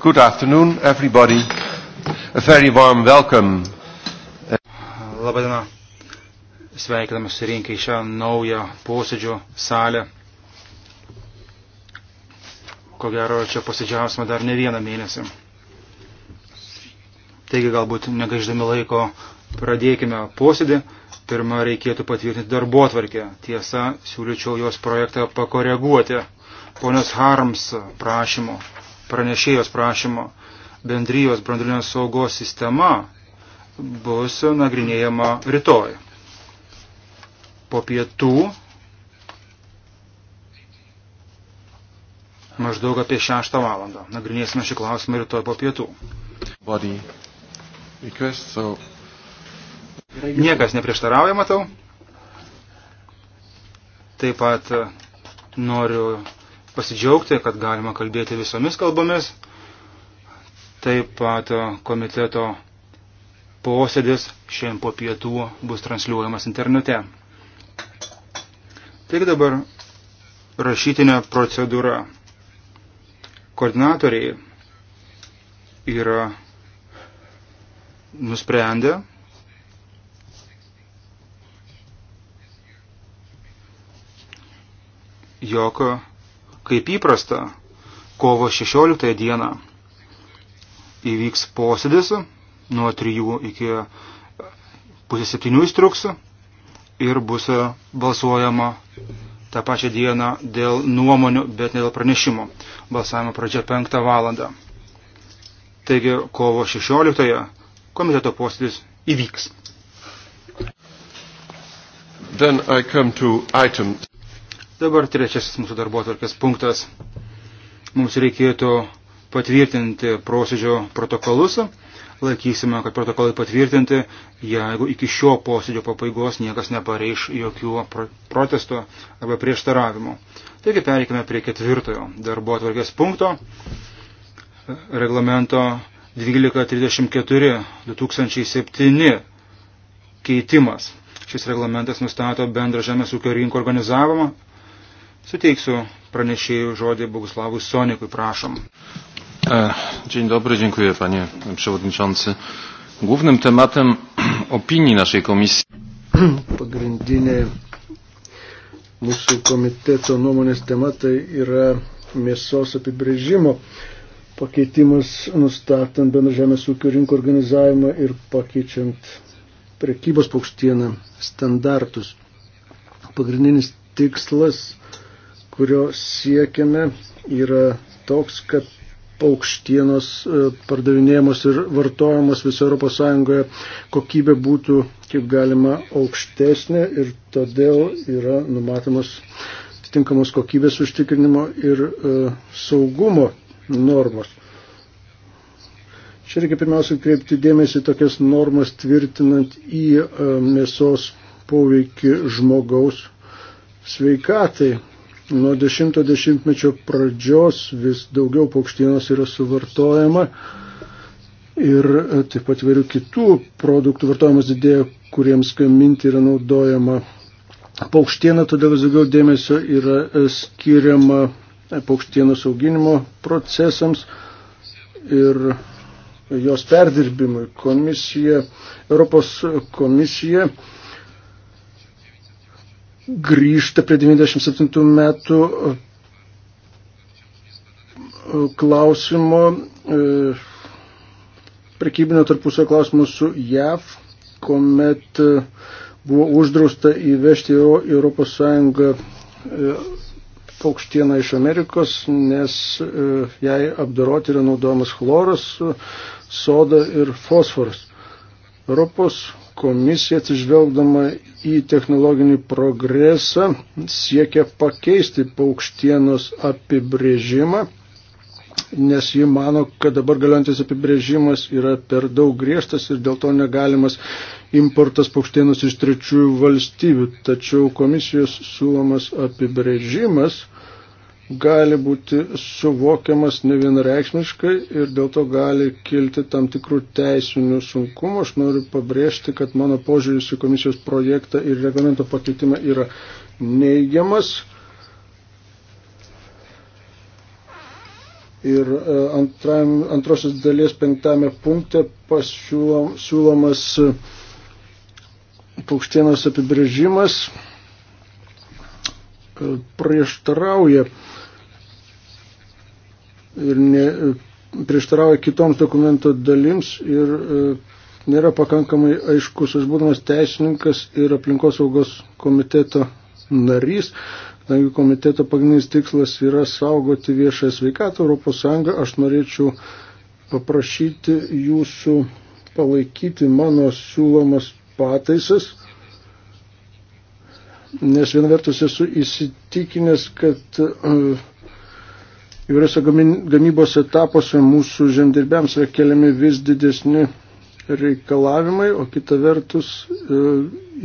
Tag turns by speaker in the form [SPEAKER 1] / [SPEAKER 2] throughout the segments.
[SPEAKER 1] Good afternoon, everybody. A very warm welcome.
[SPEAKER 2] Labadiena. Sveikiname surinkę į šią naują posėdžio salę. Ko gero, čia posėdžiausime dar ne vieną mėnesį. Taigi, galbūt negaiždami laiko, pradėkime posėdį. Pirma, reikėtų patvirtinti darbo atvarkę. Tiesa, siūlyčiau jos projektą pakoreguoti. Ponios Harms prašymo pranešėjos prašymo bendrijos brandulinės saugos sistema bus nagrinėjama rytoj. Po pietų maždaug apie 6 valandą. Nagrinėsime šį klausimą rytoj po pietų. Body. Request, so... Niekas neprieštarauja, matau. Taip pat noriu pasidžiaugti, kad galima kalbėti visomis kalbomis. Taip pat e, komiteto posėdis šiandien po pietų bus transliuojamas internete. Taigi dabar rašytinė procedūra. Koordinatoriai yra nusprendę jog Kaip įprasta, kovo 16 dieną įvyks posėdis nuo 3 iki pusės 7 įstruks ir bus e, balsuojama tą pačią dieną dėl nuomonių, bet ne dėl pranešimų. Balsavimo pradžia 5 valandą. Taigi kovo 16 komiteto posėdis įvyks. Then
[SPEAKER 1] I come to item
[SPEAKER 2] Dabar trečiasis mūsų darbo atvarkės punktas. Mums reikėtų patvirtinti posėdžio protokolus. Laikysime, kad protokolai patvirtinti, jeigu iki šio posėdžio pabaigos niekas nepareiš jokių protesto arba prieštaravimų. Taigi pereikime prie ketvirtojo darbo atvarkės punkto reglamento 1234-2007 keitimas. Šis reglamentas nustato bendrą žemės ūkio rinkų organizavimą Suteiksiu pranešėjų žodį Boguslavui Sonikui, prašom.
[SPEAKER 1] E, dzień dobry, dziękuję panie przewodniczący. Głównym tematem opinii naszej komisji.
[SPEAKER 3] Pagrindinė mūsų komiteto nuomonės tema tai yra mėsos apibrėžimo pakeitimas nustatant bendrą žemės ūkio rinkų organizavimą ir pakeičiant prekybos paukštieną standartus. Pagrindinis tikslas kurio siekiame, yra toks, kad paukštienos e, pardavinėjamos ir vartojamos viso Europos Sąjungoje kokybė būtų kaip galima aukštesnė ir todėl yra numatomos atitinkamos kokybės užtikrinimo ir e, saugumo normos. Čia reikia pirmiausia kreipti dėmesį tokias normas tvirtinant į e, mėsos poveikį žmogaus sveikatai. Nuo 10-mečio pradžios vis daugiau paukštienos yra suvartojama ir e, taip pat vairių kitų produktų vartojimas didėja, kuriems gaminti yra naudojama paukštiena, todėl vis daugiau dėmesio yra e, skiriama e, paukštienos auginimo procesams ir jos perdirbimui. Komisija, Europos komisija grįžta prie 97 metų e, klausimo, e, prekybinio tarpusio klausimo su JAV, kuomet e, buvo uždrausta įvežti į Europos Sąjungą paukštieną iš Amerikos, nes jai apdoroti yra naudojamas chloras, soda ir fosforas. Europos komisija atsižvelgdama į technologinį progresą siekia pakeisti paukštienos apibrėžimą, nes ji mano, kad dabar galiojantis apibrėžimas yra per daug griežtas ir dėl to negalimas importas paukštienos iš trečiųjų valstybių. Tačiau komisijos siūlomas apibrėžimas gali būti suvokiamas nevienareikšmiškai ir dėl to gali kilti tam tikrų teisinių sunkumų. Aš noriu pabrėžti, kad mano požiūris į komisijos projektą ir reglamento pakeitimą yra neigiamas. Ir e, antram, antrosios dalies penktame punkte pasiūlomas e, paukštienos apibrėžimas e, prieštarauja ir ne, prieštarauja kitoms dokumento dalims ir e, nėra pakankamai aiškus. Aš būdamas teisininkas ir aplinkos saugos komiteto narys, kadangi komiteto pagrindinis tikslas yra saugoti viešąją sveikatą Europos Sąjungą, aš norėčiau paprašyti jūsų palaikyti mano siūlomas pataisas, nes viena vertus esu įsitikinęs, kad uh, įvairiose gamybos etapuose mūsų žemdirbiams yra keliami vis didesni reikalavimai, o kita vertus e,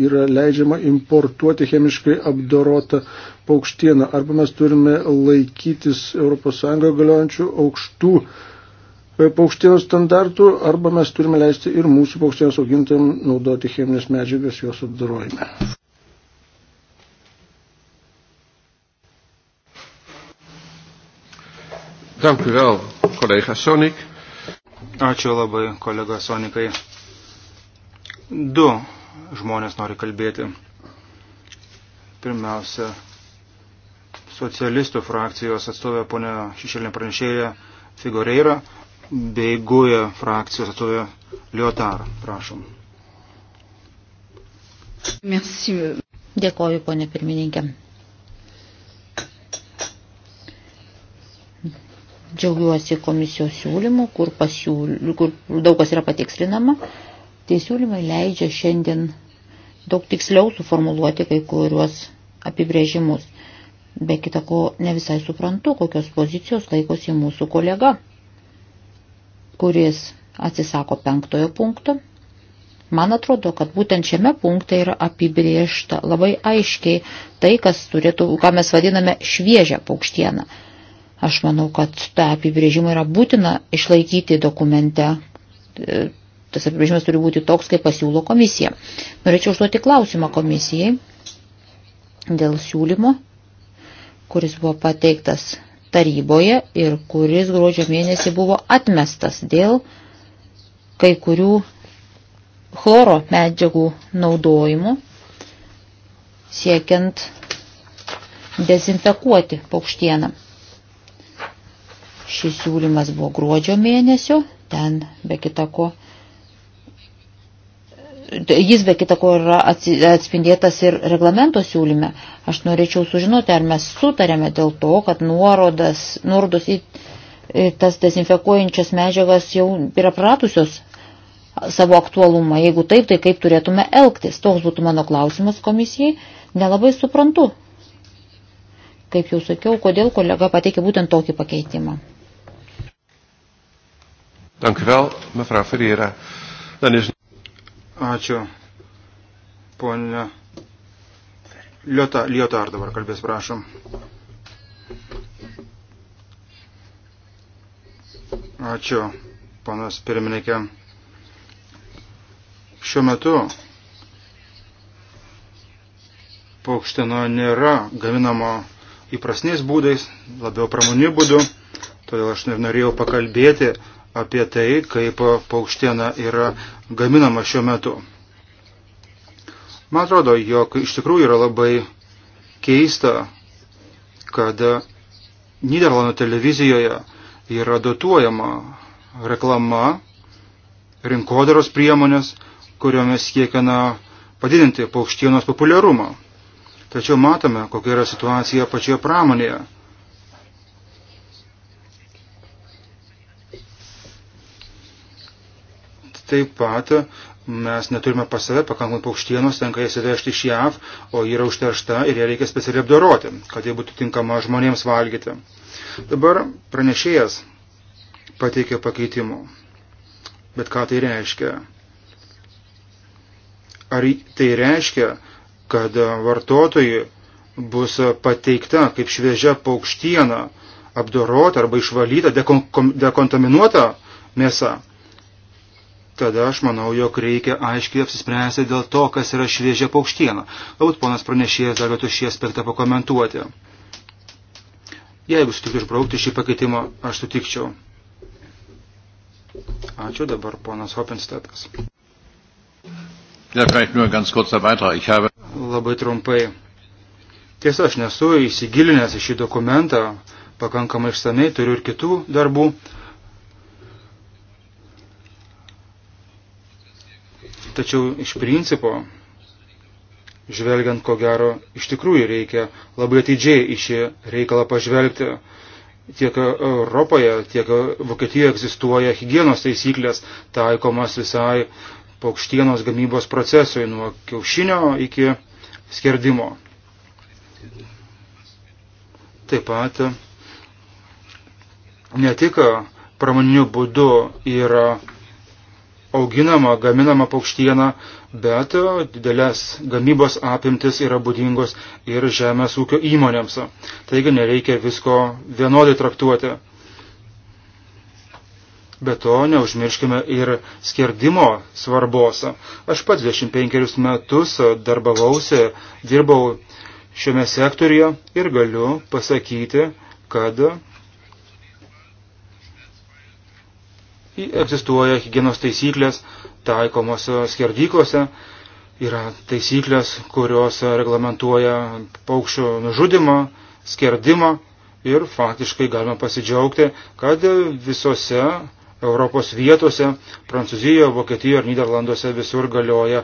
[SPEAKER 3] yra leidžiama importuoti chemiškai apdorotą paukštieną. Arba mes turime laikytis ES galiojančių aukštų e, paukštienos standartų, arba mes turime leisti ir mūsų paukštienos augintam naudoti cheminės medžiagas jos apdorojime.
[SPEAKER 2] Dank u wel, collega Sonik. Ačiū labai, kolega Sonikai. Du žmonės nori kalbėti. Pirmiausia, socialistų frakcijos atstovė ponė Šešėlinė pranešėja Figoreira bei Guja frakcijos atstovė Liotar. Prašom.
[SPEAKER 4] Merci. Dėkoju, ponė pirmininkė. Džiaugiuosi komisijos siūlymu, kur, pasiūly, kur daug kas yra patikslinama. Tai siūlymai leidžia šiandien daug tiksliau suformuluoti kai kuriuos apibrėžimus. Be kita ko, ne visai suprantu, kokios pozicijos laikosi mūsų kolega, kuris atsisako penktojo punkto. Man atrodo, kad būtent šiame punkte yra apibriešta labai aiškiai tai, kas turėtų, ką mes vadiname šviežią paukštieną. Aš manau, kad tą apibrėžimą yra būtina išlaikyti dokumente. E, tas apibrėžimas turi būti toks, kaip pasiūlo komisija. Norėčiau užduoti klausimą komisijai dėl siūlymo, kuris buvo pateiktas taryboje ir kuris gruodžio mėnesį buvo atmestas dėl kai kurių chloro medžiagų naudojimų siekiant dezinfekuoti paukštieną. Šis siūlymas buvo gruodžio mėnesio, ten be kitako. Jis be kitako yra atspindėtas ir reglamento siūlyme. Aš norėčiau sužinoti, ar mes sutarėme dėl to, kad nuorodas, nuorodos į tas dezinfekuojančias medžiagas jau yra pratusios savo aktualumą. Jeigu taip, tai kaip turėtume elgtis? Toks būtų mano klausimas komisijai. Nelabai suprantu. Kaip jau sakiau, kodėl kolega pateikė būtent tokį pakeitimą.
[SPEAKER 1] Dank u wel, mevrouw Ferreira. Dan is...
[SPEAKER 2] Ačiū. Pone Liota, Liota ar dabar kalbės, prašom. Ačiū, panas pirmininkė. Šiuo metu paukšteno nėra gaminama įprasniais būdais, labiau pramoniniu būdu, todėl aš ir norėjau pakalbėti apie tai, kaip paukštiena yra gaminama šiuo metu. Man atrodo, jog iš tikrųjų yra labai keista, kad Niderlandų televizijoje yra dotuojama reklama, rinkodaros priemonės, kuriomis siekiama padidinti paukštienos populiarumą. Tačiau matome, kokia yra situacija pačioje pramonėje. Taip pat mes neturime pas save pakankamai paukštienos, tenka jas įvežti iš JAV, o yra užteršta ir ją reikia specialiai apdoroti, kad jie būtų tinkama žmonėms valgyti. Dabar pranešėjas pateikė pakeitimų. Bet ką tai reiškia? Ar tai reiškia, kad vartotojui bus pateikta kaip šviežia paukštiena, apdorota arba išvalyta, dekon, dekontaminuota mėsa? tada aš manau, jog reikia aiškiai apsispręsti dėl to, kas yra šviežia paukštiena. Galbūt ponas pranešėjas dar galėtų šį aspektą pakomentuoti. Jeigu sutiktų išbraukti šį pakeitimą, aš sutikčiau. Ačiū dabar ponas Hopinstetas. Labai trumpai. Tiesa, aš nesu įsigilinęs į šį dokumentą, pakankamai išsamei turiu ir kitų darbų. Tačiau iš principo, žvelgiant ko gero, iš tikrųjų reikia labai atidžiai į šį reikalą pažvelgti. Tiek Europoje, tiek Vokietijoje egzistuoja hygienos taisyklės taikomas visai paukštienos gamybos procesui nuo kiaušinio iki skerdimo. Taip pat ne tik pramoniniu būdu yra auginama, gaminama paukštiena, bet e, didelės gamybos apimtis yra būdingos ir žemės ūkio įmonėms. Taigi nereikia visko vienodai traktuoti. Be to, neužmirškime ir skerdimo svarbos. Aš pats 25 metus darbavausi, dirbau šiame sektoriuje ir galiu pasakyti, kad egzistuoja hygienos taisyklės taikomos e, skerdyklose, yra taisyklės, kurios e, reglamentuoja paukščių nužudimą, skerdimą ir faktiškai galime pasidžiaugti, kad visose Europos vietose, Prancūzijoje, Vokietijoje ir Niderlanduose visur galioja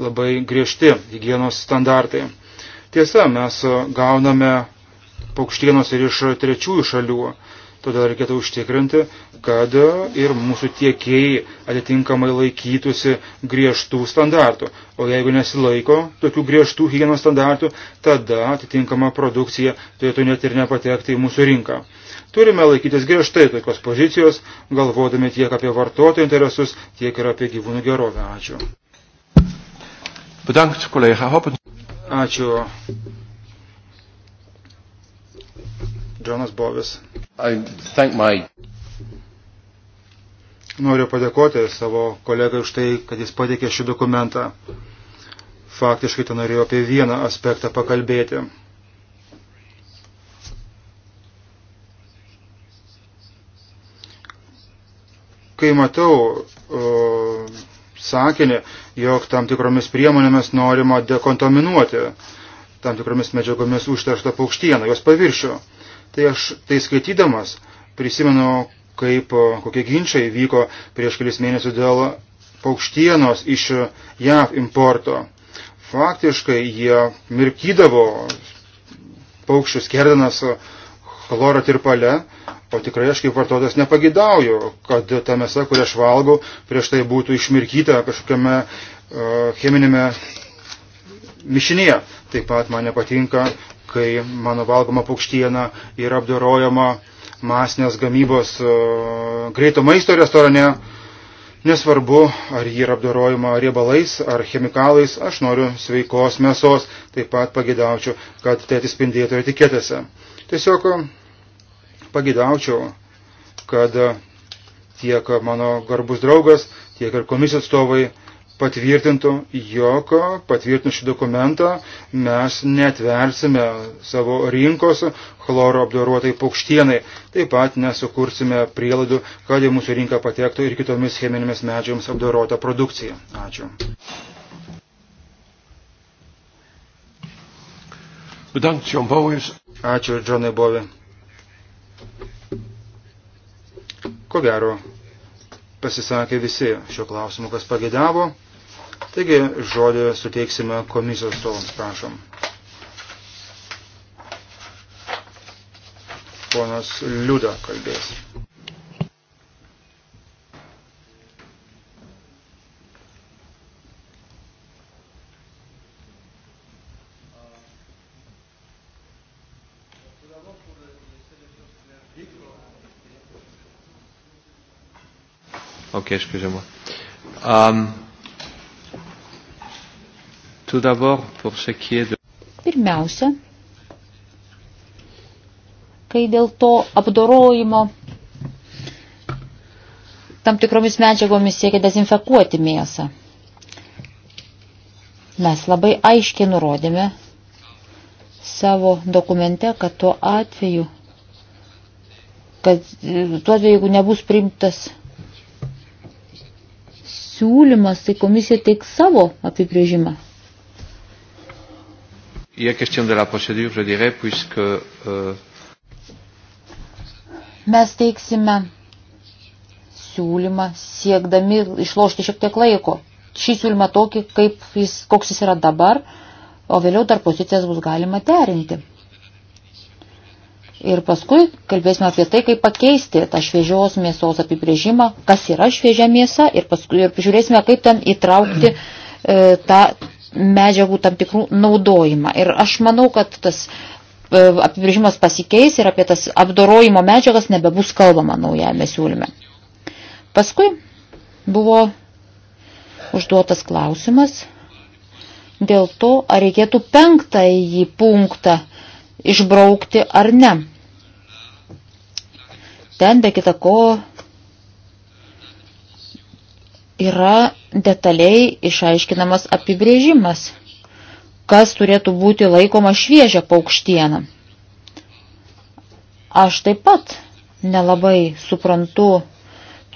[SPEAKER 2] labai griežti hygienos standartai. Tiesa, mes gauname paukštienos ir iš trečiųjų šalių. Todėl reikėtų užtikrinti, kad ir mūsų tiekėjai atitinkamai laikytųsi griežtų standartų. O jeigu nesilaiko tokių griežtų hygienos standartų, tada atitinkama produkcija turėtų net ir nepatekti į mūsų rinką. Turime laikytis griežtai tokios pozicijos, galvodami tiek apie vartotojų interesus, tiek ir apie gyvūnų gerovę. Ačiū.
[SPEAKER 1] Bedankt, kolega Hoppen.
[SPEAKER 2] Ačiū Džonas Bovis. My... Noriu padėkoti savo kolegai už tai, kad jis pateikė šį dokumentą. Faktiškai ten norėjau apie vieną aspektą pakalbėti. Kai matau uh, sakinį, jog tam tikromis priemonėmis norima dekontaminuoti tam tikromis medžiagomis užterštą paukštieną, jos paviršių. Tai aš tai skaitydamas prisimenu, kaip e, kokie ginčiai vyko prieš kelis mėnesius dėl paukštienos iš JAV importo. Faktiškai jie mirkydavo paukščius kerdanas chloro tirpale, o tikrai aš kaip vartotojas nepagidauju, kad ta mėsa, kurią aš valgau, prieš tai būtų išmirkyta kažkokiame uh, cheminėme mišinėje. Taip pat man nepatinka kai mano valgoma paukštiena yra apdorojama masinės gamybos e, greito maisto restorane. Nesvarbu, ar ji yra apdorojama riebalais ar chemikalais, aš noriu sveikos mėsos, taip pat pagidaučiau, kad tai atsispindėtų etiketėse. Tiesiog pagidaučiau, kad tiek mano garbus draugas, tiek ir komisijos atstovai patvirtintų, jog patvirtinus šį dokumentą mes netversime savo rinkos chloro apdorotai paukštienai. Taip pat nesukursime prielaidų, kad į mūsų rinką patektų ir kitomis cheminėmis medžiams apdorota produkcija. Ačiū. Bedankt, John Bowis. Ačiū, Johnai Bovi. Ko gero, pasisakė visi šio klausimu, kas pagėdavo. Taigi žodį suteiksime komisijos atstovams, prašom. Ponas Liuda kalbės.
[SPEAKER 1] Ok, excusez-moi. Um,
[SPEAKER 4] Pirmiausia, kai dėl to apdorojimo tam tikromis medžiagomis siekia dezinfekuoti mėsą. Mes labai aiškiai nurodėme savo dokumente, kad tuo atveju, kad tuo atveju, jeigu nebus priimtas siūlymas, tai komisija teiks savo apibrėžimą.
[SPEAKER 1] Il est question de la procédure, je dirais, puisque. Euh...
[SPEAKER 4] Mes teiksime siūlymą siekdami išlošti šiek tiek laiko. Šį siūlymą tokį, kaip jis, koks jis yra dabar, o vėliau dar pozicijas bus galima derinti. Ir paskui kalbėsime apie tai, kaip pakeisti tą šviežios mėsos apibrėžimą, kas yra šviežia mėsa ir paskui ir žiūrėsime, kaip ten įtraukti e, tą medžiagų tam tikrų naudojimą. Ir aš manau, kad tas e, apibrėžimas pasikeis ir apie tas apdorojimo medžiagas nebebus kalbama naujame siūlyme. Paskui buvo užduotas klausimas dėl to, ar reikėtų penktąjį punktą išbraukti ar ne. Ten be kita ko yra detaliai išaiškinamas apibrėžimas, kas turėtų būti laikoma šviežia paukštiena. Aš taip pat nelabai suprantu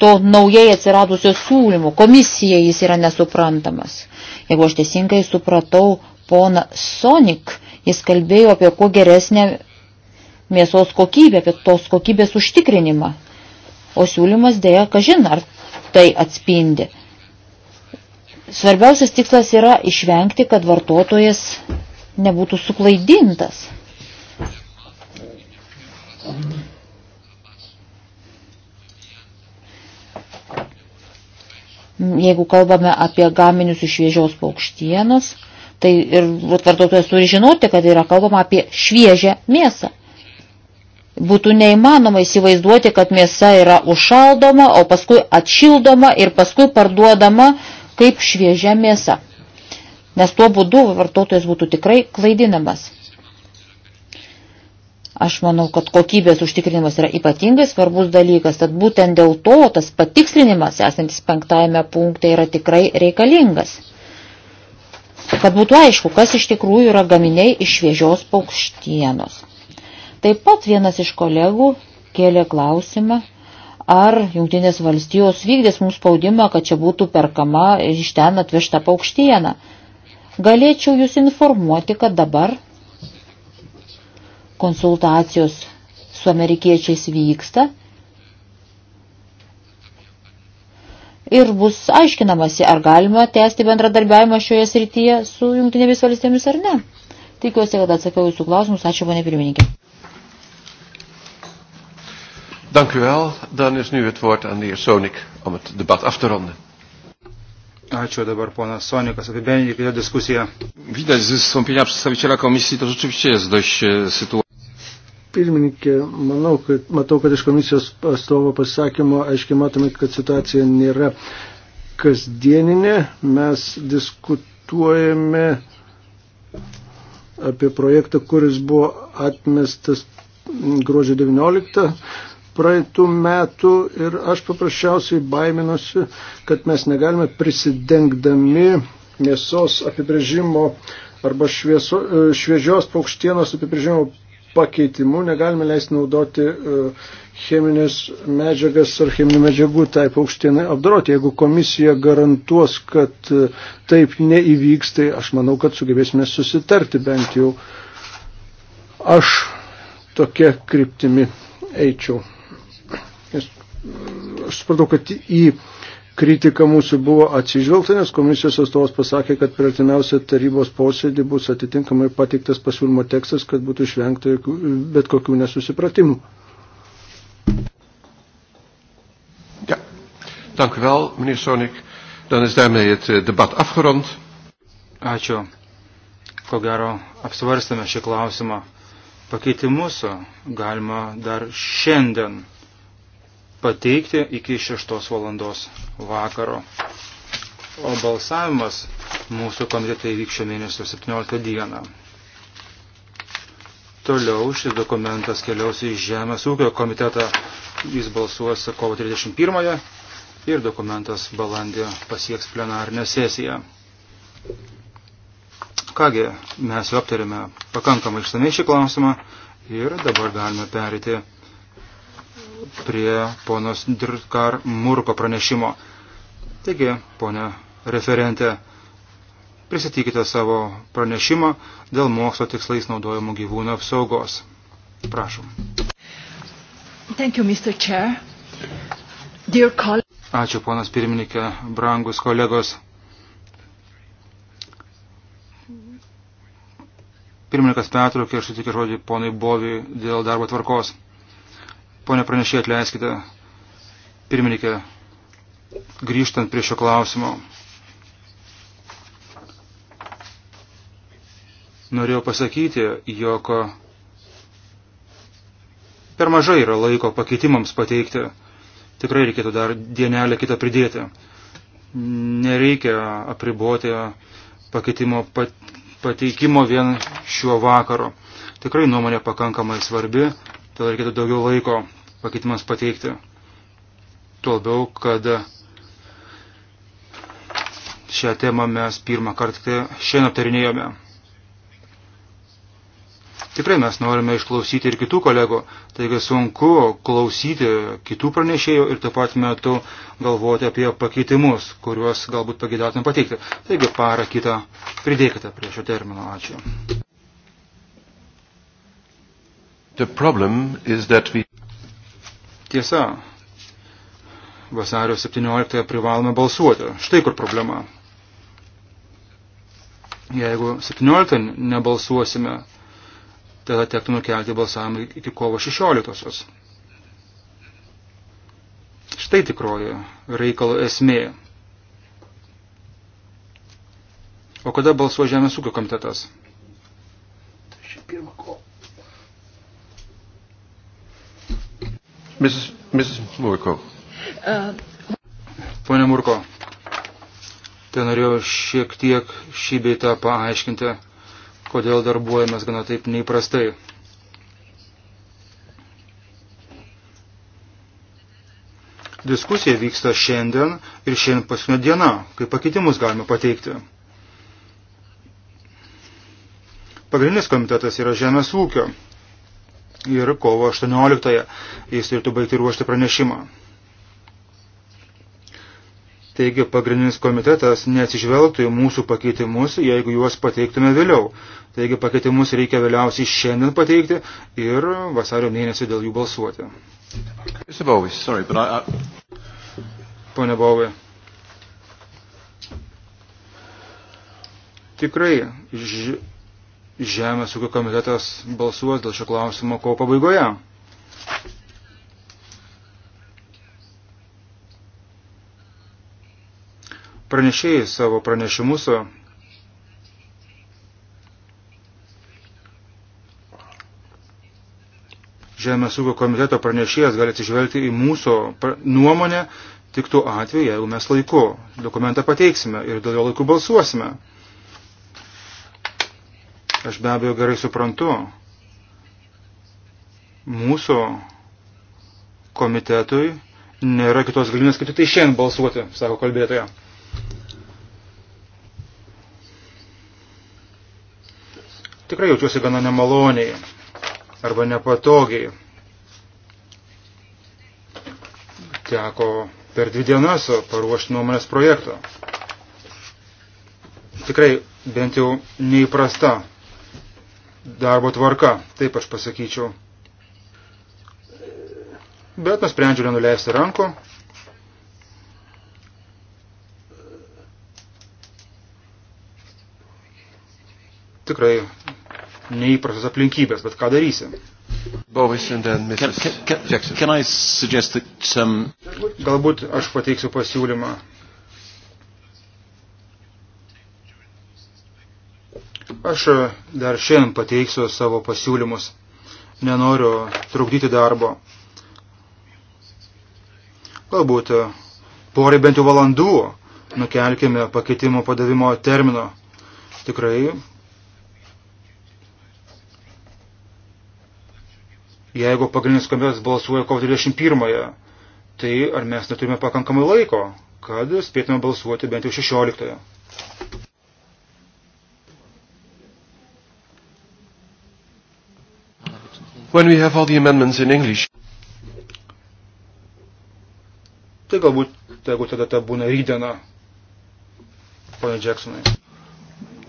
[SPEAKER 4] to naujai atsiradusio siūlymo. Komisija jis yra nesuprantamas. Jeigu aš teisingai supratau poną Sonik, jis kalbėjo apie kuo geresnę mėsos kokybę, apie tos kokybės užtikrinimą. O siūlymas dėja, kažin, ar tai atspindi. Svarbiausias tikslas yra išvengti, kad vartotojas nebūtų suklaidintas. Jeigu kalbame apie gaminius iš šviežios paukštienos, tai ir vartotojas turi žinoti, kad yra kalbama apie šviežią mėsą. Būtų neįmanoma įsivaizduoti, kad mėsa yra užšaldoma, o paskui atšildoma ir paskui parduodama kaip šviežia mėsa. Nes tuo būdu vartotojas būtų tikrai klaidinamas. Aš manau, kad kokybės užtikrinimas yra ypatingai svarbus dalykas, tad būtent dėl to tas patikslinimas esantis penktajame punkte yra tikrai reikalingas. Kad būtų aišku, kas iš tikrųjų yra gaminiai iš šviežios paukštienos. Taip pat vienas iš kolegų kėlė klausimą, ar Junktinės valstijos vykdės mums spaudimą, kad čia būtų perkama iš ten atvežta paukštieną. Galėčiau jūs informuoti, kad dabar konsultacijos su amerikiečiais vyksta ir bus aiškinamasi, ar galima tęsti bendradarbiavimą šioje srityje su Junktinėmis valstybėmis ar ne. Tikiuosi, kad atsakiau jūsų klausimus. Ačiū, ponė pirmininkė.
[SPEAKER 1] Dank u wel. Dan is nu het woord aan de heer Sonik om het debat af te ronden.
[SPEAKER 2] Ačiū dabar ponas Sonikas, apibendrinkite diskusiją. Widać z wystąpienia przedstawiciela komisji to
[SPEAKER 1] rzeczywiście jest dość e, sytuacja.
[SPEAKER 3] Pirmininkė, manau, kad matau, kad iš komisijos atstovo pasisakymo aiškiai matome, kad situacija nėra kasdieninė. Mes diskutuojame apie projektą, kuris buvo atmestas gruodžio 19 praeitų metų ir aš paprasčiausiai baiminosi, kad mes negalime prisidengdami mėsos apibrėžimo arba švieso, e, šviežios paukštienos apibrėžimo pakeitimu negalime leisti naudoti e, cheminės medžiagas ar cheminių medžiagų tai paukštienai apdoroti. Jeigu komisija garantuos, kad e, taip neįvyks, tai aš manau, kad sugebėsime susitarti bent jau. Aš tokia kryptimi eičiau aš supratau, kad į kritiką mūsų buvo atsižvelgta, nes komisijos atstovas pasakė, kad per artimiausią tarybos posėdį bus atitinkamai pateiktas pasiūlymo tekstas, kad būtų išvengta bet kokių nesusipratimų.
[SPEAKER 1] Ja, dank u wel, meneer Sonik. Dan is daarmee het eh, debat afgerond. Ačiū. Ko gero, apsvarstame
[SPEAKER 2] šį klausimą. Pakeitimus galima dar šiandien pateikti iki 6 valandos vakaro. O balsavimas mūsų komitete įvykščio mėnesio 17 dieną. Toliau šis dokumentas keliaus į Žemės ūkio komitetą. Jis balsuos kovo 31 ir dokumentas balandį pasieks plenarinę sesiją. Kągi, mes jau aptarėme pakankamai išsamei šį klausimą ir dabar galime perėti prie ponos Dirkar Murko pranešimo. Taigi, ponė referentė, pristatykite savo pranešimą dėl mokslo tikslais naudojamų gyvūnų apsaugos. Prašom.
[SPEAKER 5] Thank you, Mr. Chair. Dear
[SPEAKER 2] Ačiū, ponas pirmininkė, brangus kolegos. Pirmininkas Petro, kai aš sutikė žodį ponai Bovi dėl darbo tvarkos. Pone pranešė, atleiskite, pirmininkė, grįžtant prie šio klausimo. Norėjau pasakyti, jog per mažai yra laiko pakeitimams pateikti. Tikrai reikėtų dar dienelę kitą pridėti. Nereikia apriboti pakeitimo pateikimo vien šiuo vakaru. Tikrai nuomonė pakankamai svarbi Todėl reikėtų daugiau laiko pakeitimams pateikti. Tuo labiau, kad šią temą mes pirmą kartą tai šiandien aptarinėjome. Tikrai mes norime išklausyti ir kitų kolegų, taigi sunku klausyti kitų pranešėjų ir taip pat metu galvoti apie pakeitimus, kuriuos galbūt pagėdatume pateikti. Taigi parą kitą pridėkite prie šio termino. Ačiū.
[SPEAKER 1] We...
[SPEAKER 2] Tiesa, vasario 17 privalome balsuoti. Štai kur problema. Jeigu 17 nebalsuosime, tada tektų nukelti balsavimą iki kovo 16-osios. Štai tikroji reikalo esmė. O kada balsuo Žemės ūkio komitetas? 31 tai kovo.
[SPEAKER 1] Mrs. Mrs. Murko. Uh. Pone Murko,
[SPEAKER 2] tai norėjau šiek tiek šį beitą paaiškinti, kodėl darbuojamės gana taip neįprastai. Diskusija vyksta šiandien ir šiandien paskutinė diena, kai pakeitimus galime pateikti. Pagrindinis komitetas yra žemės ūkio ir kovo 18-ąją jis turėtų baigti ruošti pranešimą. Taigi pagrindinis komitetas neatsižvelgtų į mūsų pakeitimus, jeigu juos pateiktume vėliau. Taigi pakeitimus reikia vėliausiai šiandien pateikti ir vasario mėnesį dėl jų balsuoti. Pone Bauvė. Tikrai ž Žemės ūkio komitetas balsuos dėl šio klausimo kovo pabaigoje. Pranešėjai savo pranešimus Žemės ūkio komiteto pranešėjas gali atsižvelgti į mūsų nuomonę tik tuo atveju, jeigu mes laiku dokumentą pateiksime ir dėl jo laiku balsuosime. Aš be abejo gerai suprantu mūsų komitetui nėra kitos galimybės, kaip tai šiandien balsuoti, sako kalbėtoja. Tikrai jaučiuosi gana nemaloniai arba nepatogiai. Teko per dvi dienas paruošti nuomonės projektą. Tikrai bent jau neįprasta darbo tvarka, taip aš pasakyčiau. Bet nusprendžiu nenuleisti rankų. Tikrai neįprastas aplinkybės, bet ką darysi. Bovis and then Mrs. Can, can, can I suggest
[SPEAKER 1] that, um...
[SPEAKER 2] Galbūt aš pateiksiu pasiūlymą Aš e, dar šiandien pateiksiu savo pasiūlymus. Nenoriu trukdyti darbo. Galbūt e, porai bent jau valandų nukelkime pakeitimo padavimo termino. Tikrai jeigu pagrindinis komitetas balsuoja kovo 21-ąją, tai ar mes neturime pakankamai laiko, kad spėtume balsuoti bent jau 16-ąją.
[SPEAKER 1] when we have all the amendments in English.
[SPEAKER 2] Tai galbūt, jeigu
[SPEAKER 1] tada ta būna rydena,
[SPEAKER 2] ponia Džeksonai.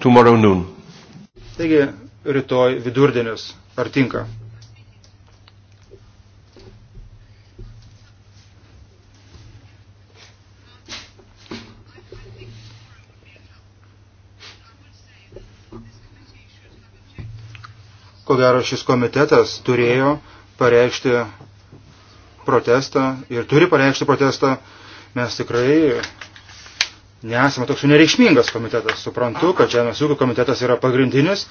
[SPEAKER 1] Tomorrow noon.
[SPEAKER 2] Taigi, rytoj vidurdienis. Ar tinka? Ko gero šis komitetas turėjo pareikšti protestą ir turi pareikšti protestą. Mes tikrai nesame toks nereikšmingas komitetas. Suprantu, kad Žemės ūkio komitetas yra pagrindinis,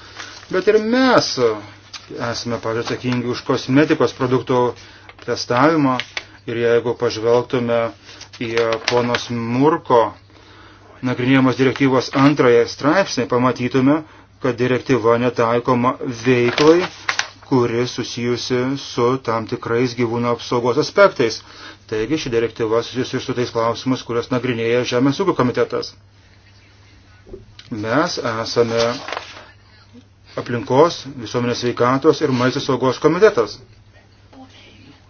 [SPEAKER 2] bet ir mes esame, pavyzdžiui, atsakingi už kosmetikos produktų testavimą. Ir jeigu pažvelgtume į ponos Murko nagrinėjamos direktyvos antrąją straipsnį, pamatytume, kad direktyva netaikoma veiklai, kuri susijusi su tam tikrais gyvūnų apsaugos aspektais. Taigi ši direktyva susijusi su tais klausimus, kuriuos nagrinėja Žemės ūkio komitetas. Mes esame aplinkos, visuomenės veikatos ir maisto saugos komitetas.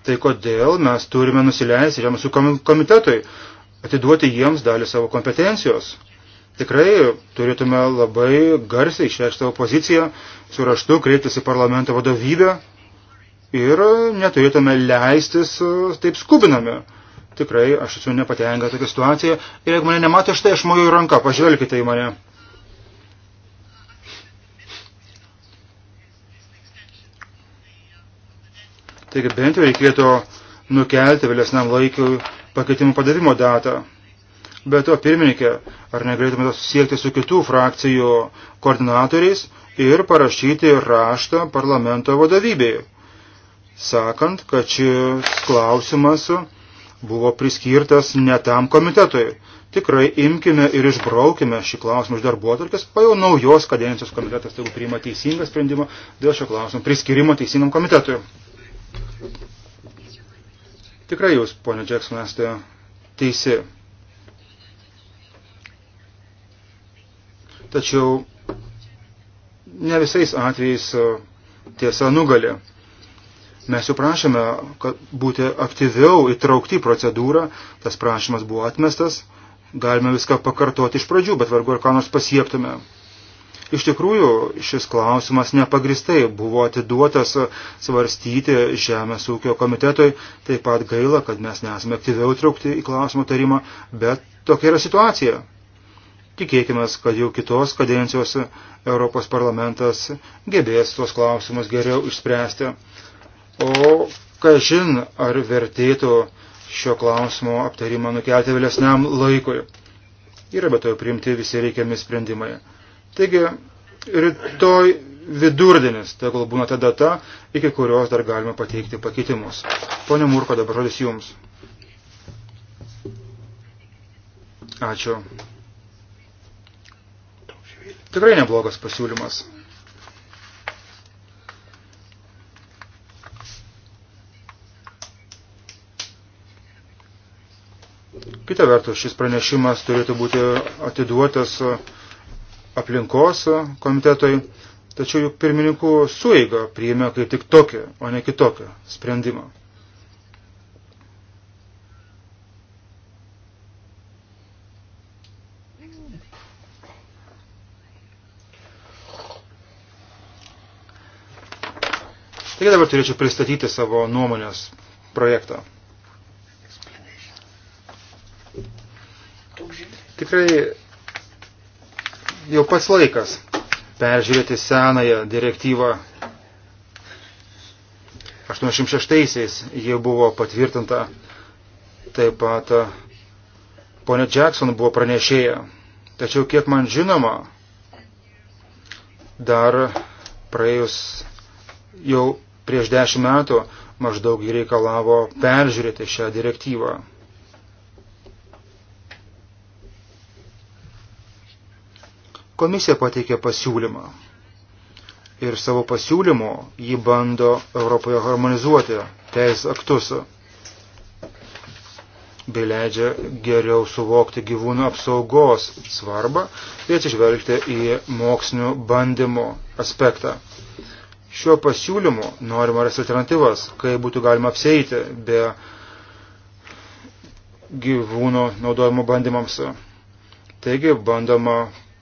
[SPEAKER 2] Tai kodėl mes turime nusileisti Žemės ūkio komitetui, atiduoti jiems dalį savo kompetencijos tikrai turėtume labai garsiai išreikšti savo poziciją, su raštu kreiptis į parlamento vadovybę ir neturėtume leistis e, taip skubinami. Tikrai aš esu nepatenkinta tokia situacija ir jeigu mane nemato, štai aš moju ranką, pažvelkite į mane. Taigi bent jau reikėtų nukelti vėlesniam laikui pakeitimų padarimo datą. Bet to, pirmininkė, ar negalėtume susisiekti su kitų frakcijų koordinatoriais ir parašyti raštą parlamento vadovybėje, sakant, kad šis klausimas buvo priskirtas ne tam komitetui. Tikrai imkime ir išbraukime šį klausimą iš darbuotarkės, o jau naujos kadencijos komitetas tegu priima teisingą sprendimą dėl šio klausimo priskirimo teisingam komitetui. Tikrai jūs, ponė Džekson, esate teisi. tačiau ne visais atvejais e, tiesa nugalė. Mes jau prašėme būti aktyviau įtraukti į procedūrą, tas prašymas buvo atmestas, galime viską pakartoti iš pradžių, bet vargu ar ką nors pasiektume. Iš tikrųjų, šis klausimas nepagristai buvo atiduotas svarstyti Žemės ūkio komitetui, taip pat gaila, kad mes nesame aktyviau traukti į klausimo tarimą, bet tokia yra situacija. Tikėkime, kad jau kitos kadencijos Europos parlamentas gebės tuos klausimus geriau išspręsti. O kažin, ar vertėtų šio klausimo aptarimą nukelti vėlesniam laikui. Yra be to priimti visi reikiami sprendimai. Taigi, rytoj vidurdienis, tegul tai būna ta data, iki kurios dar galima pateikti pakeitimus. Pone Murko, dabar žodis Jums. Ačiū. Tikrai neblogas pasiūlymas. Kita vertus, šis pranešimas turėtų būti atiduotas aplinkos komitetui, tačiau juk pirmininkų sueiga priėmė kaip tik tokią, o ne kitokią sprendimą. Taigi dabar turėčiau pristatyti savo nuomonės projektą. Tikrai jau pats laikas peržiūrėti senąją direktyvą. 86-aisiais ji buvo patvirtinta. Taip pat e, ponė Jackson buvo pranešėja. Tačiau, kiek man žinoma, dar praėjus jau prieš dešimt metų maždaug reikalavo peržiūrėti šią direktyvą. Komisija pateikė pasiūlymą ir savo pasiūlymu jį bando Europoje harmonizuoti teis aktus bei leidžia geriau suvokti gyvūnų apsaugos svarbą ir atsižvelgti į mokslinių bandymų aspektą. Šiuo pasiūlymu norima rasti alternatyvas, kai būtų galima apseiti be gyvūno naudojimo bandymams. Taigi bandoma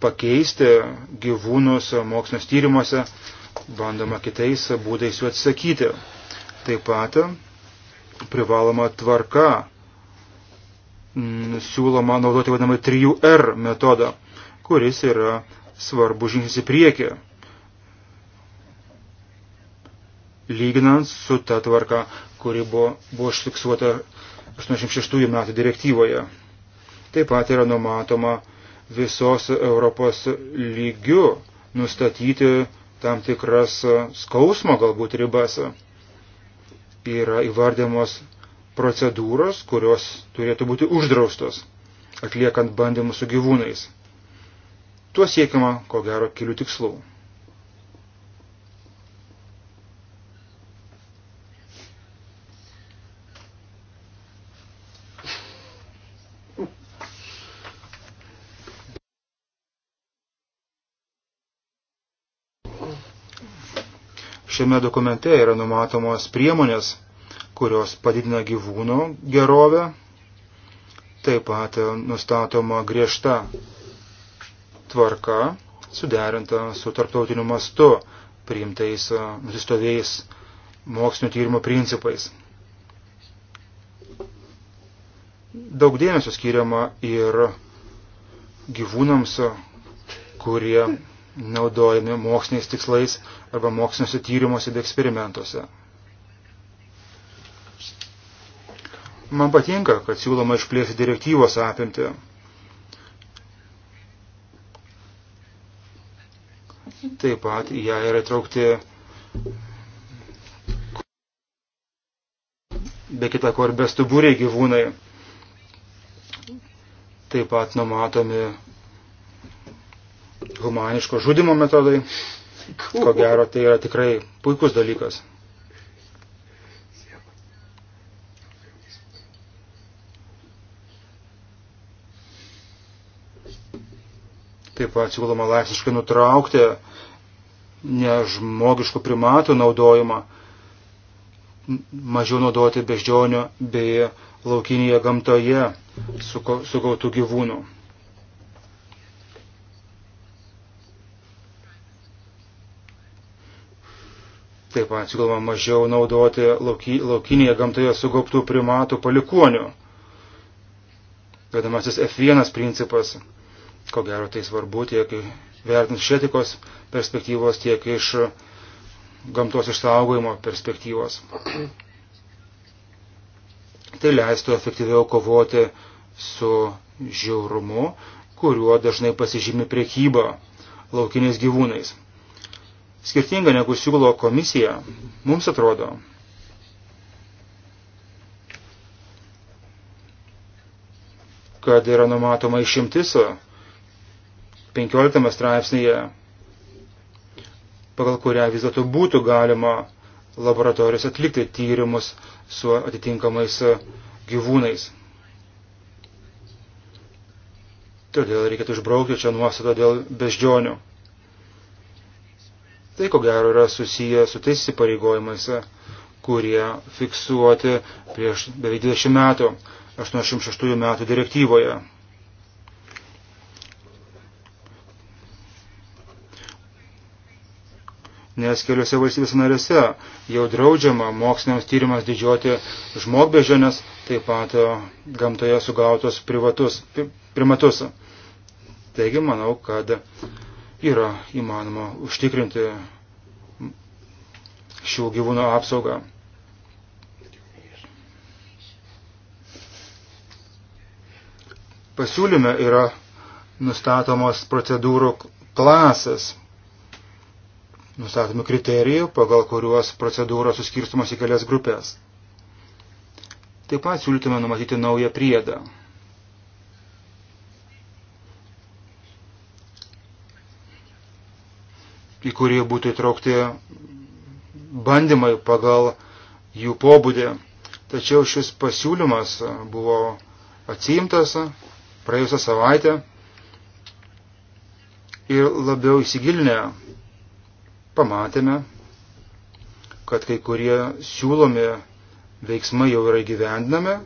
[SPEAKER 2] pakeisti gyvūnus mokslinius tyrimuose, bandoma kitais būdais jų atsakyti. Taip pat privaloma tvarka siūloma naudoti vadinamą 3R metodą, kuris yra svarbu žingsnis į priekį lyginant su ta tvarka, kuri buvo, buvo užfiksuota 86 metų direktyvoje. Taip pat yra numatoma visos Europos lygių nustatyti tam tikras skausmo galbūt ribas. Yra įvardymos procedūros, kurios turėtų būti uždraustos, atliekant bandymus su gyvūnais. Tuo siekiama, ko gero, kelių tikslų. šiame dokumente yra numatomos priemonės, kurios padidina gyvūno gerovę, taip pat nustatoma griežta tvarka, suderinta su tarptautiniu mastu priimtais nusistovėjais mokslinio tyrimo principais. Daug dėmesio skiriama ir gyvūnams, kurie naudojami moksliniais tikslais arba moksliniuose tyrimuose bei eksperimentuose. Man patinka, kad siūloma išplėsti direktyvos apimti. Taip pat į ją yra įtraukti be kita ko ir bestubūriai gyvūnai. Taip pat numatomi humaniško žudimo metodai. Ko gero, tai yra tikrai puikus dalykas. Taip pat siūloma laisviškai nutraukti nežmogiškų primatų naudojimą, mažiau naudoti beždžionių bei laukinėje gamtoje sugautų gyvūnų. Taip pat siūloma mažiau naudoti lauki, laukinėje gamtoje sugauptų primatų palikonių. Vadamasis F1 principas, ko gero tai svarbu tiek vertint iš etikos perspektyvos, tiek iš gamtos išsaugojimo perspektyvos. Tai leistų efektyviau kovoti su žiaurumu, kuriuo dažnai pasižymi priekyba laukiniais gyvūnais skirtinga negu siūlo komisija, mums atrodo. kad yra numatoma išimtis 15 straipsnėje, pagal kurią vis dėlto būtų galima laboratorijos atlikti tyrimus su atitinkamais gyvūnais. Todėl reikėtų išbraukti čia nuostatą dėl beždžionių. Tai ko gero yra susiję su tais įsipareigojimais, kurie fiksuoti prieš beveik 20 metų 86 metų direktyvoje. Nes keliose valstybės narėse jau draudžiama moksliniams tyrimas didžiuoti žmogbežionės, taip pat e, gamtoje sugautos privatus, primatus. Taigi manau, kad yra įmanoma užtikrinti šių gyvūnų apsaugą. Pasiūlyme yra nustatomos procedūrų klasės, nustatomi kriterijų, pagal kuriuos procedūros suskirstomos į kelias grupės. Taip pat siūlytume numatyti naują priedą į kurį būtų įtraukti bandymai pagal jų pobūdį. Tačiau šis pasiūlymas buvo atsiimtas praėjusią savaitę ir labiau įsigilinę pamatėme, kad kai kurie siūlomi veiksmai jau yra įgyvendinami,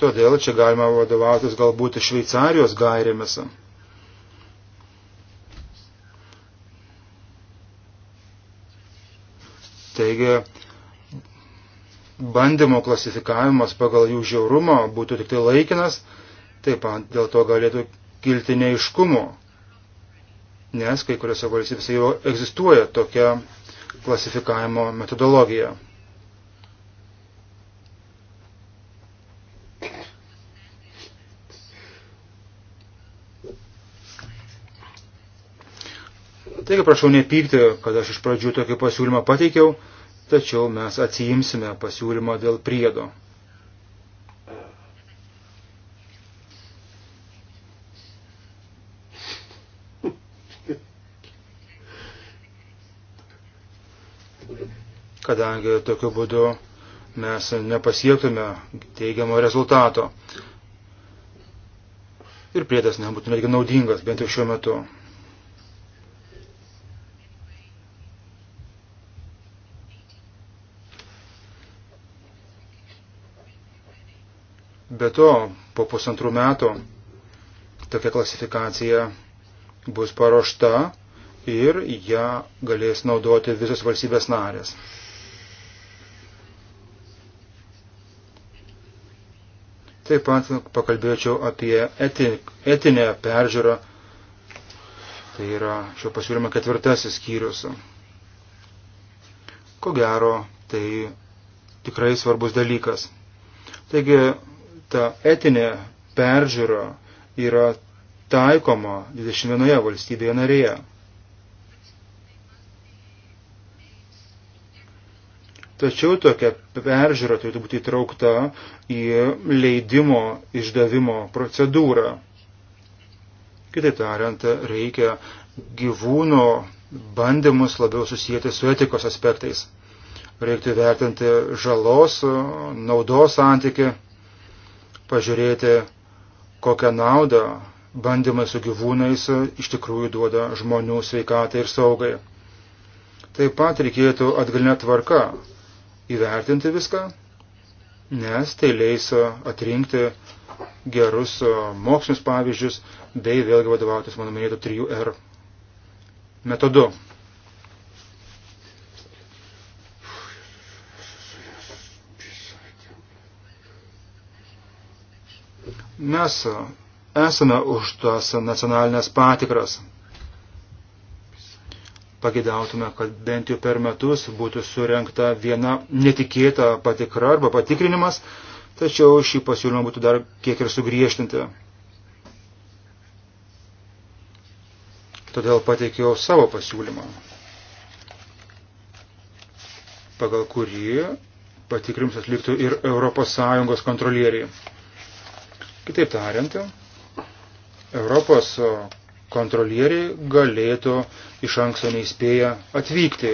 [SPEAKER 2] Todėl čia galima vadovautis galbūt Šveicarijos gairėmis. Taigi, bandymo klasifikavimas pagal jų žiaurumą būtų tik tai laikinas, taip pat dėl to galėtų kilti neiškumo, nes kai kuriuose valstybėse jau egzistuoja tokia klasifikavimo metodologija. Taigi prašau nepykti, kad aš iš pradžių tokį pasiūlymą pateikiau, tačiau mes atsijimsime pasiūlymą dėl priedo. Kadangi tokiu būdu mes nepasiektume teigiamo rezultato. Ir priedas nebūtų netgi naudingas, bent jau šiuo metu. Be to, po pusantrų metų tokia klasifikacija bus paruošta ir ją galės naudoti visos valstybės narės. Taip pat pakalbėčiau apie etinę peržiūrą. Tai yra šio pasiūlymo ketvirtasis skyrius. Ko gero, tai tikrai svarbus dalykas. Taigi ta etinė peržiūra yra taikoma 21 valstybėje narėje. Tačiau tokia peržiūra turėtų būti įtraukta į leidimo išdavimo procedūrą. Kitaip tariant, reikia gyvūno bandymus labiau susijęti su etikos aspektais. Reiktų vertinti žalos, naudos santyki pažiūrėti, kokią naudą bandymai su gyvūnais iš tikrųjų duoda žmonių sveikatai ir saugai. Taip pat reikėtų atgalinę tvarką įvertinti viską, nes tai leis atrinkti gerus mokslinius pavyzdžius bei vėlgi vadovautis mano minėtų 3R metodu. Mes esame už tas nacionalinės patikras. Pagidautume, kad bent jau per metus būtų surenkta viena netikėta patikra arba patikrinimas, tačiau šį pasiūlymą būtų dar kiek ir sugriežtinti. Todėl pateikiau savo pasiūlymą, pagal kurį patikrinimus atliktų ir ES kontrolieriai. Kitaip tariant, Europos kontrolieriai galėtų iš anksto neįspėję atvykti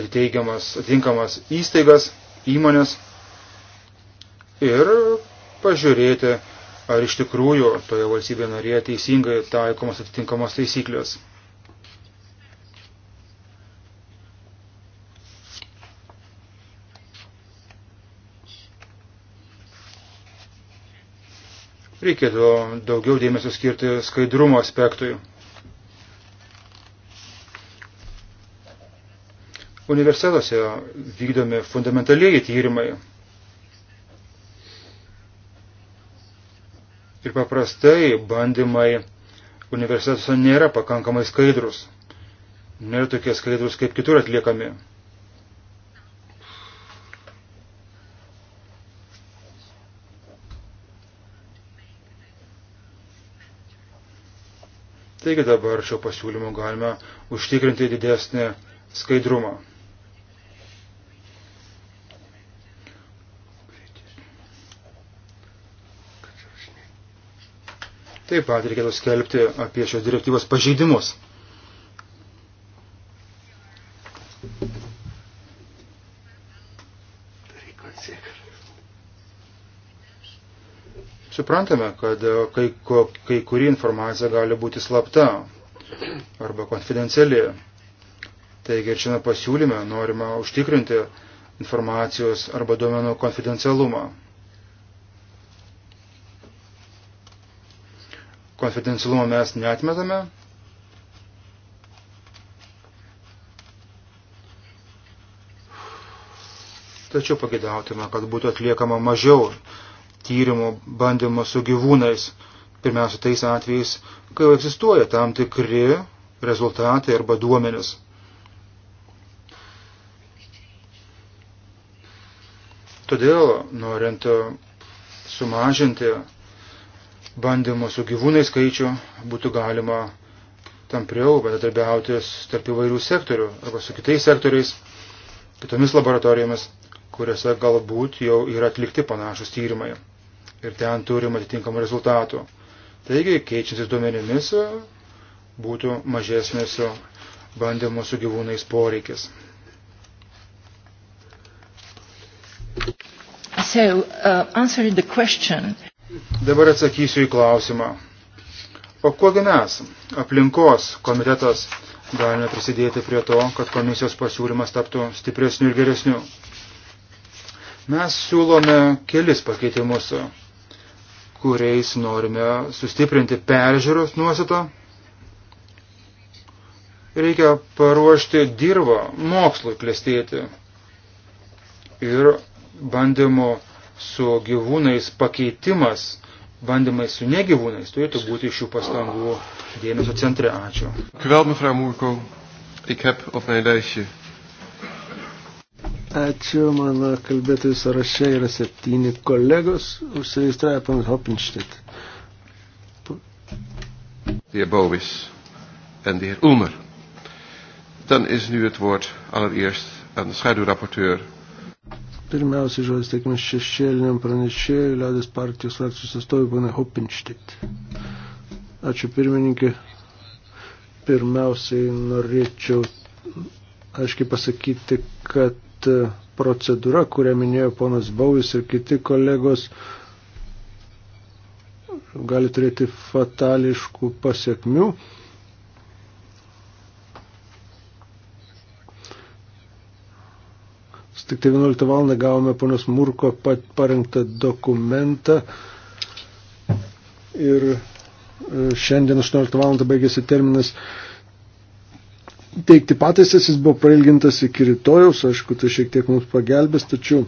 [SPEAKER 2] ir teigiamas atinkamas įstaigas, įmonės ir pažiūrėti, ar iš tikrųjų toje valstybėje narėje teisingai taikomos atitinkamos taisyklės. Reikėtų daugiau dėmesio skirti skaidrumo aspektui. Universitetuose vykdomi fundamentalieji tyrimai. Ir paprastai bandymai universitetuose nėra pakankamai skaidrus. Nėra tokie skaidrus, kaip kitur atliekami. Taigi dabar šio pasiūlymo galime užtikrinti didesnį skaidrumą. Taip pat reikėtų skelbti apie šios direktyvos pažeidimus. suprantame, kad e, kai, kai kuri informacija gali būti slapta arba konfidenciali. Taigi ir šiame pasiūlyme norima užtikrinti informacijos arba duomenų konfidencialumą. Konfidencialumo mes neatmetame. Tačiau pagidautume, kad būtų atliekama mažiau tyrimų bandymo su gyvūnais. Pirmiausia, tais atvejais, kai jau egzistuoja tam tikri rezultatai arba duomenis. Todėl, norint sumažinti bandymų su gyvūnai skaičių, būtų galima tampriau bendradarbiauti tarp įvairių sektorių arba su kitais sektoriais, kitomis laboratorijomis, kuriuose galbūt jau yra atlikti panašus tyrimai ir ten turim atitinkamų rezultatų. Taigi, keičiantis duomenimis, būtų mažesnis bandymų su gyvūnais poreikis.
[SPEAKER 5] So, uh, question.
[SPEAKER 2] Dabar atsakysiu į klausimą. O kuogi mes, aplinkos komitetas, galime prisidėti prie to, kad komisijos pasiūlymas taptų stipresniu ir geresniu? Mes siūlome kelis pakeitimus kuriais norime sustiprinti peržiūros nuostatą. Reikia paruošti dirbą mokslui klestėti ir bandymų su gyvūnais pakeitimas, bandymai su negyvūnais turėtų būti šių pastangų dėmesio centre. Ačiū.
[SPEAKER 1] Kvėl, mevrouw Mūrko, ik heb op mijn lijstje
[SPEAKER 3] Ačiū, mano kalbėtojų sąraše yra septyni kolegos, užsiregistravo pan Hopinštit.
[SPEAKER 1] De heer Bovis en de heer Ulmer. Dan is nu het woord allereerst aan de schaduwrapporteur.
[SPEAKER 3] Pirmiausia, žodis teikimas šešėliniam pranešėjui, Liaudės partijos frakcijos atstovui, pana Hopinštit. Ačiū pirmininkė. Pirmiausiai norėčiau aiškiai pasakyti, kad procedūra, kurią minėjo ponas Bauvis ir kiti kolegos, gali turėti fatališkų pasiekmių. Tik tai 11 val. gavome ponios Murko parengtą dokumentą ir e, šiandien 18 val. baigėsi terminas teikti pataisas, jis buvo prailgintas iki rytojaus, aišku, tai šiek tiek mums pagelbės, tačiau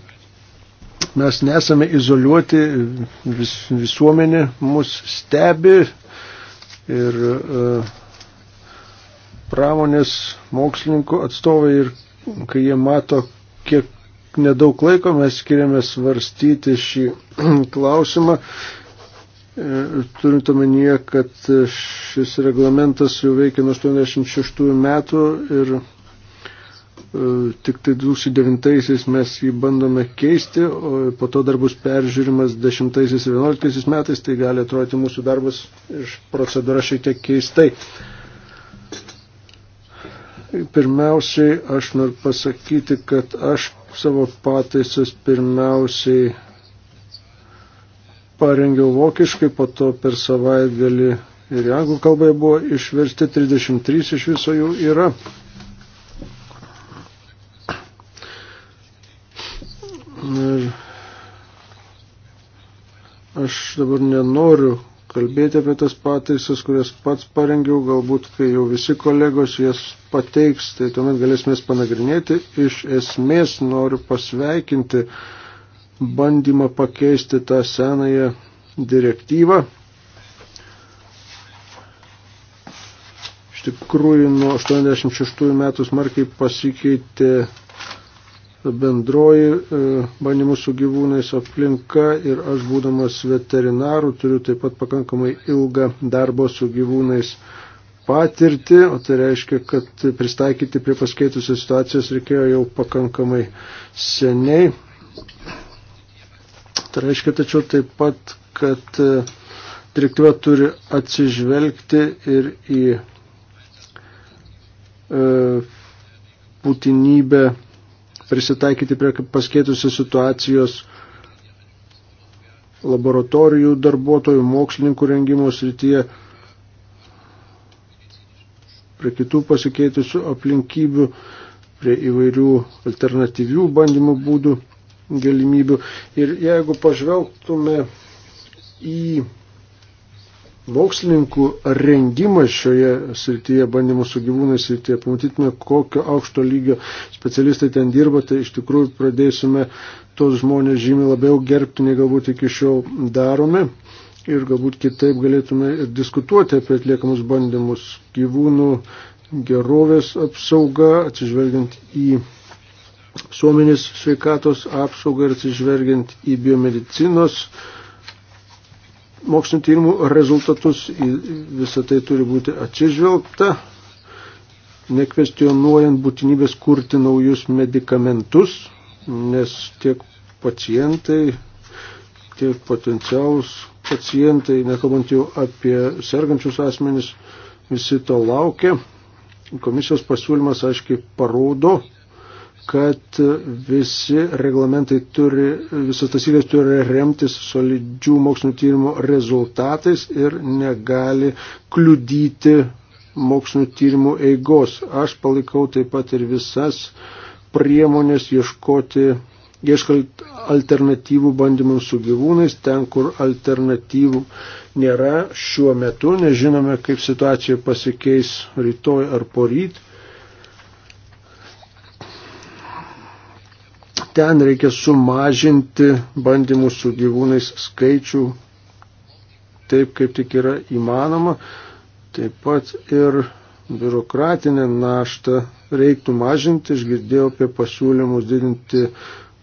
[SPEAKER 3] mes nesame izoliuoti, vis, visuomenė mus stebi ir e, pramonės mokslininkų atstovai ir kai jie mato, kiek nedaug laiko mes skiriame svarstyti šį klausimą, E, turint omenyje, kad šis reglamentas jau veikia nuo 86 metų ir e, tik tai 2009 mes jį bandome keisti, o po to dar bus peržiūrimas 10-11 metais, tai gali atrodyti mūsų darbas iš procedūra šiek tiek keistai. Pirmiausiai aš noriu pasakyti, kad aš savo pataisas pirmiausiai parengiau vokiškai, po to per savaitgalį ir anglų kalbai buvo išversti 33 iš viso jų yra. Ir aš dabar nenoriu kalbėti apie tas pataisas, kurias pats parengiau, galbūt kai jau visi kolegos jas pateiks, tai tuomet galėsime panagrinėti. Iš esmės noriu pasveikinti uh, bandymą pakeisti tą senąją direktyvą. Iš tikrųjų, nuo 86 metų smarkiai pasikeitė bendroji e, bandymų su gyvūnais aplinka ir aš būdamas veterinaru turiu taip pat pakankamai ilgą darbo su gyvūnais patirtį, o tai reiškia, kad pristaikyti prie paskeitusios situacijos reikėjo jau pakankamai seniai. Tai reiškia tačiau taip pat, kad e, direktyva turi atsižvelgti ir į e, būtinybę prisitaikyti prie paskeitusios situacijos laboratorijų darbuotojų, mokslininkų rengimo srityje, prie kitų pasikeitusių aplinkybių, prie įvairių alternatyvių bandymų būdų galimybių. Ir jeigu pažvelgtume į mokslininkų rengimą šioje srityje, bandymų su gyvūnais srityje, pamatytume, kokio aukšto lygio specialistai ten dirba, tai iš tikrųjų pradėsime tos žmonės žymiai labiau gerbti, nei galbūt iki šiol darome. Ir galbūt kitaip galėtume ir diskutuoti apie atliekamus bandymus gyvūnų gerovės apsauga, atsižvelgiant į suomenės sveikatos apsaugą ir atsižvelgiant į biomedicinos mokslinio tyrimų rezultatus, visą tai turi būti atsižvelgta, nekvestionuojant būtinybės kurti naujus medikamentus, nes tiek pacientai, tiek potencialus pacientai, nekalbant jau apie sergančius asmenis, visi to laukia. Komisijos pasiūlymas aiškiai parodo, kad visi reglamentai turi, visos taisyklės turi remtis solidžių mokslinio tyrimo rezultatais ir negali kliudyti mokslinio tyrimų eigos. Aš palaikau taip pat ir visas priemonės ieškoti, ieškant alternatyvų bandymams su gyvūnais, ten, kur alternatyvų nėra šiuo metu, nežinome, kaip situacija pasikeis rytoj ar poryt ten reikia sumažinti bandymų su gyvūnais skaičių taip, kaip tik yra įmanoma. Taip pat ir biurokratinę naštą reiktų mažinti. Aš girdėjau apie pasiūlymus didinti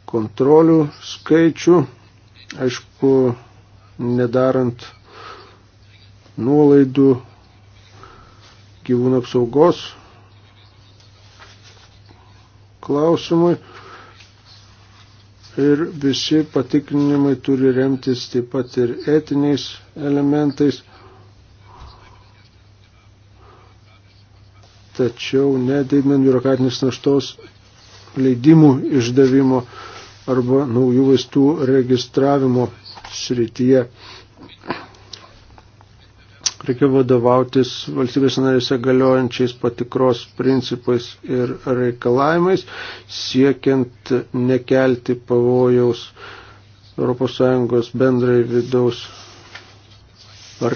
[SPEAKER 3] kontrolių skaičių. Aišku, nedarant nuolaidų gyvūnų apsaugos klausimui ir visi patikrinimai turi remtis taip pat ir etiniais elementais. Tačiau nedidinant biurokratinės naštos leidimų išdavimo arba naujų vaistų registravimo srityje reikia vadovautis valstybės narėse galiojančiais patikros principais ir reikalavimais, siekiant nekelti pavojaus ES bendrai vidaus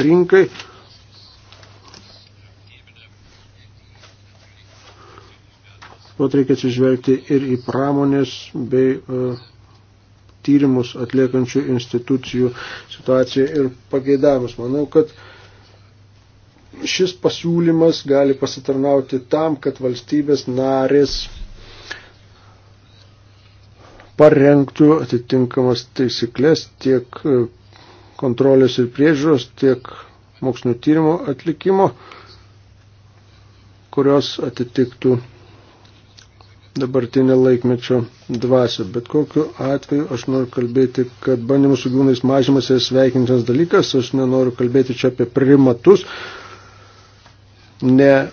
[SPEAKER 3] rinkai. Pat reikia atsižvelgti ir į pramonės bei uh, tyrimus atliekančių institucijų situaciją ir pageidavimus. Manau, kad uh, šis pasiūlymas gali pasitarnauti tam, kad valstybės narės parengtų atitinkamas taisyklės tiek e, kontrolės ir priežiūros, tiek mokslinio tyrimo atlikimo, kurios atitiktų dabartinę laikmečio dvasę. Bet kokiu atveju aš noriu kalbėti, kad bandymų su gyvūnais mažymas yra sveikintas dalykas, aš nenoriu kalbėti čia apie primatus, ne e,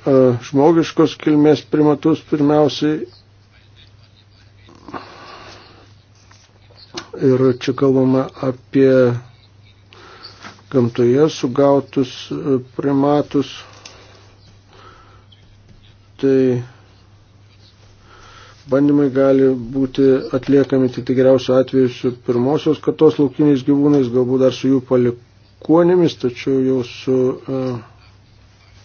[SPEAKER 3] žmogiškos kilmės primatus pirmiausiai. Ir čia kalbama apie gamtoje sugautus e, primatus. Tai bandymai gali būti atliekami tik tai geriausiu atveju su pirmosios kartos laukiniais gyvūnais, galbūt dar su jų palikuonėmis, tačiau jau su uh,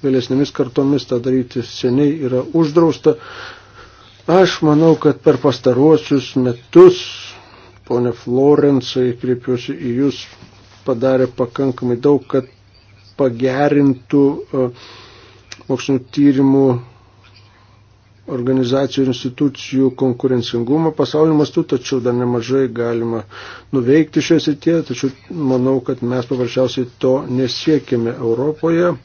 [SPEAKER 3] vėlesnėmis kartomis tą daryti seniai yra uždrausta. Aš manau, kad per pastaruosius metus, ponė Florencai, kreipiuosi į Jūs, padarė pakankamai daug, kad pagerintų e, mokslinio tyrimų organizacijų ir institucijų konkurencingumą pasaulio mastu, tačiau dar nemažai galima nuveikti šioje srityje, tačiau manau, kad mes paprasčiausiai to nesiekime Europoje.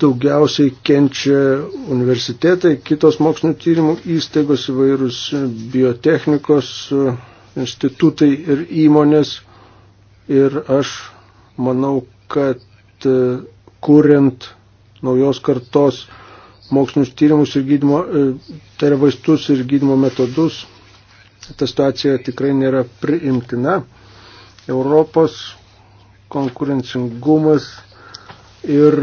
[SPEAKER 3] daugiausiai kenčia universitetai, kitos mokslinio tyrimų įstaigos, įvairūs biotechnikos institutai ir įmonės. Ir aš manau, kad e, kuriant naujos kartos mokslinius tyrimus ir gydymo, e, tai yra vaistus ir gydymo metodus, ta situacija tikrai nėra priimtina. Europos konkurencingumas ir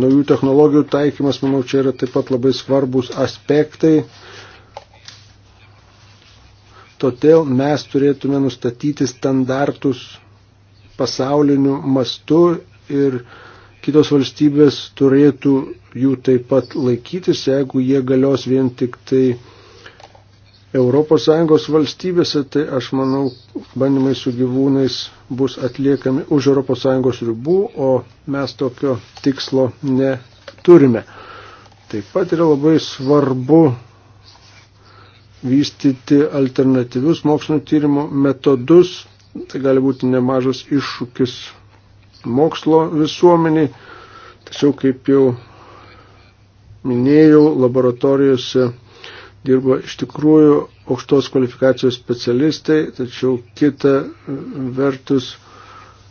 [SPEAKER 3] naujų technologijų taikymas, manau, čia yra taip pat labai svarbus aspektai. Todėl mes turėtume nustatyti standartus pasauliniu mastu ir kitos valstybės turėtų jų taip pat laikytis, jeigu jie galios vien tik tai ES valstybėse, tai aš manau, bandymai su gyvūnais bus atliekami už ES ribų, o mes tokio tikslo neturime. Taip pat yra labai svarbu vystyti alternatyvius mokslinio tyrimo metodus. Tai gali būti nemažas iššūkis mokslo visuomeniai. Tačiau, kaip jau minėjau, laboratorijose dirbo iš tikrųjų aukštos kvalifikacijos specialistai, tačiau kita e, vertus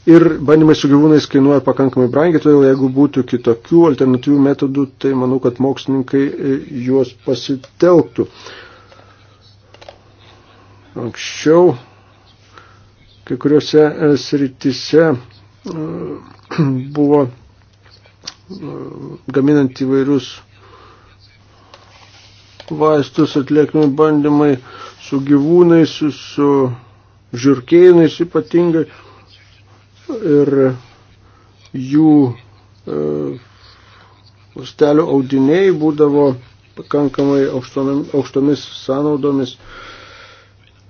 [SPEAKER 3] ir bandymai su gyvūnais kainuoja pakankamai brangiai, todėl jeigu būtų kitokių alternatyvių metodų, tai manau, kad mokslininkai e, juos pasitelktų. Anksčiau kai kuriuose e, sritise buvo gaminant įvairius vaistus, atliekami bandymai su gyvūnais, su, su žirkėjais ypatingai ir jų e, lastelių audiniai būdavo pakankamai aukštomis, aukštomis sąnaudomis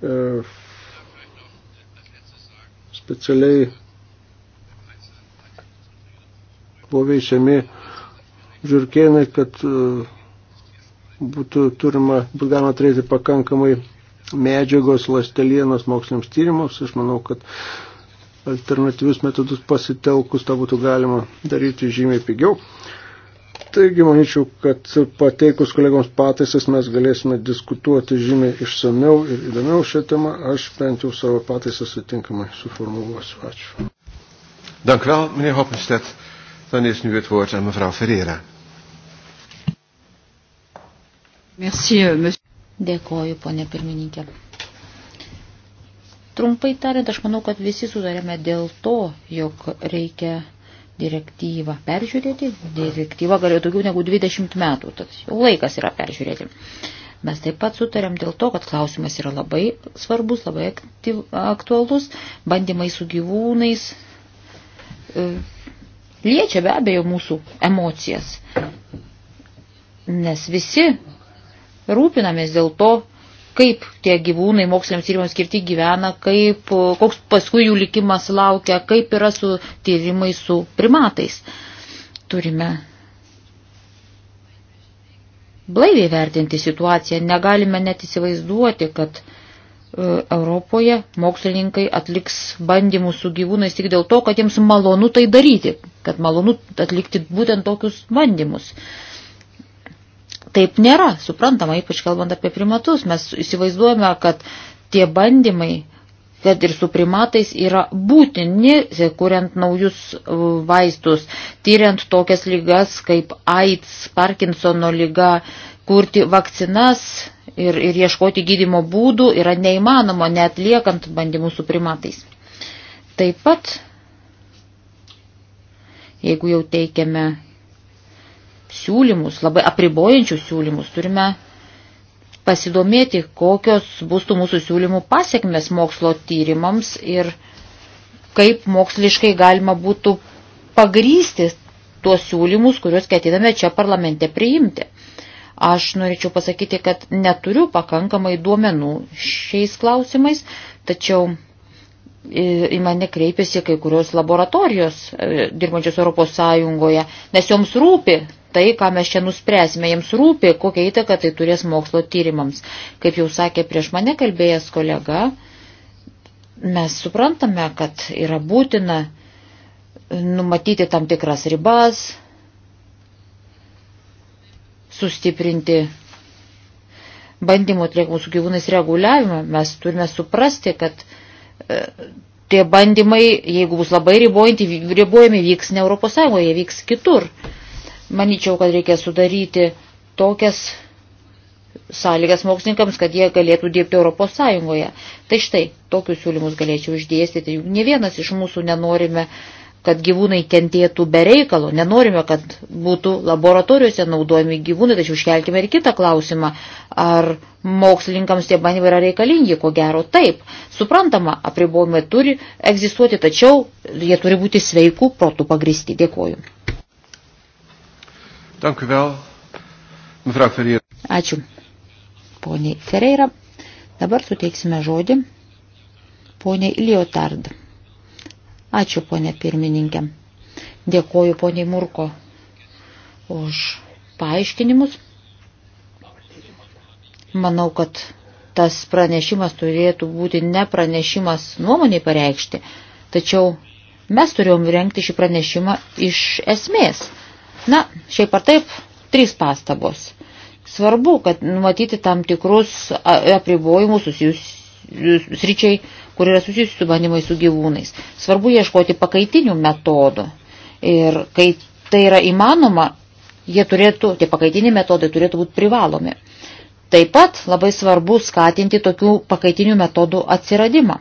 [SPEAKER 3] e, specialiai buvo veisiami žirkėnai, kad e, būtų turima, būtų galima turėti pakankamai medžiagos lastelienos moksliniams tyrimams. Aš manau, kad alternatyvius metodus pasitelkus tą būtų galima daryti žymiai pigiau. Taigi, manyčiau, kad pateikus kolegoms pataisas mes galėsime diskutuoti žymiai išsameu ir įdomiau šią temą. Aš bent jau savo pataisas atitinkamai suformuluosiu. Ačiū.
[SPEAKER 1] Dank wel, meneer Hoppenstedt. Dan is nu het woord aan mevrouw Ferreira.
[SPEAKER 4] Merci, euh, monsieur. Dėkoju, ponė pirmininkė. Trumpai tariant, aš manau, kad visi sutarėme dėl to, jog reikia direktyvą peržiūrėti. Direktyva galėjo daugiau negu 20 metų, tad jau laikas yra peržiūrėti. Mes taip pat sutarėm dėl to, kad klausimas yra labai svarbus, labai aktyv, aktualus, bandymai su gyvūnais e, liečia be abejo mūsų emocijas, nes visi rūpinamės dėl to, kaip tie gyvūnai moksliniams tyrimams skirti gyvena, kaip, koks paskui jų likimas laukia, kaip yra su tyrimai su primatais. Turime blaiviai vertinti situaciją, negalime net įsivaizduoti, kad e, Europoje mokslininkai atliks bandymus su gyvūnais tik dėl to, kad jiems malonu tai daryti, kad malonu atlikti būtent tokius bandymus taip nėra, suprantama, ypač kalbant apie primatus. Mes įsivaizduojame, kad tie bandymai, kad ir su primatais, yra būtini, kuriant naujus uh, vaistus, tyriant tokias lygas kaip AIDS, Parkinsono lyga, kurti vakcinas ir, ir ieškoti gydimo būdų yra neįmanoma, net liekant bandymų su primatais. Taip pat, jeigu jau teikiame siūlymus, labai apribojančius siūlymus. Turime pasidomėti, kokios bus tų mūsų siūlymų pasiekmes mokslo tyrimams ir kaip moksliškai galima būtų pagrysti tuos siūlymus, kuriuos ketiname čia parlamente priimti. Aš norėčiau pasakyti, kad neturiu pakankamai duomenų šiais klausimais, tačiau e, į mane kreipėsi kai kurios laboratorijos e, dirbančios Europos Sąjungoje, nes joms rūpi tai, ką mes čia nuspręsime, jiems rūpi, kokia įtaka tai turės mokslo tyrimams. Kaip jau sakė prieš mane kalbėjęs kolega, mes suprantame, kad yra būtina numatyti tam tikras ribas, sustiprinti bandymų atliekamų su gyvūnais reguliavimą. Mes turime suprasti, kad e, tie bandymai, jeigu bus labai ribojami, vyks ne Europos Sąjungoje, jie vyks kitur. Manyčiau, kad reikia sudaryti tokias sąlygas mokslininkams, kad jie galėtų dirbti Europos Sąjungoje. Tai štai, tokius siūlymus galėčiau išdėstyti. Juk ne vienas iš mūsų nenorime, kad gyvūnai kentėtų be reikalo, nenorime, kad būtų laboratorijose naudojami gyvūnai, tačiau iškelkime ir kitą klausimą, ar mokslininkams tie bandymai yra reikalingi, ko gero taip. Suprantama, apribojimai turi egzistuoti, tačiau jie turi būti sveikų protų pagristi. Dėkuoju.
[SPEAKER 1] Dank u wel, mevrouw Ferreira.
[SPEAKER 4] Ačiū, poniai Ferreira. Dabar suteiksime žodį poniai Liotard. Ačiū, ponė pirmininkė. Dėkoju poniai Murko už paaiškinimus. Manau, kad tas pranešimas turėtų būti ne pranešimas nuomoniai pareikšti, tačiau mes turėjom rengti šį pranešimą iš esmės. Na, šiaip ar taip, trys pastabos. Svarbu, kad numatyti tam tikrus apribojimus susijus sričiai, kur yra susijusi su bandymai su gyvūnais. Svarbu ieškoti pakaitinių metodų. Ir kai tai yra įmanoma, jie turėtų, tie pakaitiniai metodai turėtų būti privalomi. Taip pat labai svarbu skatinti tokių pakaitinių metodų atsiradimą.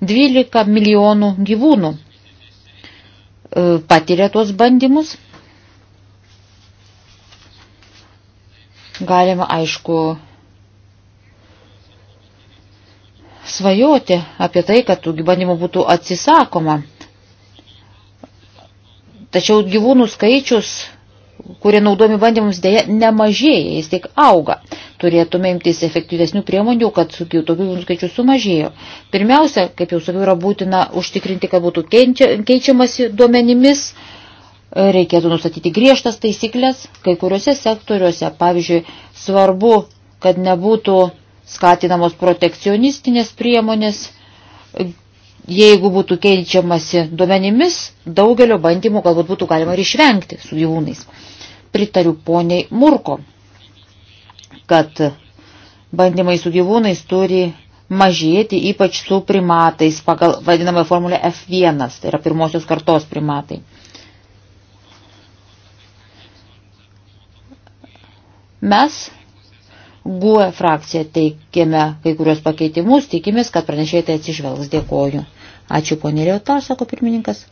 [SPEAKER 4] 12 milijonų gyvūnų e, patiria tuos bandymus Galima, aišku, svajoti apie tai, kad tų bandymų būtų atsisakoma. Tačiau gyvūnų skaičius, kurie naudomi bandymams dėja, nemažėja, jis tik auga. Turėtume imtis efektyvesnių priemonių, kad tokių gyvūnų skaičius sumažėjo. Pirmiausia, kaip jau sakiau, yra būtina užtikrinti, kad būtų keičiamasi duomenimis, uh, reikėtų nustatyti griežtas taisyklės kai kuriuose sektoriuose. Pavyzdžiui, svarbu, kad nebūtų skatinamos protekcionistinės priemonės. Jeigu būtų keičiamasi duomenimis, daugelio bandymų galbūt būtų galima ir išvengti su gyvūnais. Pritariu poniai Murko, kad bandymai su gyvūnais turi mažėti, ypač su primatais pagal vadinamą formulę F1, tai yra pirmosios kartos primatai. Mes GUE frakcija teikėme kai kurios pakeitimus, tikimės, kad pranešėjai tai atsižvelgs. Dėkoju. Ačiū, ponė Liota, sako pirmininkas.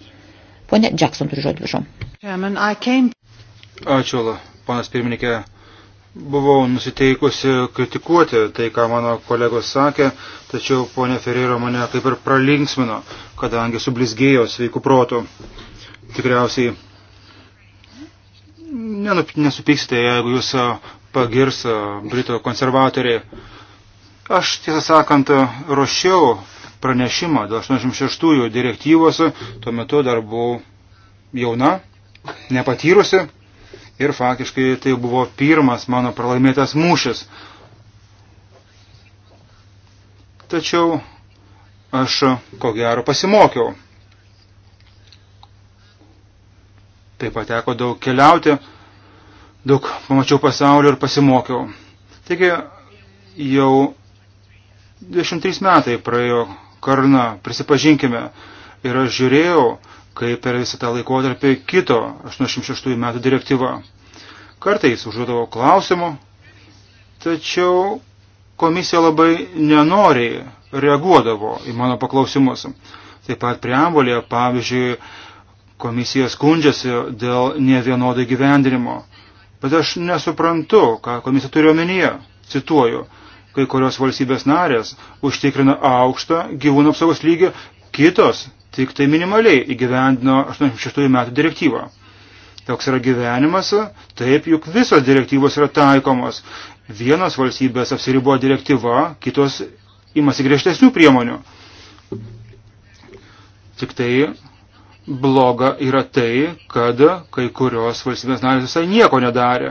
[SPEAKER 4] Pone Jackson turi žodį, prašom.
[SPEAKER 2] Ačiū, ponas pirmininkė. Buvau nusiteikusi kritikuoti tai, ką mano kolegos sakė, tačiau ponė Ferreira mane kaip ir pralinksmino, kadangi sublizgėjo sveikų protų. Tikriausiai nesupiksite, jeigu jūs pagirs e, Britų konservatoriai. Aš, tiesą sakant, ruošiau pranešimą dėl 86 direktyvos, tuo metu dar buvau jauna, nepatyrusi ir faktiškai tai buvo pirmas mano pralaimėtas mūšis. Tačiau aš ko gero pasimokiau. Taip pat teko daug keliauti, daug pamačiau pasaulio ir pasimokiau. Taigi jau 23 metai praėjo karna, prisipažinkime, ir aš žiūrėjau, kaip per visą tą laikotarpį kito 86 metų direktyva. Kartais užduodavo klausimų, tačiau komisija labai nenoriai reaguodavo į mano paklausimus. Taip pat preambulėje, pavyzdžiui, komisija skundžiasi dėl nevienodai gyvendinimo. Bet aš nesuprantu, ką komisija turi omenyje. Cituoju, kai kurios valstybės narės užtikrina aukštą gyvūnų apsaugos lygį, kitos tik tai minimaliai įgyvendino 86 metų direktyvą. Toks yra gyvenimas, taip juk visos direktyvos yra taikomos. Vienos valstybės apsiribuoja direktyva, kitos imasi griežtesnių priemonių. Tik tai Bloga yra tai, kad kai kurios valstybės narės visai nieko nedarė.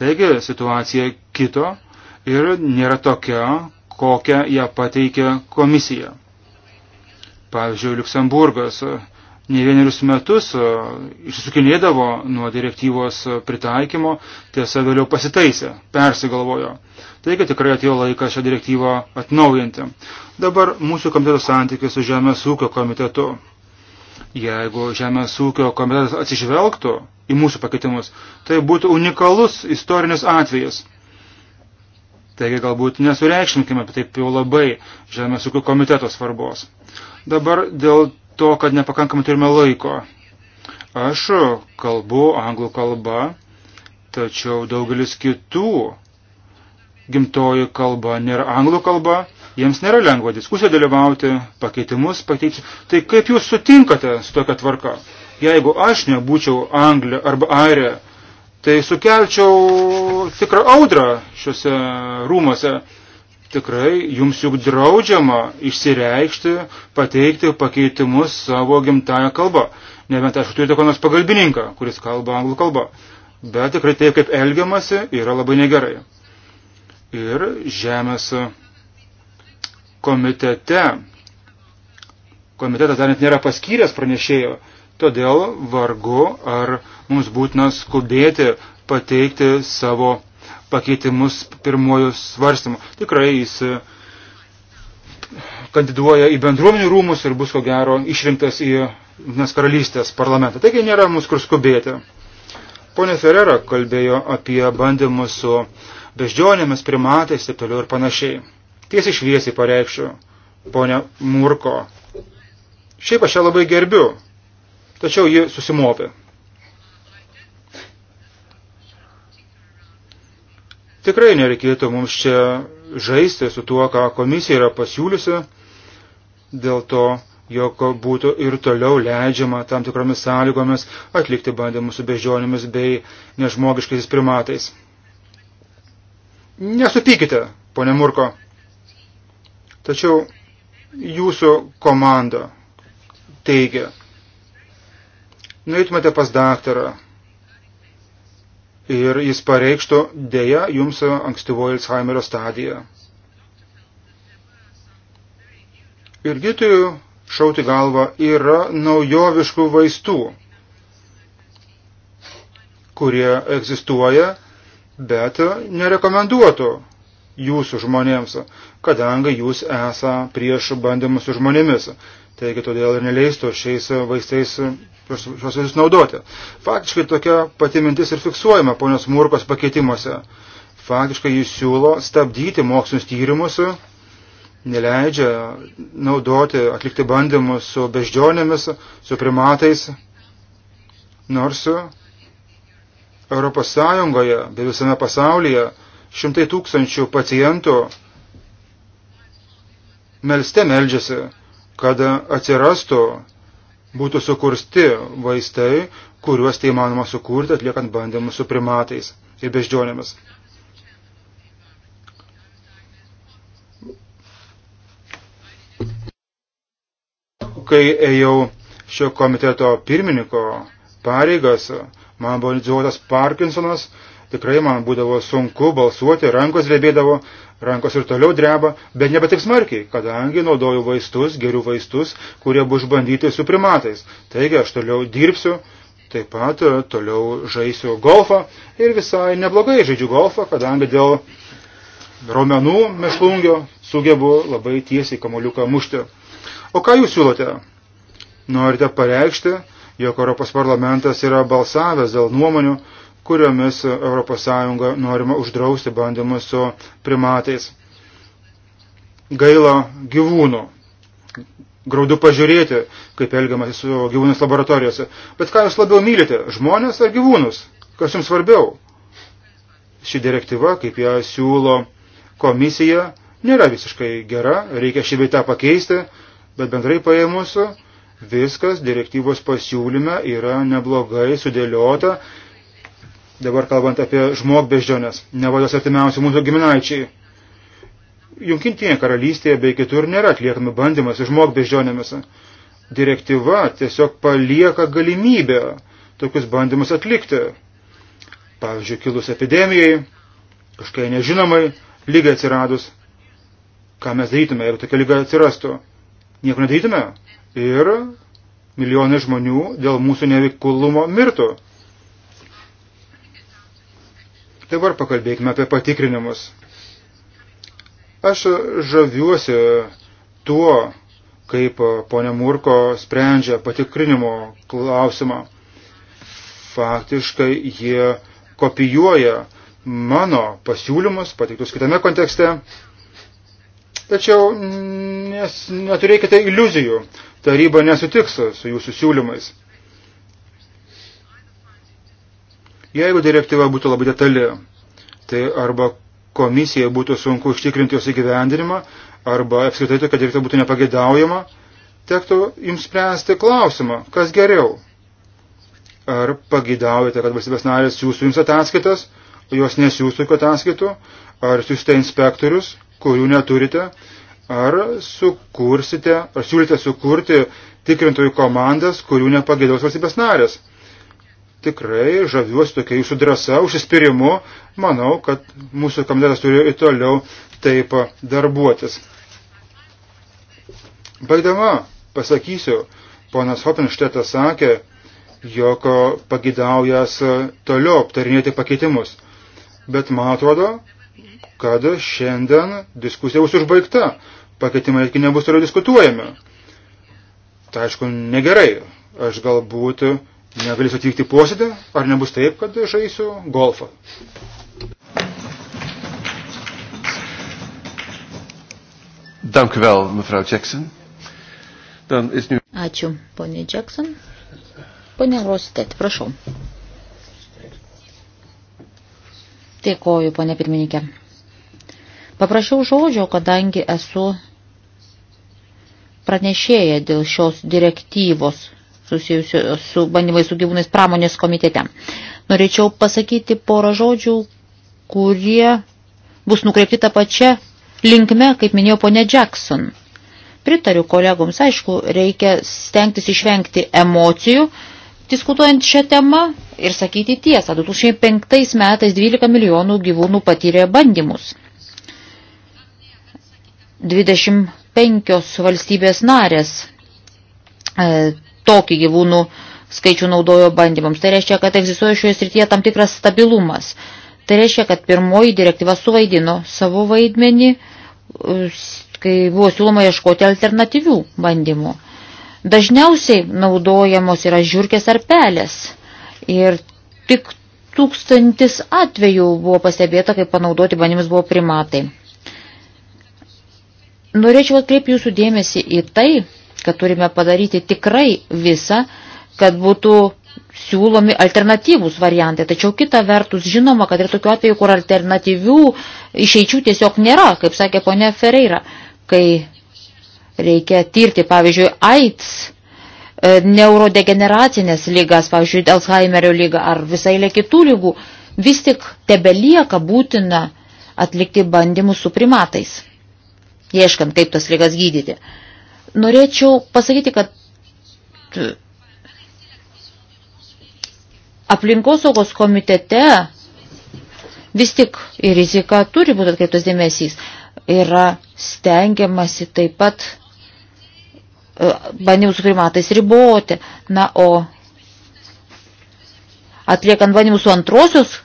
[SPEAKER 2] Taigi situacija kito ir nėra tokia, kokią ją pateikė komisija. Pavyzdžiui, Luksemburgas ne vienerius metus išsukinėdavo nuo direktyvos pritaikymo, tiesa vėliau pasitaisė, persigalvojo. Taigi tikrai atėjo laikas šią direktyvą atnaujinti. Dabar mūsų komiteto santykis su Žemės ūkio komitetu. Jeigu Žemės ūkio komitetas atsižvelgtų į mūsų pakeitimus, tai būtų unikalus istorinis atvejas. Taigi galbūt nesureikšminkime taip jau labai Žemės ūkio komiteto svarbos. Dabar dėl to, kad nepakankamai turime laiko. Aš kalbu anglų kalba, tačiau daugelis kitų gimtoji kalba nėra anglų kalba, Jiems nėra lengva diskusija dalyvauti, pakeitimus pateikti. Tai kaip jūs sutinkate su tokia tvarka? Jeigu aš nebūčiau Anglė arba Airė, tai sukelčiau tikrą audrą šiuose rūmose. Tikrai jums juk draudžiama išsireikšti, pateikti pakeitimus savo gimtają kalbą. Nebent aš turiu kokį nors pagalbininką, kuris kalba anglų kalbą. Bet tikrai taip, kaip elgiamasi, yra labai negerai. Ir žemės komitete, komitetas dar net nėra paskyręs pranešėjo, todėl vargu ar mums būtina skubėti pateikti savo pakeitimus pirmojų svarstymų. Tikrai jis e, kandiduoja į bendruomenių rūmus ir bus ko gero išrinktas į Nes karalystės parlamentą. Taigi nėra mus kur skubėti. Pone Ferrera kalbėjo apie bandymus su beždžionėmis, primatais ir toliau ir panašiai tiesiai šviesiai pareikšiu, ponia Murko. Šiaip aš ją labai gerbiu, tačiau ji susimopė. Tikrai nereikėtų mums čia žaisti su tuo, ką komisija yra pasiūliusi, dėl to, jog būtų ir toliau leidžiama tam tikromis sąlygomis atlikti bandymus su beždžionėmis bei nežmogiškais primatais. Nesupykite, ponė Murko. Tačiau jūsų komanda teigia, nuėtumėte pas daktarą ir jis pareikštų, dėja, jums ankstyvoji Alzheimerio stadija. Ir gydytojų šauti galva yra naujoviškų vaistų, kurie egzistuoja, bet nerekomenduotų jūsų žmonėms, kadangi jūs esą prieš bandymus su žmonėmis. Taigi todėl ir neleistų šiais vaistais šios vaistus naudoti. Faktiškai tokia pati mintis ir fiksuojama ponios Murkos pakeitimuose. Faktiškai jis siūlo stabdyti mokslinius tyrimus, neleidžia naudoti, atlikti bandymus su beždžionėmis, su primatais, nors Europos Sąjungoje bei visame pasaulyje Šimtai tūkstančių pacientų melste meldžiasi, kad atsirastų, būtų sukursti vaistai, kuriuos tai manoma sukurti atliekant bandymus su primatais ir beždžionėmis. Kai ėjau šio komiteto pirmininko pareigas, man buvo diagnozuotas Parkinsonas Tikrai man būdavo sunku balsuoti, rankos drebėdavo, rankos ir toliau dreba, bet nebe taip smarkiai, kadangi naudoju vaistus, gerių vaistus, kurie buvo išbandyti su primatais. Taigi aš toliau dirbsiu, taip pat e, toliau žaisiu golfą ir visai neblogai žaidžiu golfą, kadangi dėl raumenų mešlungio sugebu labai tiesiai kamoliuką mušti. O ką jūs siūlote? Norite pareikšti, jog Europos parlamentas yra balsavęs dėl nuomonių, kuriomis ES norima uždrausti bandymą su primatais. Gaila gyvūnų. Graudu pažiūrėti, kaip elgiamasi su gyvūnais laboratorijose. Bet ką jūs labiau mylite, žmonės ar gyvūnus? Kas jums svarbiau? Ši direktyva, kaip ją siūlo komisija, nėra visiškai gera, reikia šį beitą pakeisti, bet bendrai paėmus viskas direktyvos pasiūlyme yra neblogai sudėliota Dabar kalbant apie žmogbeždžionės, nevados artimiausi mūsų giminaičiai. Junkintinėje karalystėje bei kitur nėra atliekami bandymai su žmogbeždžionėmis. Direktyva tiesiog palieka galimybę tokius bandymus atlikti. Pavyzdžiui, kilus epidemijai, kažkai nežinomai, lyga atsiradus. Ką mes darytume, jeigu tokia lyga atsirastų? Nieko nedarytume. Ir milijonai žmonių dėl mūsų neveiklumo mirtų. Dabar pakalbėkime apie patikrinimus. Aš žaviuosi tuo, kaip ponė Murko sprendžia patikrinimo klausimą. Faktiškai jie kopijuoja mano pasiūlymus, patiktus kitame kontekste. Tačiau nes, neturėkite iliuzijų, taryba nesutiks su jūsų siūlymais. Jeigu direktyva būtų labai detali, tai arba komisijai būtų sunku užtikrinti jos įgyvendinimą, arba apskritai tokia direktyva būtų nepagėdaujama, tektų jums spręsti klausimą, kas geriau. Ar pagėdaujate, kad valstybės narės siūstų jums ataskaitas, jos nesiūstų jokio ataskaitų, ar siūsite inspektorius, kurių neturite, ar sukursite, ar siūlite sukurti tikrintojų komandas, kurių nepagėdaus valstybės narės tikrai žaviuosi tokia jūsų drąsa, užsispyrimu. Manau, kad mūsų komitetas turi ir toliau taip darbuotis. Baigdama pasakysiu, ponas Hopinštetas sakė, jog pagidaujas toliau aptarinėti pakeitimus. Bet man atrodo, kad šiandien diskusija bus užbaigta. Pakeitimai netgi nebus toliau diskutuojami. Tai aišku, negerai. Aš galbūt negalėsiu atvykti posėdį, ar nebus taip, kad žaisiu golfą.
[SPEAKER 1] Dank u wel, mevrouw Jackson. Dan is nu...
[SPEAKER 4] Ačiū, ponė Jackson. Ponė Rostet, prašau. Dėkoju, ponė pirmininkė. Paprašiau žodžio, kadangi esu pranešėję dėl šios direktyvos susijusio su bandymai su gyvūnais pramonės komitete. Norėčiau pasakyti porą žodžių, kurie bus nukreipti tą pačią linkme, kaip minėjo ponė Jackson. Pritariu kolegoms, aišku, reikia stengtis išvengti emocijų, diskutuojant šią temą ir sakyti tiesą. 2005 metais 12 milijonų gyvūnų patyrė bandymus. 25 valstybės narės e, tokį gyvūnų skaičių naudojo bandymams. Tai reiškia, kad egzistuoja šioje srityje tam tikras stabilumas. Tai reiškia, kad pirmoji direktyva suvaidino savo vaidmenį, kai buvo siūloma ieškoti alternatyvių bandymų. Dažniausiai naudojamos yra žiūrkės ar pelės. Ir tik tūkstantis atvejų buvo pastebėta, kaip panaudoti bandymus buvo primatai. Norėčiau atkreipti jūsų dėmesį į tai, kad turime padaryti tikrai visą, kad būtų siūlomi alternatyvūs variantai. Tačiau kita vertus žinoma, kad ir tokiu atveju, kur alternatyvių išeičių tiesiog nėra, kaip sakė ponė Ferreira, kai reikia tirti, pavyzdžiui, AIDS, e, neurodegeneracinės lygas, pavyzdžiui, Alzheimerio lygą ar visai lė kitų lygų, vis tik tebelieka būtina atlikti bandymus su primatais, ieškant, kaip tas lygas gydyti norėčiau pasakyti, kad aplinkosaugos komitete vis tik ir rizika turi būti atkreiptas dėmesys. Yra stengiamasi taip pat e, bandymus su primatais riboti. Na, o atliekant bandymus su antrosios,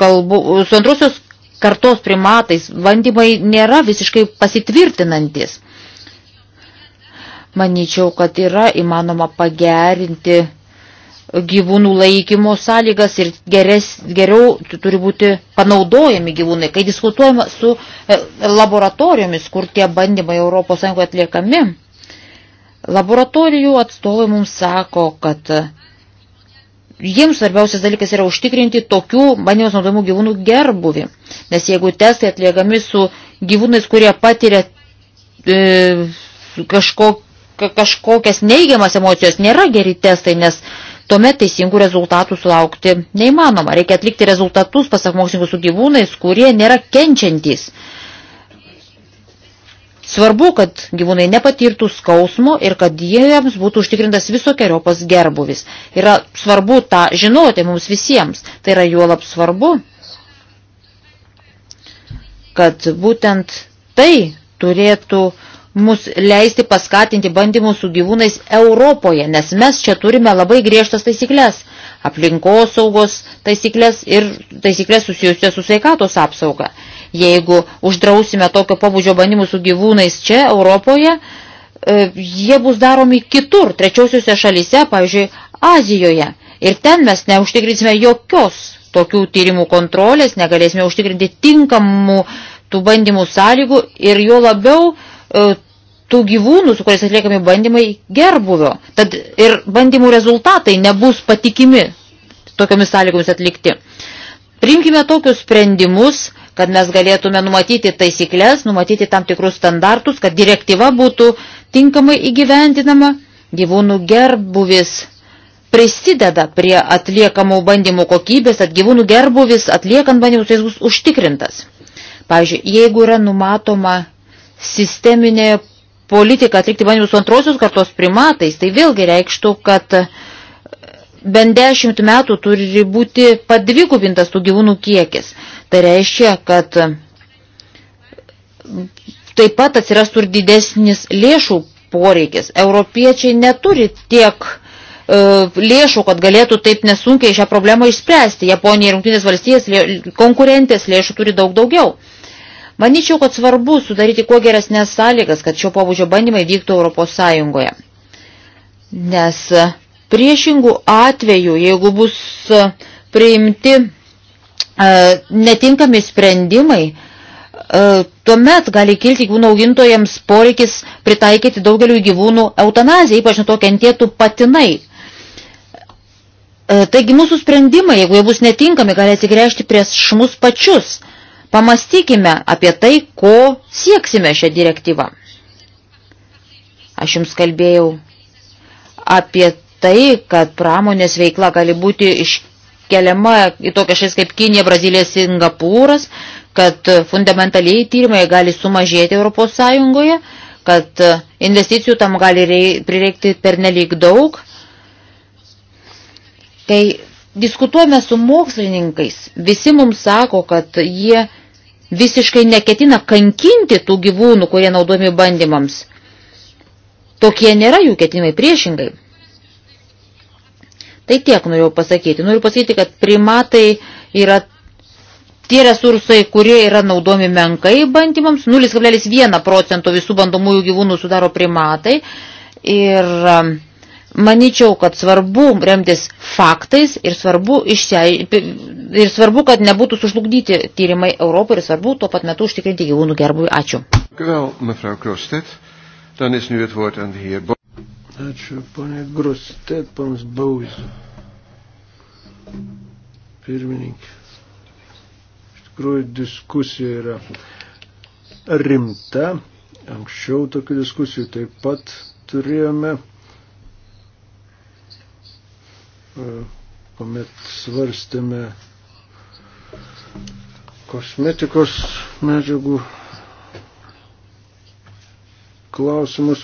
[SPEAKER 4] kalbu, su antrosios kartos primatais, bandymai nėra visiškai pasitvirtinantis. Manyčiau, kad yra įmanoma pagerinti gyvūnų laikymo sąlygas ir geres, geriau turi būti panaudojami gyvūnai. Kai diskutuojama su e, laboratorijomis, kur tie bandymai ES atliekami, laboratorijų atstovai mums sako, kad e, jiems svarbiausias dalykas yra užtikrinti tokių bandymos naudojimų gyvūnų gerbuvį. Nes jeigu testai atliekami su gyvūnais, kurie patiria e, kažkokį kažkokias neigiamas emocijos nėra geri testai, nes tuomet teisingų rezultatų sulaukti neįmanoma. Reikia atlikti rezultatus, pasak mokslininkų, su gyvūnais, kurie nėra kenčiantys. Svarbu, kad gyvūnai nepatirtų skausmo ir kad jiems būtų užtikrintas visokiojopas gerbuvis. Yra svarbu tą žinoti mums visiems. Tai yra juolab svarbu, kad būtent tai turėtų mus leisti paskatinti bandymus su gyvūnais Europoje, nes mes čia turime labai griežtas taisyklės, aplinkosaugos taisyklės ir taisyklės susijusios su sveikatos apsauga. Jeigu uždrausime tokio pabudžio bandymus su gyvūnais čia Europoje, e, jie bus daromi kitur, trečiosiuose šalyse, pavyzdžiui, Azijoje. Ir ten mes neužtikrinsime jokios tokių tyrimų kontrolės, negalėsime užtikrinti tinkamų tų bandymų sąlygų ir jo labiau uh, E, tų gyvūnų, su kuriais atliekami bandymai, gerbuvio. Tad ir bandymų rezultatai nebus patikimi tokiomis sąlygomis atlikti. Priimkime tokius sprendimus, kad mes galėtume numatyti taisyklės, numatyti tam tikrus standartus, kad direktyva būtų tinkamai įgyvendinama, gyvūnų gerbuvis prisideda prie atliekamų bandymų kokybės, kad gyvūnų gerbuvis atliekant bandymus jis bus užtikrintas. Pavyzdžiui, jeigu yra numatoma sisteminė politika atlikti bandymus su antrosios kartos primatais, tai vėlgi reikštų, kad e, bent dešimt metų turi būti padvigubintas tų gyvūnų kiekis. Tai reiškia, kad e, taip pat atsirastų ir didesnis lėšų poreikis. Europiečiai neturi tiek e, lėšų, kad galėtų taip nesunkiai šią problemą išspręsti. Japonija ir Rungtinės valstijas lė, konkurentės lėšų turi daug daugiau. Maničiau, kad svarbu sudaryti kuo geresnės sąlygas, kad šio pobūdžio bandymai vyktų Europos Sąjungoje. Nes priešingų atvejų, jeigu bus e, priimti e, netinkami sprendimai, e, tuomet gali kilti gyvūnų augintojams poreikis pritaikyti daugeliu gyvūnų eutanaziją, ypač nuo to kentėtų patinai. E, taigi mūsų sprendimai, jeigu jie bus netinkami, gali atsigręžti prieš mus pačius – Pamastykime apie tai, ko sieksime šią direktyvą. Aš jums kalbėjau apie tai, kad pramonės veikla gali būti iškeliama į tokią šalis kaip Kinija, Brazilija, Singapūras, kad fundamentaliai tyrimai gali sumažėti Europos Sąjungoje, kad investicijų tam gali prireikti per nelik daug. Kai diskutuojame su mokslininkais, visi mums sako, kad jie visiškai neketina kankinti tų gyvūnų, kurie naudojami bandymams. Tokie nėra jų ketinimai priešingai. Tai tiek norėjau pasakyti. Noriu pasakyti, kad primatai yra tie resursai, kurie yra naudomi menkai bandymams. 0,1 procento visų bandomųjų gyvūnų sudaro primatai. Ir um, manyčiau, kad svarbu remtis faktais ir svarbu išsiai, ir svarbu, kad nebūtų sužlugdyti tyrimai Europoje ir svarbu tuo pat metu užtikrinti gyvūnų gerbui. Ačiū.
[SPEAKER 3] Ačiū, ponė Grustet, ponas Bauzis. Pirmininkė. Iš tikrųjų diskusija yra rimta. Anksčiau tokių diskusijų taip pat turėjome e, kuomet svarstėme kosmetikos medžiagų klausimus.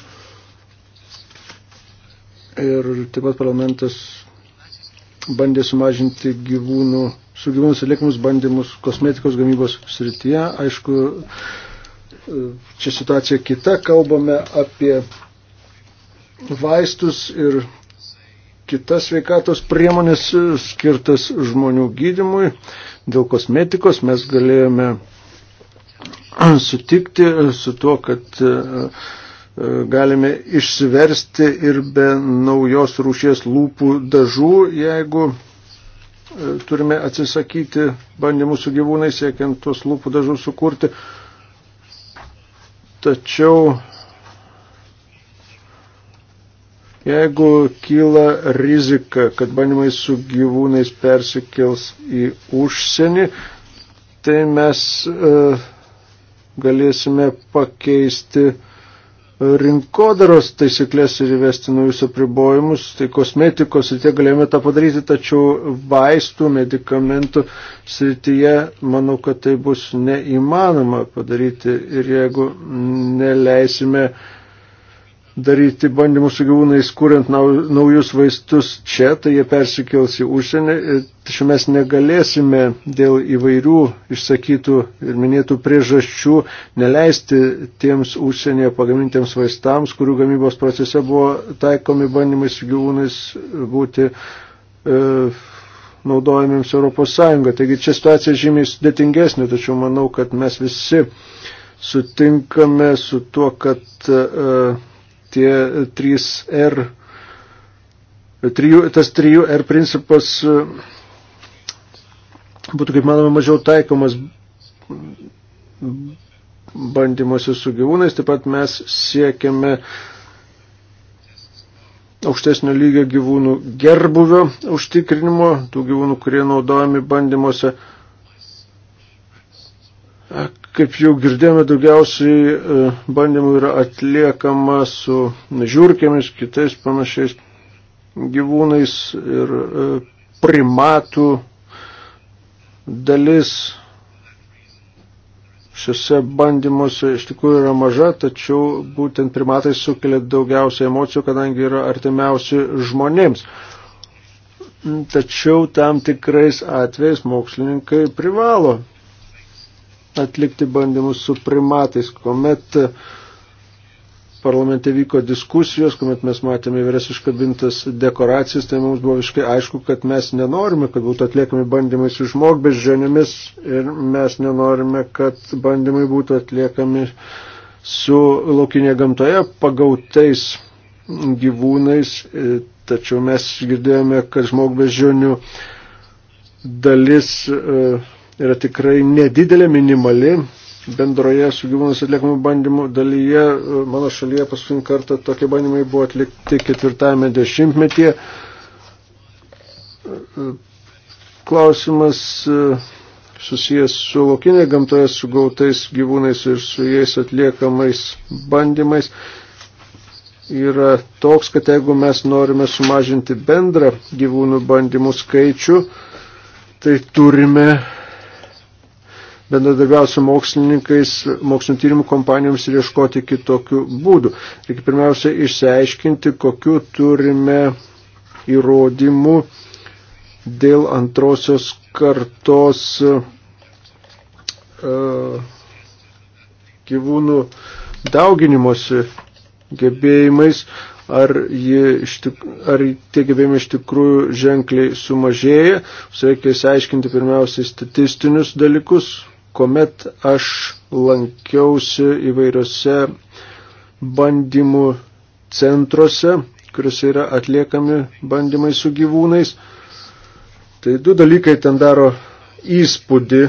[SPEAKER 3] Ir taip pat parlamentas bandė sumažinti gyvūnų, su gyvūnus atliekamus bandymus kosmetikos gamybos srityje. Aišku, čia situacija kita, kalbame apie vaistus ir kitas sveikatos priemonės e, skirtas žmonių gydimui. Dėl kosmetikos mes galėjome sutikti su tuo, kad e, e, galime išsiversti ir be naujos rūšies lūpų dažų, jeigu turime atsisakyti bandymų su gyvūnais, siekiant tuos lūpų dažus sukurti. Tačiau Jeigu kyla rizika, kad bandymai su gyvūnais persikels į užsienį, tai mes e, galėsime pakeisti rinkodaros taisyklės ir įvesti naujus apribojimus, tai kosmetikos ir tie galėjome tą padaryti, tačiau vaistų, medikamentų srityje manau, kad tai bus neįmanoma padaryti ir jeigu neleisime uh, daryti bandymus su gyvūnais, kuriant naujus vaistus čia, tai jie persikels į užsienį. Tačiau mes negalėsime dėl įvairių išsakytų ir minėtų priežasčių neleisti tiems užsienyje pagamintiems vaistams, kurių gamybos procese buvo taikomi bandymai su gyvūnais būti. E, naudojamiems Europos Sąjungą. Taigi čia situacija žymiai sudėtingesnė, tačiau manau, kad mes visi sutinkame su tuo, kad uh, e, tie 3R, 3, tas 3R principas e, būtų kaip manoma mažiau taikomas bandymuose su gyvūnais, taip pat mes siekiame aukštesnio lygio gyvūnų gerbuvio užtikrinimo, tų gyvūnų, kurie naudojami bandymuose Kaip jau girdėjome, daugiausiai e, bandymų yra atliekama su žiūrkėmis, kitais panašiais gyvūnais ir e, primatų dalis šiuose bandymuose iš tikrųjų yra maža, tačiau būtent primatai sukelia daugiausiai emocijų, kadangi yra artimiausi žmonėms. Tačiau tam tikrais atvejais mokslininkai privalo atlikti bandymus su primatais, kuomet parlamente vyko diskusijos, kuomet mes matėme įvairias iškabintas dekoracijas, tai mums buvo visiškai aišku, kad mes nenorime, kad būtų atliekami bandymai su žmogbeždžionėmis ir mes nenorime, kad bandymai būtų atliekami su laukinė gamtoje pagautais gyvūnais, tačiau mes girdėjome, kad žmogbeždžionių dalis uh, yra tikrai nedidelė, minimali. Bendroje su gyvūnus atliekamų bandymų dalyje mano šalyje paskutinį kartą tokie bandymai buvo atlikti ketvirtame dešimtmetyje. Klausimas e, susijęs su laukinė gamtoje sugautais gyvūnais ir su jais atliekamais bandymais yra toks, kad jeigu mes norime sumažinti bendrą gyvūnų bandymų skaičių, tai turime bendradarbiausiu mokslininkais, mokslinio tyrimų kompanijoms ir ieškoti kitokių būdų. Reikia pirmiausia išsiaiškinti, kokiu turime įrodymų dėl antrosios kartos uh, gyvūnų dauginimosi gebėjimais, ar, tik, ar tie gebėjimai iš tikrųjų ženkliai sumažėja. Reikia įsiaiškinti pirmiausiai statistinius dalykus, kuomet aš lankiausi įvairiose bandymų centruose, kuriuose yra atliekami bandymai su gyvūnais. Tai du dalykai ten daro įspūdį,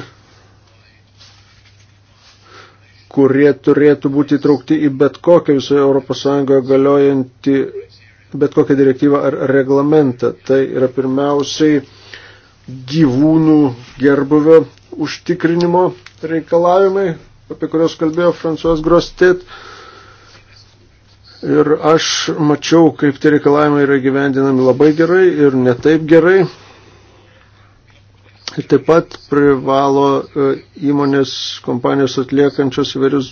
[SPEAKER 3] kurie turėtų būti įtraukti į bet kokią visoje Europos Sąjungoje galiojantį bet kokią direktyvą ar reglamentą. Tai yra pirmiausiai gyvūnų gerbuvio užtikrinimo reikalavimai, apie kurios kalbėjo Fransuos Grostet. Ir aš mačiau, kaip tie reikalavimai yra gyvendinami labai gerai ir netaip gerai. Ir taip pat privalo e, įmonės kompanijos atliekančios įvairius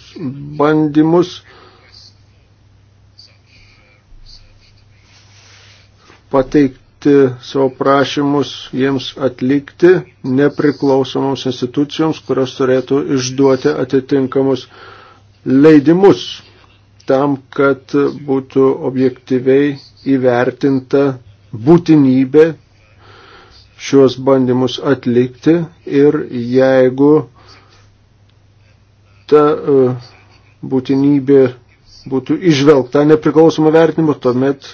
[SPEAKER 3] bandymus pateikti pateikti savo prašymus jiems atlikti nepriklausomoms institucijoms, kurios turėtų išduoti atitinkamus leidimus tam, kad būtų objektyviai įvertinta būtinybė šios bandymus atlikti ir jeigu ta e, būtinybė būtų išvelgta nepriklausoma vertinimu, tuomet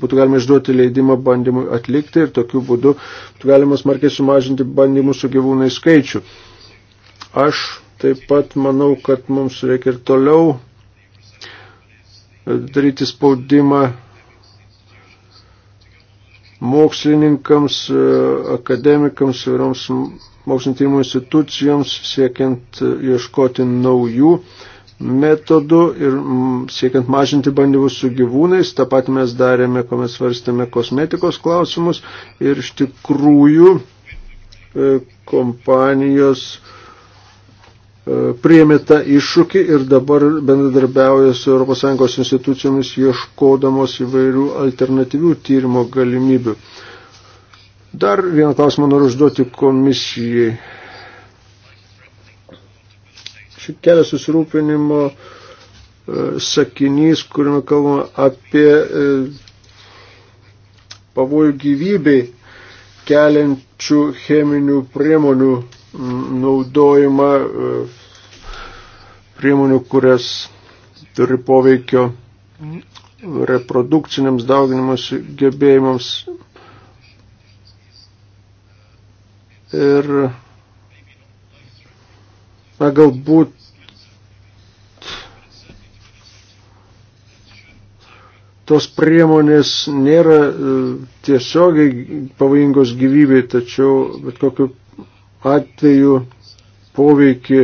[SPEAKER 3] būtų galima išduoti leidimą bandymui atlikti ir tokiu būdu būtų galima smarkiai sumažinti bandymų su gyvūnai skaičių. Aš taip pat manau, kad mums reikia ir toliau daryti spaudimą mokslininkams, akademikams, įvairioms mokslinio tyrimų institucijoms, siekiant ieškoti naujų metodu ir mm, siekiant mažinti bandymus su gyvūnais. Ta pat mes darėme, kuomet svarstėme kosmetikos klausimus ir iš tikrųjų e, kompanijos e, priėmė tą iššūkį ir dabar bendradarbiauja su ES institucijomis ieškodamos įvairių alternatyvių tyrimo galimybių. Dar vieną klausimą noriu užduoti komisijai kelia susirūpinimo e, sakinys, kuriame kalbama apie e, pavojų gyvybei keliančių cheminių priemonių naudojimą, e, priemonių, kurias turi poveikio reprodukciniams dauginimus gebėjimams. Ir na galbūt tos priemonės nėra e, tiesiogiai pavojingos gyvybei, tačiau bet kokiu atveju poveikį,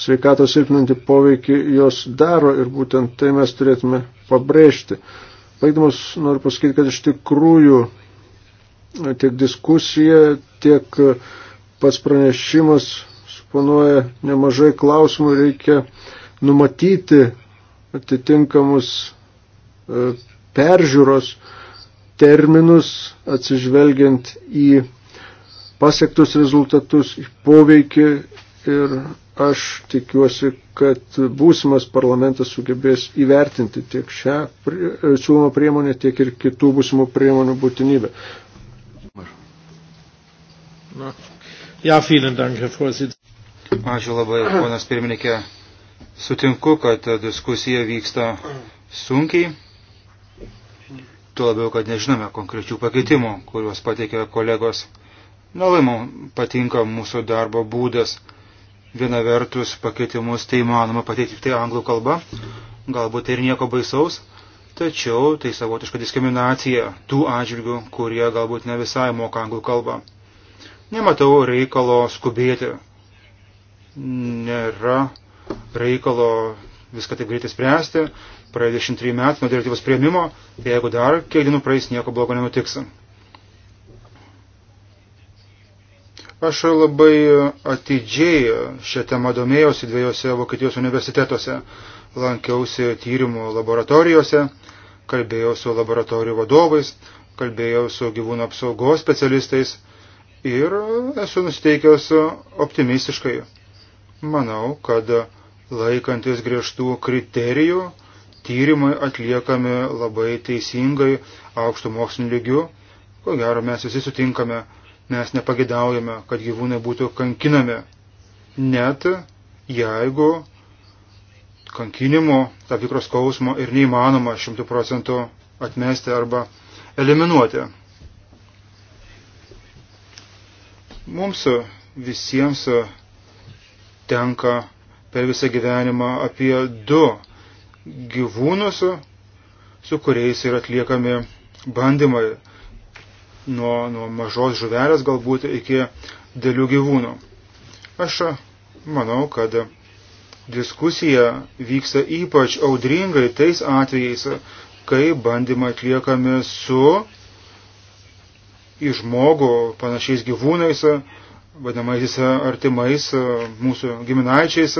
[SPEAKER 3] sveikatos silpninti poveikį jos daro ir būtent tai mes turėtume pabrėžti. Baigdamas noriu pasakyti, kad iš tikrųjų tiek diskusija, tiek pats pranešimas eksponuoja nemažai klausimų, reikia numatyti atitinkamus e, peržiūros terminus, atsižvelgiant į pasiektus rezultatus, į poveikį ir aš tikiuosi, kad būsimas parlamentas sugebės įvertinti tiek šią e, siūlomą priemonę, tiek ir kitų būsimų priemonių būtinybę. Na. Ja, vielen Dank, Herr Vorsitzender.
[SPEAKER 2] Ačiū labai, ponas pirmininkė. Sutinku, kad diskusija vyksta sunkiai. Tuo labiau, kad nežinome konkrečių pakeitimų, kuriuos pateikė kolegos. Nalai man patinka mūsų darbo būdas. Viena vertus pakeitimus tai manoma pateikti tik tai anglų kalba, galbūt tai ir nieko baisaus, tačiau tai savotiška diskriminacija tų atžvilgių, kurie galbūt ne visai moka anglų kalbą. Nematau reikalo skubėti nėra reikalo viską taip greitai spręsti, praėjo 23 metų nuo direktyvos prieimimo, tai jeigu dar kiek dienų praeis, nieko blogo nenutiks. Aš labai atidžiai šią temą domėjausi dviejose Vokietijos universitetuose, lankiausi tyrimų laboratorijose, kalbėjau su laboratorijų vadovais, kalbėjau su gyvūnų apsaugos specialistais ir esu nusteikęs optimistiškai Manau, kad laikantis griežtų kriterijų, tyrimai atliekami labai teisingai, aukštų mokslinio lygių. Ko gero mes visi sutinkame, mes nepagidaujame, kad gyvūnai būtų kankinami. Net jeigu kankinimo, tam tikros skausmo ir neįmanoma šimtų procentų atmesti arba eliminuoti. Mums visiems tenka per visą gyvenimą apie du gyvūnus, su kuriais yra atliekami bandymai nuo, nuo mažos žuvelės galbūt iki dėlių gyvūnų. Aš manau, kad diskusija vyksta ypač audringai tais atvejais, kai bandymai atliekami su į žmogų panašiais gyvūnais, vadinamaisiais e, artimais e, mūsų giminaičiais.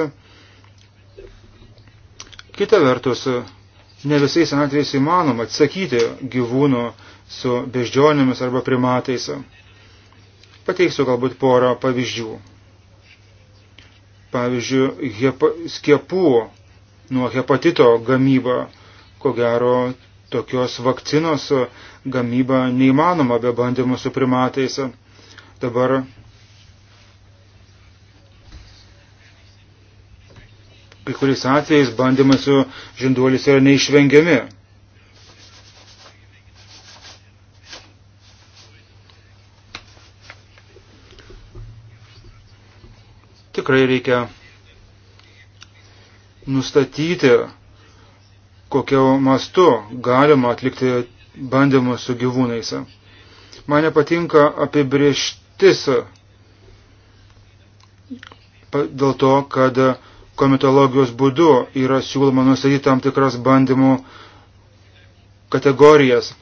[SPEAKER 2] Kita vertus, e, ne visais atvejais įmanoma atsakyti gyvūnų su beždžionėmis arba primatais. Pateiksiu galbūt porą pavyzdžių. Pavyzdžiui, hepa, skiepų nuo hepatito gamyba, ko gero, tokios vakcinos gamyba neįmanoma be bandymų su primatais. Dabar kai kuriais atvejais bandymai su žinduolis yra neišvengiami. Tikrai reikia nustatyti, kokio mastu galima atlikti bandymus su gyvūnais. Man nepatinka apibrieštis dėl to, kad komitologijos būdu yra siūloma nustatyti tam tikras bandymų kategorijas.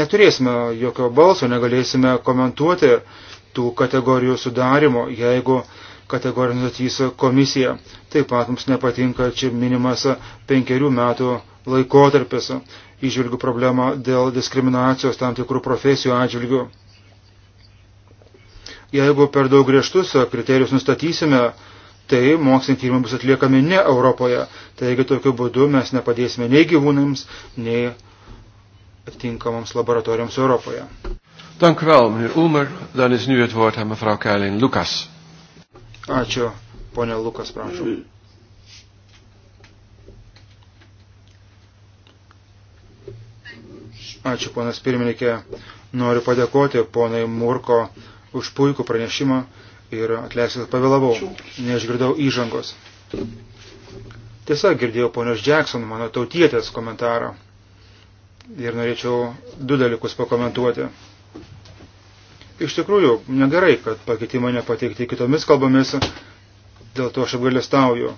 [SPEAKER 2] Neturėsime jokio balso, negalėsime komentuoti tų kategorijų sudarimo, jeigu kategoriją nustatys komisija. Taip pat mums nepatinka čia minimas penkerių metų laikotarpis. Įžvelgiu problemą dėl diskriminacijos tam tikrų profesijų atžvilgių. Jeigu per daug griežtus kriterijus nustatysime, tai moksliniai tyrimai bus atliekami ne Europoje. Taigi tokiu būdu mes nepadėsime nei gyvūnams, nei atitinkamoms laboratorijoms Europoje.
[SPEAKER 1] Dank u wel, meneer Ulmer. Dan is nu het woord aan mevrouw Keilin Lucas.
[SPEAKER 2] Ačiū, ponia Lukas, prašau. Ačiū, ponas pirmininkė. Noriu padėkoti ponai Murko už puikų pranešimą ir atleiskite, pavėlavau, neišgirdau įžangos. Tiesa, girdėjau ponios Jackson, mano tautietės komentarą ir norėčiau du dalykus pakomentuoti. Iš tikrųjų, negerai, kad pakeitimą nepateikti kitomis kalbomis, dėl to aš apgalėstauju.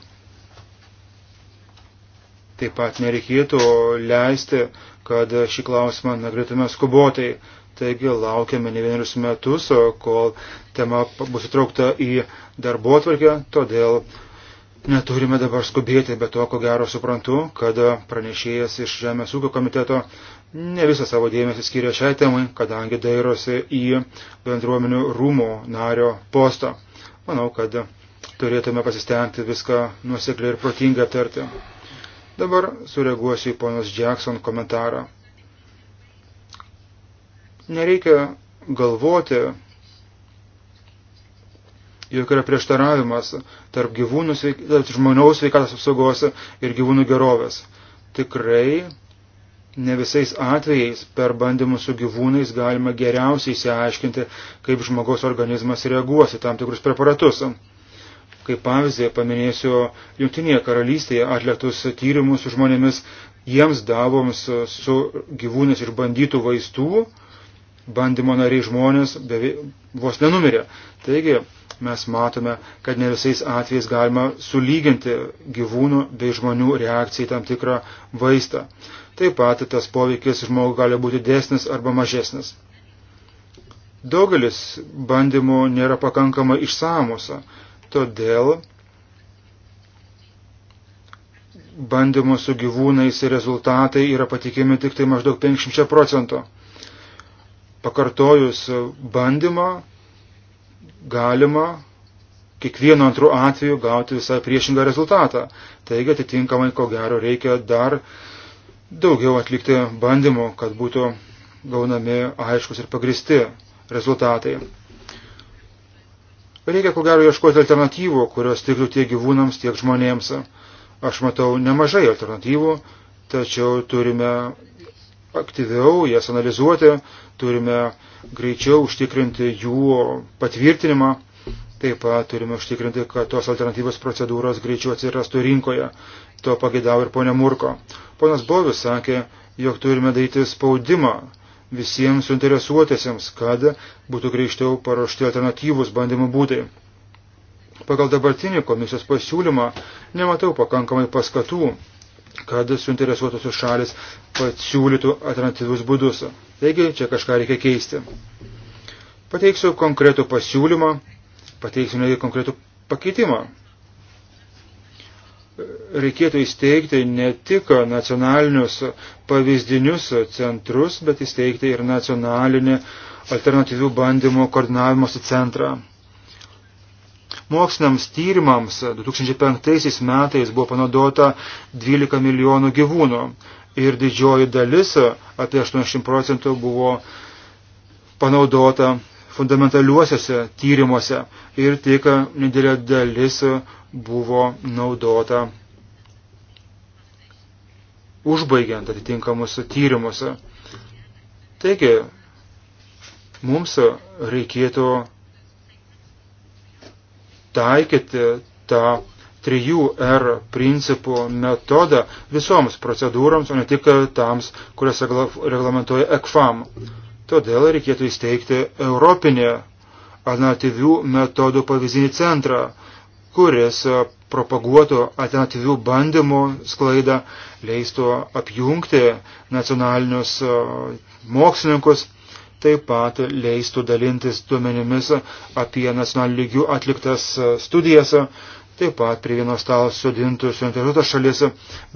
[SPEAKER 2] Taip pat nereikėtų leisti, kad šį klausimą nagrėtume skubotai, Taigi laukiame ne vienerius metus, kol tema bus įtraukta į darbo atvarkę, todėl neturime dabar skubėti, bet to, ko gero suprantu, kad pranešėjas iš Žemės ūkio komiteto ne visą savo dėmesį skiria šiai temai, kadangi dairosi į bendruomenių rūmų nario postą. Manau, kad turėtume pasistengti viską nuosekliai ir protingai aptarti. Dabar sureaguosiu į ponos Jackson komentarą. Nereikia galvoti, jog yra prieštaravimas tarp, gyvūnų, tarp žmoniaus sveikatos apsaugos ir gyvūnų gerovės. Tikrai ne visais atvejais per bandymus su gyvūnais galima geriausiai įsiaiškinti, kaip žmogaus organizmas reaguos į tam tikrus preparatus. Kaip pavyzdį paminėsiu Junktinėje karalystėje atliktus tyrimus su žmonėmis, jiems davoms su gyvūnais išbandytų vaistų, bandymo nariai žmonės beveik, vos nenumirė. Taigi mes matome, kad ne visais atvejais galima sulyginti gyvūnų bei žmonių reakciją į tam tikrą vaistą. Taip pat tas poveikis žmogui gali būti desnis arba mažesnis. Daugelis bandymų nėra pakankamai išsamusa, todėl bandymų su gyvūnais rezultatai yra patikimi tik tai maždaug 50 procentų pakartojus bandymą galima kiekvienu antru atveju gauti visai priešingą rezultatą. Taigi atitinkamai, ko gero, reikia dar daugiau atlikti bandymų, kad būtų gaunami aiškus ir pagristi rezultatai. Reikia, ko gero, ieškoti alternatyvų, kurios tiktų tiek gyvūnams, tiek žmonėms. Aš matau nemažai alternatyvų, tačiau turime aktyviau jas analizuoti, turime greičiau užtikrinti jų patvirtinimą, taip pat turime užtikrinti, kad tos alternatyvos procedūros greičiau atsirastų rinkoje. To pagėdavo ir ponė Murko. Ponas Bovis sakė, jog turime daryti spaudimą visiems suinteresuotėsiams, kad būtų greičiau paruošti alternatyvus bandymų būdai. Pagal dabartinį komisijos pasiūlymą nematau pakankamai paskatų kad suinteresuotosios šalis pasiūlytų alternatyvius būdus. Taigi čia kažką reikia keisti. Pateiksiu konkretų pasiūlymą, pateiksiu netgi konkretų pakeitimą. Reikėtų įsteigti ne tik nacionalinius pavyzdinius centrus, bet įsteigti ir nacionalinį alternatyvių bandymų koordinavimosi centrą. Moksliniams tyrimams 2005 metais buvo panaudota 12 milijonų gyvūnų ir didžioji dalis, apie 80 procentų, buvo panaudota fundamentaliuosiuose tyrimuose ir tik nedėlė dalis buvo naudota užbaigiant atitinkamus tyrimus. Taigi, mums reikėtų taikyti tą 3R principų metodą visoms procedūroms, o ne tik tams, kurias reglamentoja ECFAM. Todėl reikėtų įsteigti Europinį alternatyvių metodų pavyzdinį centrą, kuris propaguotų alternatyvių bandymų sklaidą, leistų apjungti nacionalinius mokslininkus taip pat leistų dalintis duomenimis apie nacionalinių lygių atliktas e, studijas, taip pat prie vieno stalo sudintų suinteresuotas šalis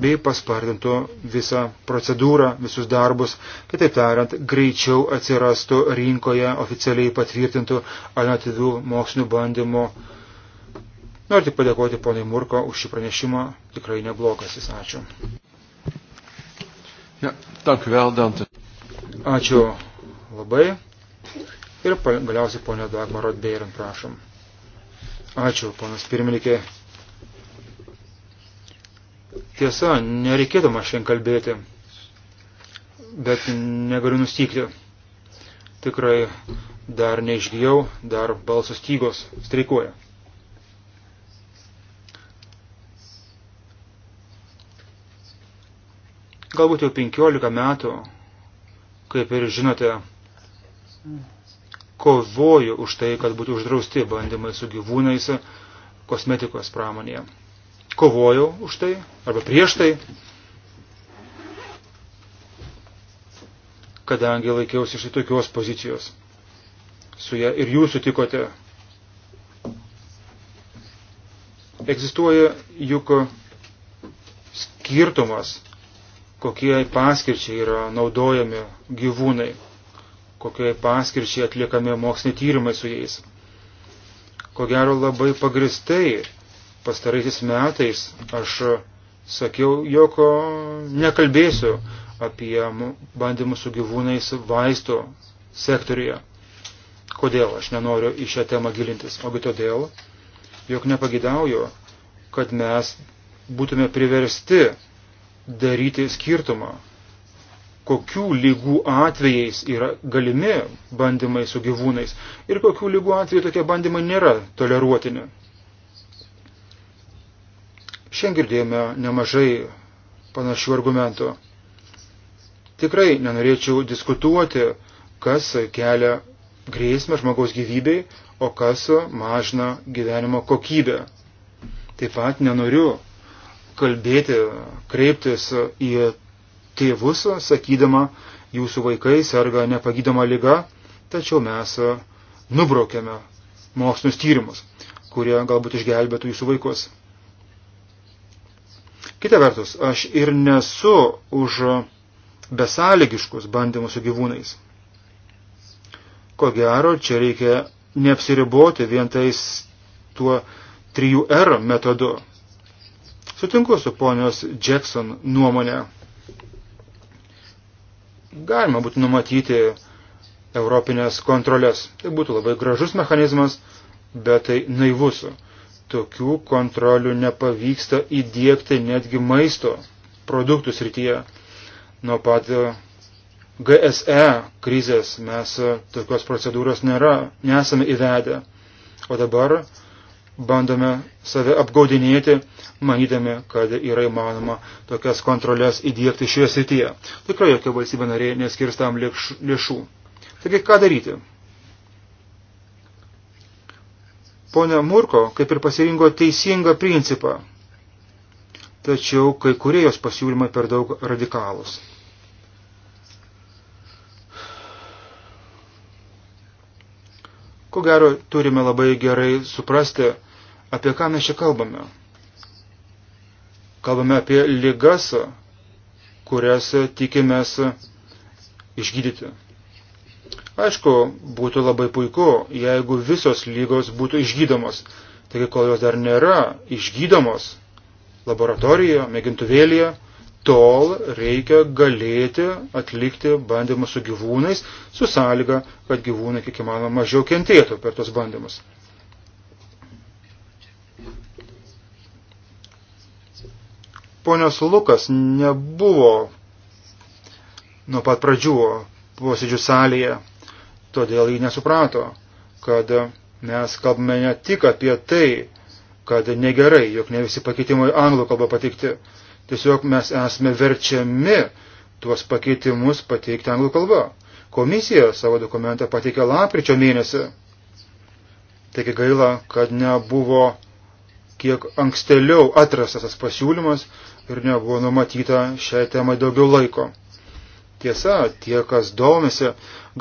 [SPEAKER 2] bei paspartintų visą procedūrą, visus darbus, kitaip tariant, greičiau atsirastų rinkoje oficialiai patvirtintų alternatyvių mokslinių bandymų. Noriu tik padėkoti ponai Murko už šį pranešimą, tikrai neblogas jis, ačiū.
[SPEAKER 1] Ja, dank u wel, Dante. Ačiū,
[SPEAKER 2] labai. Ir galiausiai ponė Dagmarot Beirin, prašom. Ačiū, ponas pirmininkė. Tiesa, nereikėdama šiandien kalbėti, bet negaliu nustykti. Tikrai dar neišgyjau, dar balsos tygos streikuoja. Galbūt jau 15 metų, kaip ir žinote, kovojo už tai, kad būtų uždrausti bandymai su gyvūnais kosmetikos pramonėje. Kovojau už tai arba prieš tai, kadangi laikiausi šitokios pozicijos. Su ja ir jūs sutikote. Egzistuoja juk skirtumas, kokie paskirčiai yra naudojami gyvūnai kokioje paskirčiai atliekami moksliniai tyrimai su jais. Ko gero labai pagristai pastaraisiais metais aš sakiau, jog nekalbėsiu apie bandymus su gyvūnais vaisto sektoriuje. Kodėl aš nenoriu į šią temą gilintis? Ogi todėl, jog nepagidauju, kad mes būtume priversti daryti skirtumą kokių lygų atvejais yra galimi bandymai su gyvūnais ir kokių lygų atveju tokie bandymai nėra toleruotini. Šiandien girdėjome nemažai panašių argumentų. Tikrai nenorėčiau diskutuoti, kas kelia grėsmę žmogaus gyvybei, o kas mažina gyvenimo kokybę. Taip pat nenoriu kalbėti, kreiptis į tėvus, sakydama, jūsų vaikai serga nepagydama lyga, tačiau mes e, nubraukėme mokslinius tyrimus, kurie galbūt išgelbėtų jūsų vaikus. Kita vertus, aš ir nesu už besąlygiškus bandymus su gyvūnais. Ko gero, čia reikia neapsiriboti vien tais tuo 3R metodu. Sutinku su ponios Jackson nuomonė galima būtų numatyti europinės kontrolės. Tai būtų labai gražus mechanizmas, bet tai naivus. Tokių kontrolių nepavyksta įdėkti netgi maisto produktų srityje. Nuo pat GSE e krizės mes tokios procedūros nėra, nesame įvedę. O dabar bandome save apgaudinėti, manydami, kad yra įmanoma tokias kontrolės įdėkti šioje srityje. Tikrai jokia valstybė narė neskirstam lėšų. Taigi, ką daryti? Pone Murko kaip ir pasirinko teisingą principą, tačiau kai kurie jos pasiūlymai per daug radikalus. Ko gero, turime labai gerai suprasti, Apie ką mes čia kalbame? Kalbame apie lygas, kurias tikimės išgydyti. Aišku, būtų labai puiku, jeigu visos lygos būtų išgydomos. Taigi, kol jos dar nėra išgydomos laboratorijoje, mėgintuvėlėje, tol reikia galėti atlikti bandymus su gyvūnais, su sąlyga, kad gyvūnai kiek įmanoma mažiau kentėtų per tos bandymus. ponios Lukas nebuvo nuo pat pradžių posėdžių salėje, todėl ji nesuprato, kad mes kalbame ne tik apie tai, kad negerai, jog ne visi pakeitimai anglų kalba pateikti, tiesiog mes esame verčiami tuos pakeitimus pateikti anglų kalba. Komisija savo dokumentą pateikė lapkričio mėnesį. Taigi gaila, kad nebuvo kiek anksteliau atrastas tas pasiūlymas, ir nebuvo numatyta šiai temai daugiau laiko. Tiesa, tie, kas domisi,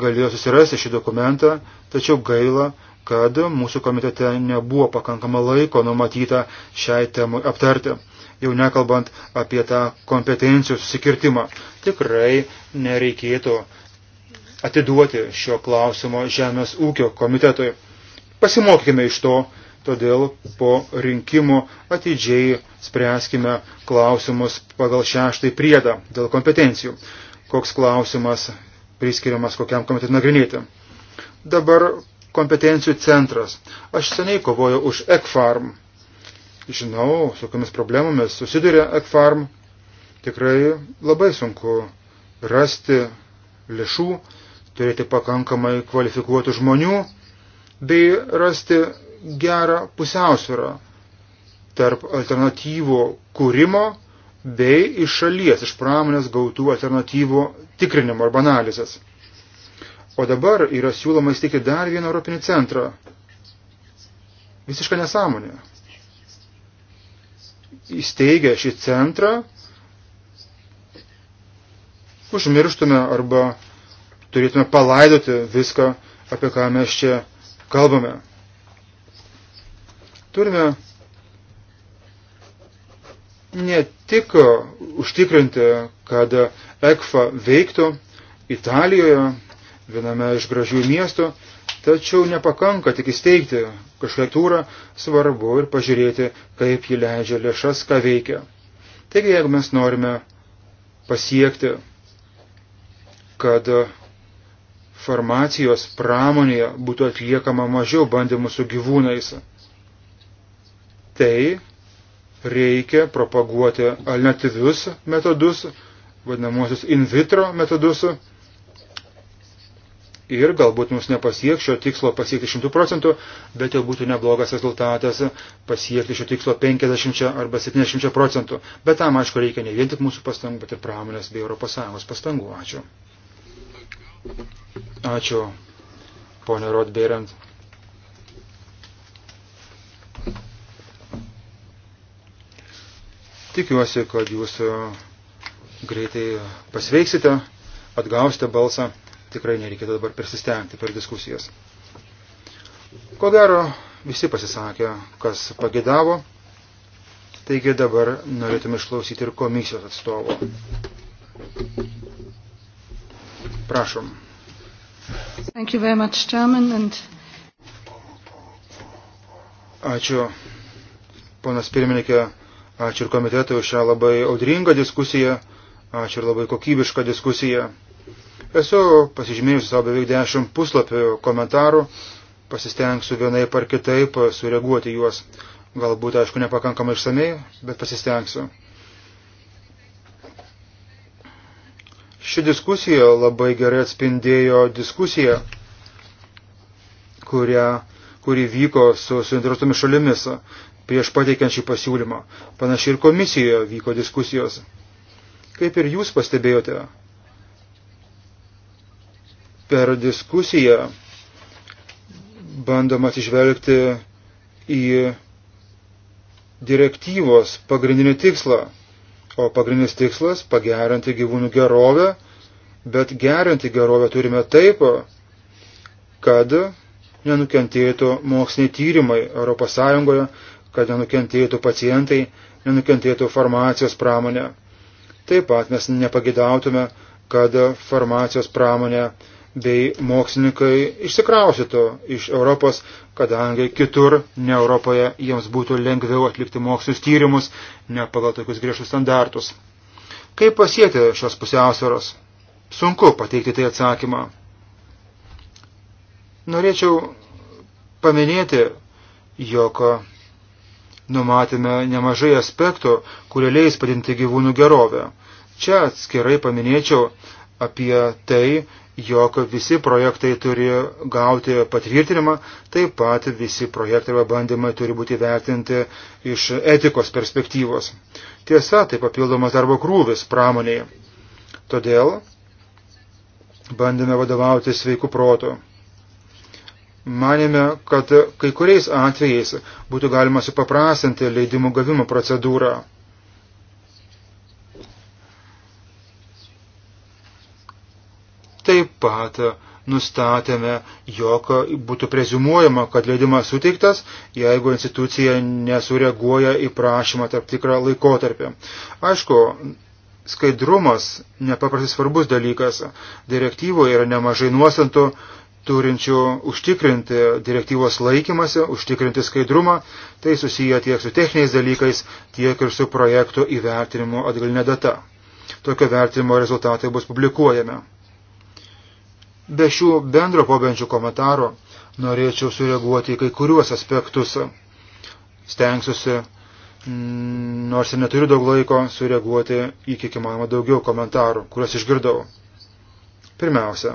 [SPEAKER 2] galėjo susirasti šį dokumentą, tačiau gaila, kad mūsų komitete nebuvo pakankama laiko numatyta šiai temai aptarti, jau nekalbant apie tą kompetencijų susikirtimą. Tikrai nereikėtų atiduoti šio klausimo Žemės ūkio komitetui. Pasimokykime iš to, Todėl po rinkimų atidžiai spręskime klausimus pagal šeštąjį priedą dėl kompetencijų. Koks klausimas priskiriamas kokiam komitetui nagrinėti. Dabar kompetencijų centras. Aš seniai kovoju už ECFARM. Žinau, su kokiamis problemomis susiduria ECFARM. Tikrai labai sunku rasti lėšų, turėti pakankamai kvalifikuotų žmonių bei rasti gerą pusiausvyrą tarp alternatyvų kūrimo bei iš šalies, iš pramonės gautų alternatyvų tikrinimo arba analizės. O dabar yra siūloma įsteigti dar vieną Europinį centrą. Visiška nesąmonė. Įsteigę šį centrą užmirštume arba turėtume palaidoti viską, apie ką mes čia kalbame. Turime ne tik užtikrinti, kad ECFA veiktų Italijoje, viename iš gražių miestų, tačiau nepakanka tik įsteigti kažkokią tūrą, svarbu ir pažiūrėti, kaip ji leidžia lėšas, ką veikia. Taigi, jeigu mes norime pasiekti, kad farmacijos pramonėje būtų atliekama mažiau bandymų su gyvūnais, tai reikia propaguoti alternatyvius metodus, vadinamosius in vitro metodus. Ir galbūt mums nepasieks šio tikslo pasiekti 100 procentų, bet jau būtų neblogas rezultatas pasiekti šio tikslo 50 arba 70 procentų. Bet tam, aišku, reikia ne vien tik mūsų pastangų, bet ir pramonės bei ES pastangų. Ačiū. Ačiū, ponė Rodbėrant. Tikiuosi, kad jūs e, greitai pasveiksite, atgausite balsą. Tikrai nereikėtų dabar persistengti per diskusijas. Ko gero, visi pasisakė, kas pagėdavo. Taigi dabar norėtume išklausyti ir komisijos atstovo. Prašom.
[SPEAKER 5] Thank you very much, Chairman, and...
[SPEAKER 2] Ačiū, ponas pirmininkė. Ačiū ir komitetui už šią labai audringą diskusiją. Ačiū ir labai kokybišką diskusiją. Esu pasižymėjusi savo beveik dešimt puslapių komentarų, pasistengsiu vienai par kitaip sureaguoti juos. Galbūt, aišku, nepakankamai išsamei, bet pasistengsiu. Ši diskusija labai gerai atspindėjo diskusiją, kurią, kuri vyko su suinteresuotomis šalimis prieš pateikiant šį pasiūlymą. Panašiai ir komisijoje vyko diskusijos. Kaip ir jūs pastebėjote, per diskusiją bandoma atsižvelgti į direktyvos pagrindinį tikslą, o pagrindinis tikslas – pagerinti gyvūnų gerovę, bet gerinti gerovę turime taip, kad nenukentėtų moksliniai tyrimai ES kad nenukentėtų pacientai, nenukentėtų farmacijos pramonė. Taip pat mes nepagidautume, kad farmacijos pramonė bei mokslininkai išsikrausytų iš Europos, kadangi kitur, ne Europoje, jiems būtų lengviau atlikti mokslinius tyrimus, ne pagal tokius griežtus standartus. Kaip pasiekti šios pusiausvėros? Sunku pateikti tai atsakymą. Norėčiau paminėti, jog numatėme nemažai aspektų, kurie leis padinti gyvūnų gerovę. Čia atskirai paminėčiau apie tai, jog visi projektai turi gauti patvirtinimą, taip pat visi projektai arba bandymai turi būti vertinti iš etikos perspektyvos. Tiesa, tai papildomas darbo krūvis pramoniai. Todėl bandėme vadovauti sveiku protu. Manėme, kad kai kuriais atvejais būtų galima supaprastinti leidimų gavimo procedūrą. Taip pat nustatėme, jog būtų prezumuojama, kad leidimas suteiktas, jeigu institucija nesureaguoja į prašymą tarp tikrą laikotarpį. Aišku, skaidrumas nepaprastai svarbus dalykas. Direktyvoje yra nemažai nuostantų turinčių užtikrinti direktyvos laikymasi, užtikrinti skaidrumą, tai susiję tiek su techniniais dalykais, tiek ir su projekto įvertinimo atgalinė data. Tokio vertinimo rezultatai bus publikuojami. Be šių bendro pobenčių komentarų norėčiau sureaguoti į kai kuriuos aspektus. Stengsiuosi, mm, nors ir neturiu daug laiko, sureaguoti į kiek įmanoma daugiau komentarų, kuriuos išgirdau. Pirmiausia,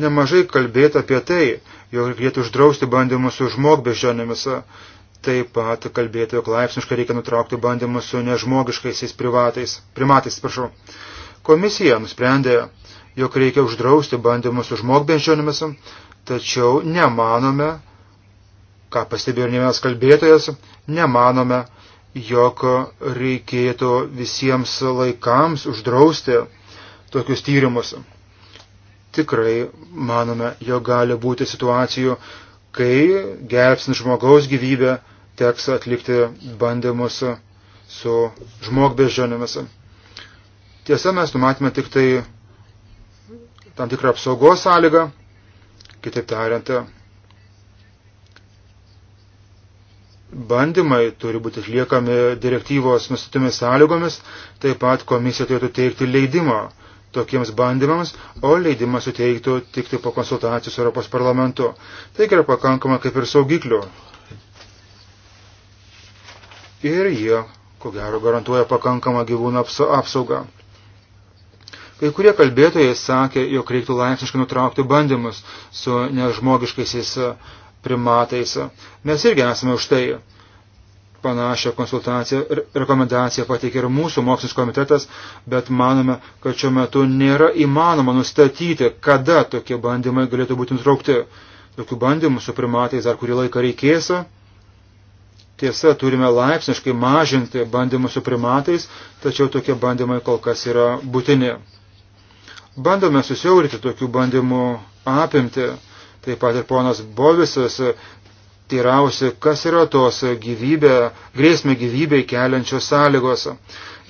[SPEAKER 2] nemažai kalbėta apie tai, jog reikėtų uždrausti bandymus su žmogbeždžionėmis, taip pat kalbėti, jog laipsniškai reikia nutraukti bandymus su nežmogiškaisiais privatais, primatais. Prašau. Komisija nusprendė, jog reikia uždrausti bandymus su žmogbeždžionėmis, tačiau nemanome, ką pastebėjo ne vienas kalbėtojas, nemanome, jog reikėtų visiems laikams uždrausti tokius tyrimus tikrai manome, jo gali būti situacijų, kai gelbsint žmogaus gyvybę teks atlikti bandymus su žmogbeždžionėmis. Tiesa, mes numatėme tik tai tam tikrą apsaugos sąlygą, kitaip tariant, bandymai turi būti atliekami direktyvos nustatymis sąlygomis, taip pat komisija turėtų teikti leidimą tokiems bandymams, o leidimą suteiktų tik tai po konsultacijų su Europos parlamentu. Tai yra pakankama kaip ir saugiklių. Ir jie, ko gero, garantuoja pakankamą gyvūnų apsaugą. Kai kurie kalbėtojai sakė, jog reiktų laipsniškai nutraukti bandymus su nežmogiškaisiais primatais. Mes irgi esame už tai panašią konsultaciją, rekomendaciją pateikė ir mūsų mokslinis komitetas, bet manome, kad šiuo metu nėra įmanoma nustatyti, kada tokie bandymai galėtų būti nutraukti. Tokių bandymų su primatais dar kurį laiką reikės. Tiesa, turime laipsniškai mažinti bandymus su primatais, tačiau tokie bandymai kol kas yra būtini. Bandome susiaurinti tokių bandymų apimti. Taip pat ir ponas Bovisas tyrausi, kas yra tos gyvybė, grėsmė gyvybei keliančios sąlygos.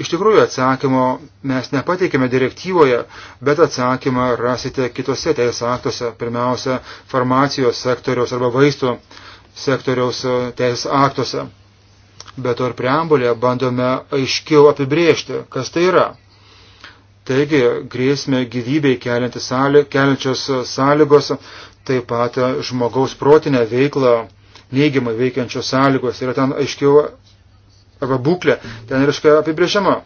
[SPEAKER 2] Iš tikrųjų atsakymo mes nepateikėme direktyvoje, bet atsakymą rasite kitose teisės aktuose, pirmiausia, farmacijos sektoriaus arba vaistų sektoriaus teisės aktuose. Bet ar preambulė bandome aiškiau apibrėžti, kas tai yra. Taigi, grėsmė gyvybei keliančios sąlygos, taip pat žmogaus protinę veiklą neigiamai veikiančios sąlygos, yra ten aiškiau arba būklė, ten yra aiškiai apibrėžiama.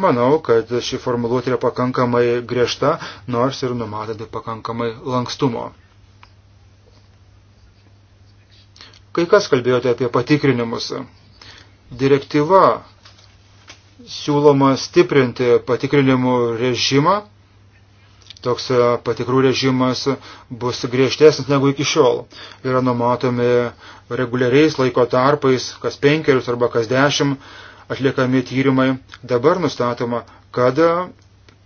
[SPEAKER 2] Manau, kad ši formuluotė yra pakankamai griežta, nors ir numatanti pakankamai lankstumo. Kai kas kalbėjote apie patikrinimus. Direktyva siūloma stiprinti patikrinimų režimą toks e, patikrų režimas bus griežtesnis negu iki šiol. Yra numatomi reguliariais laiko tarpais, kas penkerius arba kas dešimt atliekami tyrimai. Dabar nustatoma, kad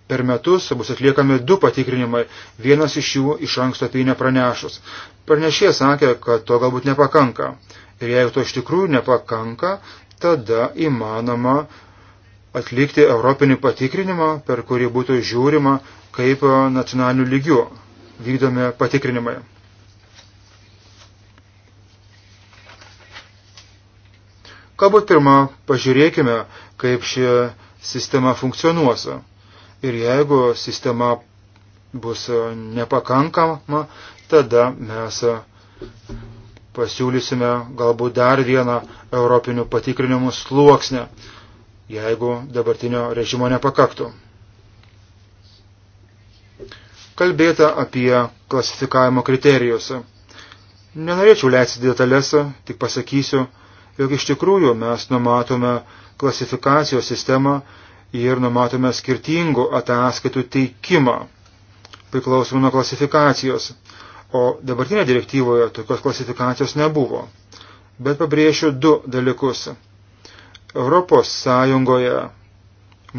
[SPEAKER 2] per metus bus atliekami du patikrinimai, vienas iš jų iš anksto apie jį nepranešus. Pranešė sakė, kad to galbūt nepakanka. Ir jeigu to iš tikrųjų nepakanka, tada įmanoma atlikti europinį patikrinimą, per kurį būtų žiūrima, kaip e, nacionalinių lygių vykdomi patikrinimai. Galbūt pirmą pažiūrėkime, kaip ši sistema funkcionuos. Ir jeigu sistema bus e, nepakankama, tada mes e, pasiūlysime galbūt dar vieną europinių patikrinimų sluoksnę, jeigu dabartinio režimo nepakaktų kalbėta apie klasifikavimo kriterijus. Nenorėčiau leisti detalės, tik pasakysiu, jog iš tikrųjų mes numatome klasifikacijos sistemą ir numatome skirtingų ataskaitų teikimą priklausomai nuo klasifikacijos, o dabartinėje direktyvoje tokios klasifikacijos nebuvo. Bet pabrėšiu du dalykus. Europos Sąjungoje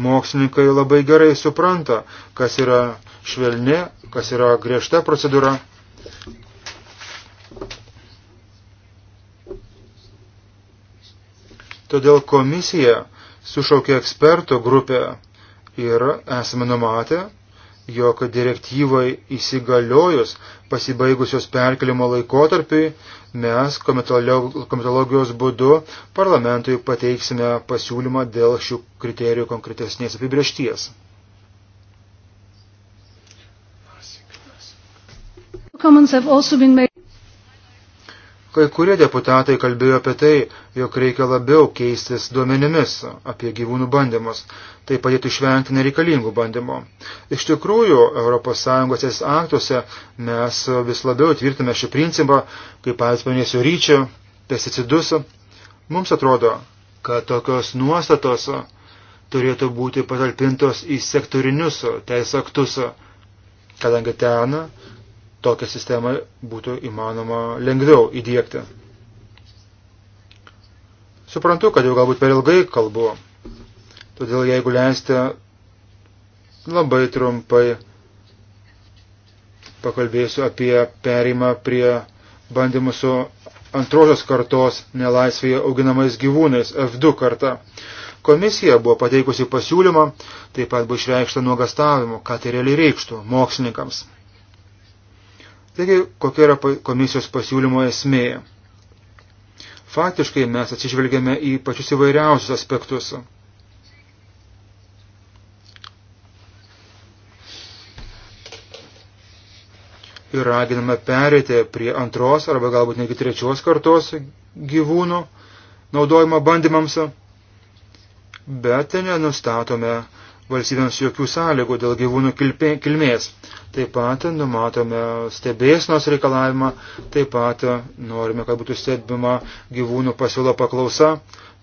[SPEAKER 2] mokslininkai labai gerai supranta, kas yra švelni, kas yra griežta procedūra. Todėl komisija sušaukė eksperto grupę ir esame numatę, jog direktyvai įsigaliojus pasibaigusios perkelimo laikotarpiui mes komitologijos būdu parlamentui pateiksime pasiūlymą dėl šių kriterijų konkretesnės apibriešties. Kai kurie deputatai kalbėjo apie tai, jog reikia labiau keistis duomenimis apie gyvūnų bandymus. Tai padėtų išvengti nereikalingų bandymų. Iš tikrųjų, ES aktuose mes vis labiau tvirtame šį principą, kaip atspėnėsiu ryčio, pesticidus. Mums atrodo, kad tokios nuostatos turėtų būti patalpintos į sektorinius teisės aktus, kadangi ten tokią sistemą būtų įmanoma lengviau įdėkti. Suprantu, kad jau galbūt per ilgai kalbu, todėl jeigu leisite, labai trumpai pakalbėsiu apie perimą prie bandymų su antrosios kartos nelaisvėje auginamais gyvūnais F2 karta. Komisija buvo pateikusi pasiūlymą, taip pat buvo išreikšta nuogastavimu, ką tai realiai reikštų mokslininkams. Taigi, kokia yra komisijos pasiūlymo esmė? Faktiškai mes atsižvelgiame į pačius įvairiausius aspektus. Ir raginame perėti prie antros arba galbūt netgi trečios kartos gyvūnų naudojimo bandymams, bet tai nenustatome valstybėms jokių sąlygų dėl gyvūnų kilmės. Taip pat numatome stebėsnos reikalavimą, taip pat norime, kad būtų stebima gyvūnų pasiūlo paklausa,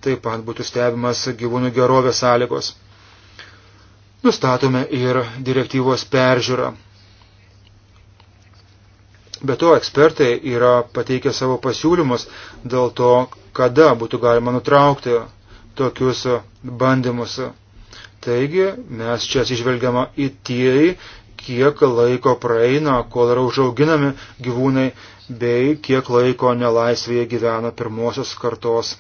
[SPEAKER 2] taip pat būtų stebimas gyvūnų gerovės sąlygos. Nustatome ir direktyvos peržiūrą. Be to, ekspertai yra pateikę savo pasiūlymus dėl to, kada būtų galima nutraukti tokius bandymus Taigi mes čia atsižvelgiama į tai, kiek laiko praeina, kol yra užauginami gyvūnai, bei kiek laiko nelaisvėje gyvena pirmosios kartos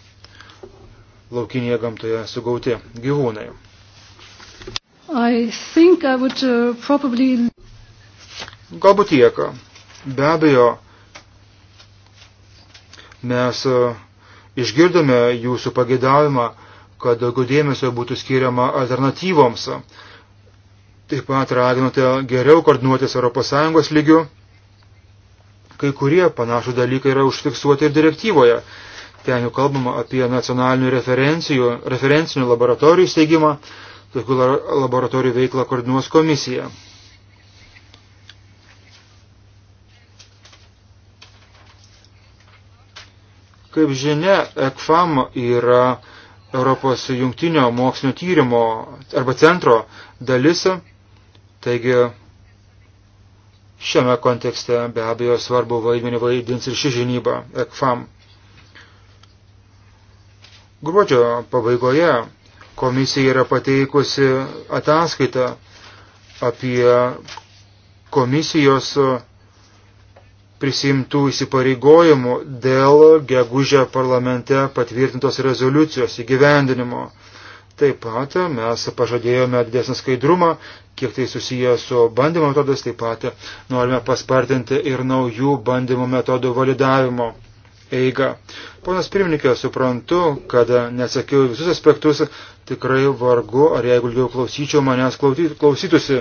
[SPEAKER 2] laukinėje gamtoje sugauti gyvūnai.
[SPEAKER 5] I think I would, uh, probably...
[SPEAKER 2] Galbūt tiek. Be abejo, mes uh, išgirdome jūsų pagėdavimą kad daugiau dėmesio būtų skiriama alternatyvoms. Taip pat raginote geriau koordinuotis ES lygiu. Kai kurie panašų dalykai yra užfiksuoti ir direktyvoje. Ten jau kalbama apie nacionalinių referencinių laboratorijų steigimą. Tokių laboratorijų veiklą koordinuos komisija. Kaip žinia, ECFAM yra Europos jungtinio mokslinio tyrimo arba centro dalis. Taigi šiame kontekste be abejo svarbu vaidmenį vaidins ir ši žinyba ECFAM. Gruodžio pabaigoje komisija yra pateikusi ataskaitą apie komisijos prisimtų įsipareigojimų dėl gegužę parlamente patvirtintos rezoliucijos įgyvendinimo. Taip pat mes pažadėjome didesnį skaidrumą, kiek tai susiję su bandymo metodas, taip pat norime paspartinti ir naujų bandymo metodų validavimo eiga. Ponas pirmininkė, suprantu, kad neatsakiau visus aspektus, tikrai vargu, ar jeigu ilgiau klausyčiau, manęs klausytųsi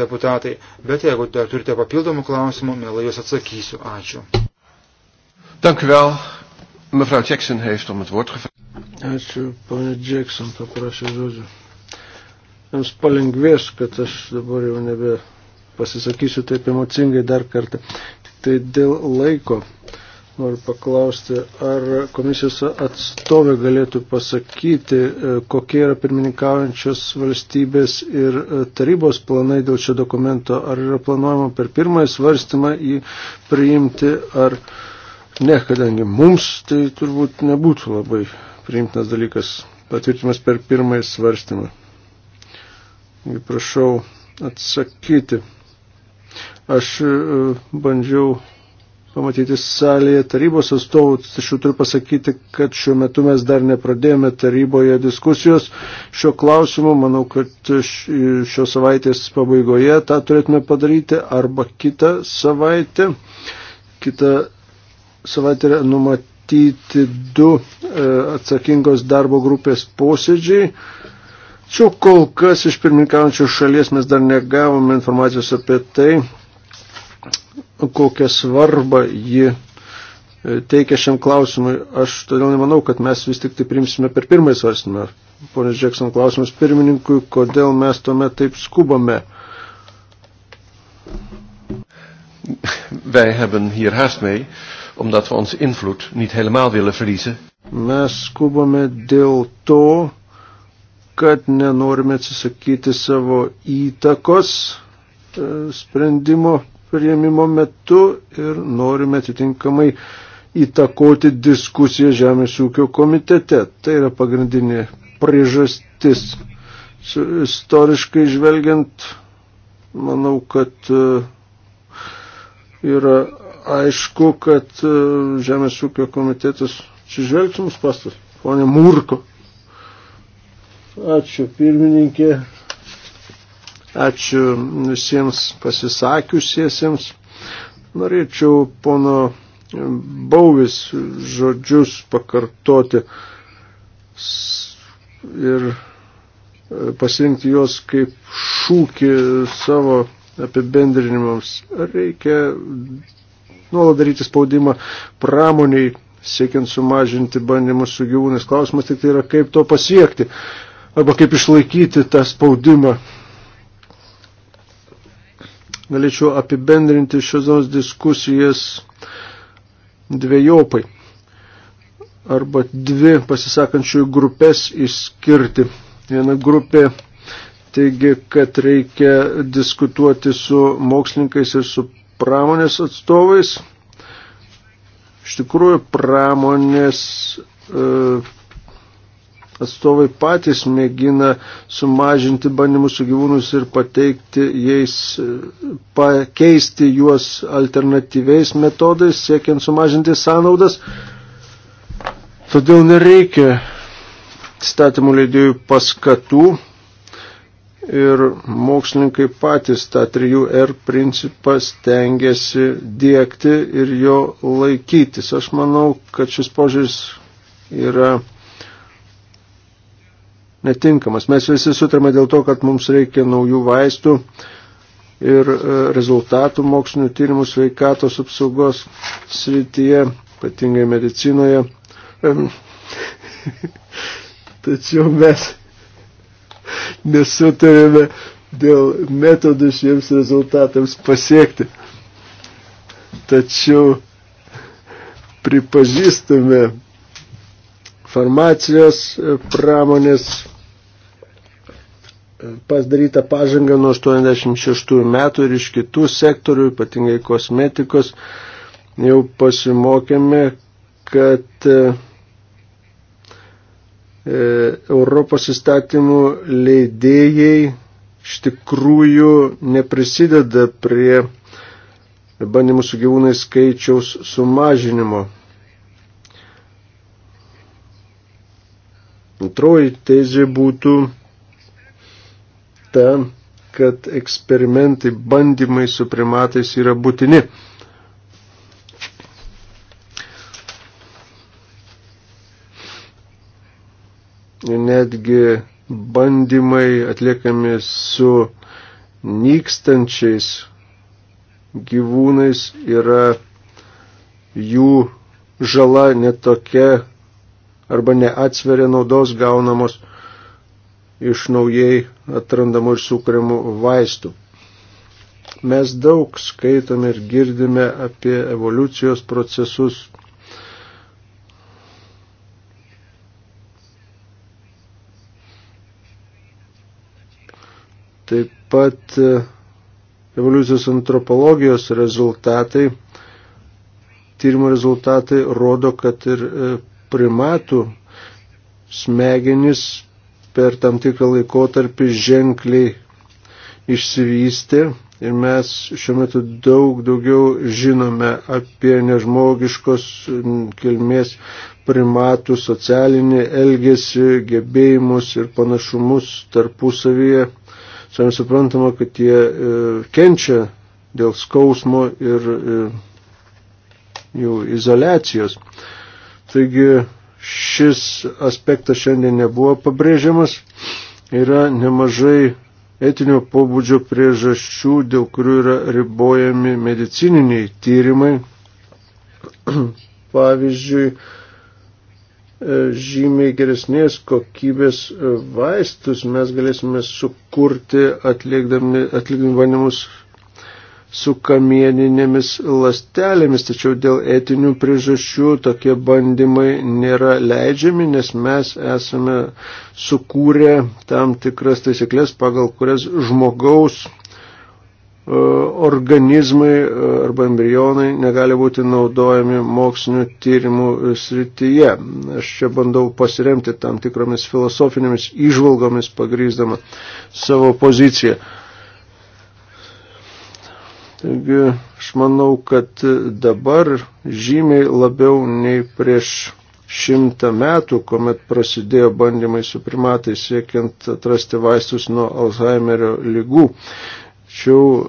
[SPEAKER 2] deputatai. Bet jeigu dar turite papildomų klausimų, mielai juos atsakysiu. Ačiū.
[SPEAKER 1] Dank u wel. Mevrouw Jackson
[SPEAKER 3] heeft om het woord gevraagd. Ačiū, ponė Jackson, paprašė žodžio. Jums palengvės, kad aš dabar jau nebe pasisakysiu taip emocingai dar kartą. Tik tai dėl laiko Noriu paklausti, ar komisijos atstovė galėtų pasakyti, e, kokie yra pirmininkaujančios valstybės ir e, tarybos planai dėl šio dokumento. Ar yra planuojama per pirmąjį svarstymą jį priimti, ar ne, kadangi mums tai turbūt nebūtų labai priimtinas dalykas patvirtimas per pirmąjį svarstymą. Prašau atsakyti. Aš e, bandžiau pamatyti salėje tarybos atstovų, tačiau turiu pasakyti, kad šiuo metu mes dar nepradėjome taryboje diskusijos šio klausimu. Manau, kad šios savaitės pabaigoje tą turėtume padaryti arba kitą savaitę. Kitą savaitę yra numatyti du e, atsakingos darbo grupės posėdžiai. Tačiau kol kas iš pirmininkaujančios šalies mes dar negavome informacijos apie tai, kokią svarbą ji e, teikia šiam klausimui. Aš todėl nemanau, kad mes vis tik tai primsime per pirmąjį svarstymą. Ponas Džekson klausimas pirmininkui, kodėl mes tuomet taip skubame.
[SPEAKER 1] Wij hebben hier haast mee, omdat we onze invloed niet helemaal willen verliezen.
[SPEAKER 3] Mes skubame dėl to, kad nenorime atsisakyti savo įtakos e, sprendimo prieimimo metu ir norime atitinkamai įtakoti diskusiją Žemės ūkio komitete. Tai yra pagrindinė priežastis. Istoriškai žvelgiant, manau, kad e, yra aišku, kad e, Žemės ūkio komitetas čia žvelgtų mus pastas, ponė Murko. Ačiū, pirmininkė. Ačiū visiems pasisakiusiesiems. Norėčiau pono Bauvis žodžius pakartoti ir pasirinkti juos kaip šūkį savo apibendrinimams. Reikia nuolat daryti spaudimą pramoniai, siekiant sumažinti bandymus su gyvūnais. Klausimas tik tai yra, kaip to pasiekti arba kaip išlaikyti tą spaudimą galėčiau apibendrinti šios diskusijas dviejopai arba dvi pasisakančiųjų grupės išskirti. Viena grupė teigia, kad reikia diskutuoti su mokslininkais ir su pramonės atstovais. Iš tikrųjų, pramonės e, atstovai patys mėgina sumažinti bandymus su gyvūnus ir pateikti jais, pakeisti juos alternatyviais metodais, siekiant sumažinti sąnaudas. Todėl nereikia statymų leidėjų paskatų ir mokslininkai patys tą 3R principą stengiasi dėkti ir jo laikytis. Aš manau, kad šis požiūris yra netinkamas. Mes visi sutarėme dėl to, kad mums reikia naujų vaistų ir e, rezultatų mokslinių tyrimų sveikatos apsaugos srityje, ypatingai medicinoje. Tačiau mes nesutarėme dėl metodų šiems rezultatams pasiekti. Tačiau pripažįstame farmacijos e, pramonės pasdaryta pažanga nuo 86 metų ir iš kitų sektorių, ypatingai kosmetikos, jau pasimokėme, kad e, e, Europos įstatymų leidėjai iš tikrųjų neprisideda prie bandymų su gyvūnai skaičiaus sumažinimo. Antroji tezė būtų ta, kad eksperimentai, bandymai su primatais yra būtini. Netgi bandymai atliekami su nykstančiais gyvūnais yra jų žala netokia arba neatsveria naudos gaunamos iš naujai atrandamų ir sukūrimų vaistų. Mes daug skaitome ir girdime apie evoliucijos procesus. Taip pat e, evoliucijos antropologijos rezultatai, tyrimo rezultatai rodo, kad ir e, primatų smegenis per tam tikrą laikotarpį ženkliai išsivystė ir mes šiuo metu daug daugiau žinome apie nežmogiškos kilmės primatų socialinį elgesį, gebėjimus ir panašumus tarpusavyje. Savai suprantama, kad jie e, kenčia dėl skausmo ir e, jų izolacijos. Taigi šis aspektas šiandien nebuvo pabrėžiamas. Yra nemažai etinio pobūdžio priežasčių, dėl kurių yra ribojami medicininiai tyrimai. Pavyzdžiui, e, žymiai geresnės kokybės e, vaistus mes galėsime sukurti atlikdami, atlikdami bandymus su kamieninėmis lastelėmis, tačiau dėl etinių priežasčių tokie bandymai nėra leidžiami, nes mes esame sukūrę tam tikras taisyklės, pagal kurias žmogaus e, organizmai e, arba embrionai negali būti naudojami mokslinio tyrimų srityje. Aš čia bandau pasiremti tam tikromis filosofinėmis išvalgomis pagrįsdama savo poziciją. Taigi aš manau, kad dabar žymiai labiau nei prieš šimtą metų, kuomet prasidėjo bandymai su primatais siekiant atrasti vaistus nuo Alzheimerio lygų. Tačiau e,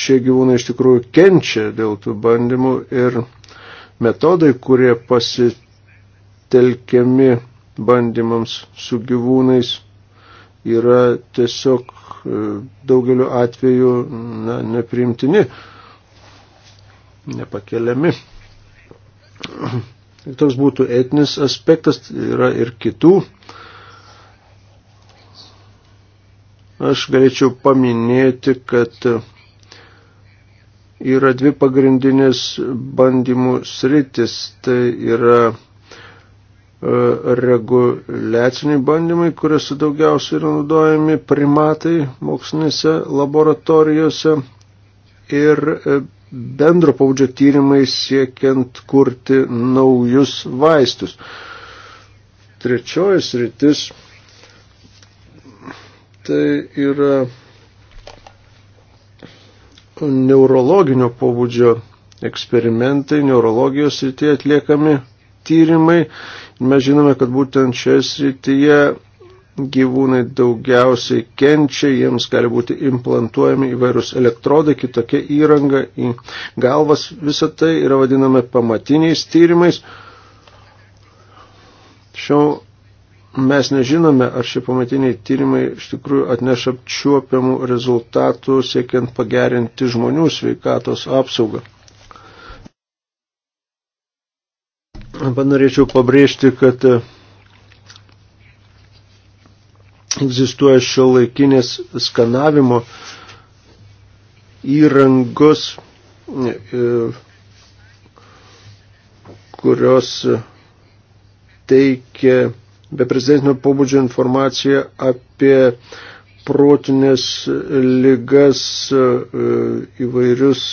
[SPEAKER 3] šie gyvūnai iš tikrųjų kenčia dėl tų bandymų ir metodai, kurie pasitelkiami bandymams su gyvūnais, yra tiesiog E, daugeliu atveju na, neprimtini, nepakeliami. Toks būtų etinis aspektas, yra ir kitų. Aš galėčiau paminėti, kad yra dvi pagrindinės bandymų sritis. Tai yra reguliaciniai bandymai, kuriuose daugiausiai yra naudojami primatai mokslinėse laboratorijose ir e, bendro paudžio tyrimai siekiant kurti naujus vaistus. Trečioji sritis tai yra neurologinio pobūdžio eksperimentai neurologijos srityje atliekami tyrimai. Mes žinome, kad būtent šioje srityje gyvūnai daugiausiai kenčia, jiems gali būti implantuojami įvairūs elektrodai, kitokia įranga į galvas. Visą tai yra vadinami pamatiniais tyrimais. Šiau mes nežinome, ar šie pamatiniai tyrimai iš tikrųjų atneš apčiuopiamų rezultatų siekiant pagerinti žmonių sveikatos apsaugą. Panorėčiau pabrėžti, kad e, egzistuoja šio laikinės skanavimo įrangos, e, kurios teikia beprezidentinio pobūdžio informaciją apie protinės lygas e, įvairius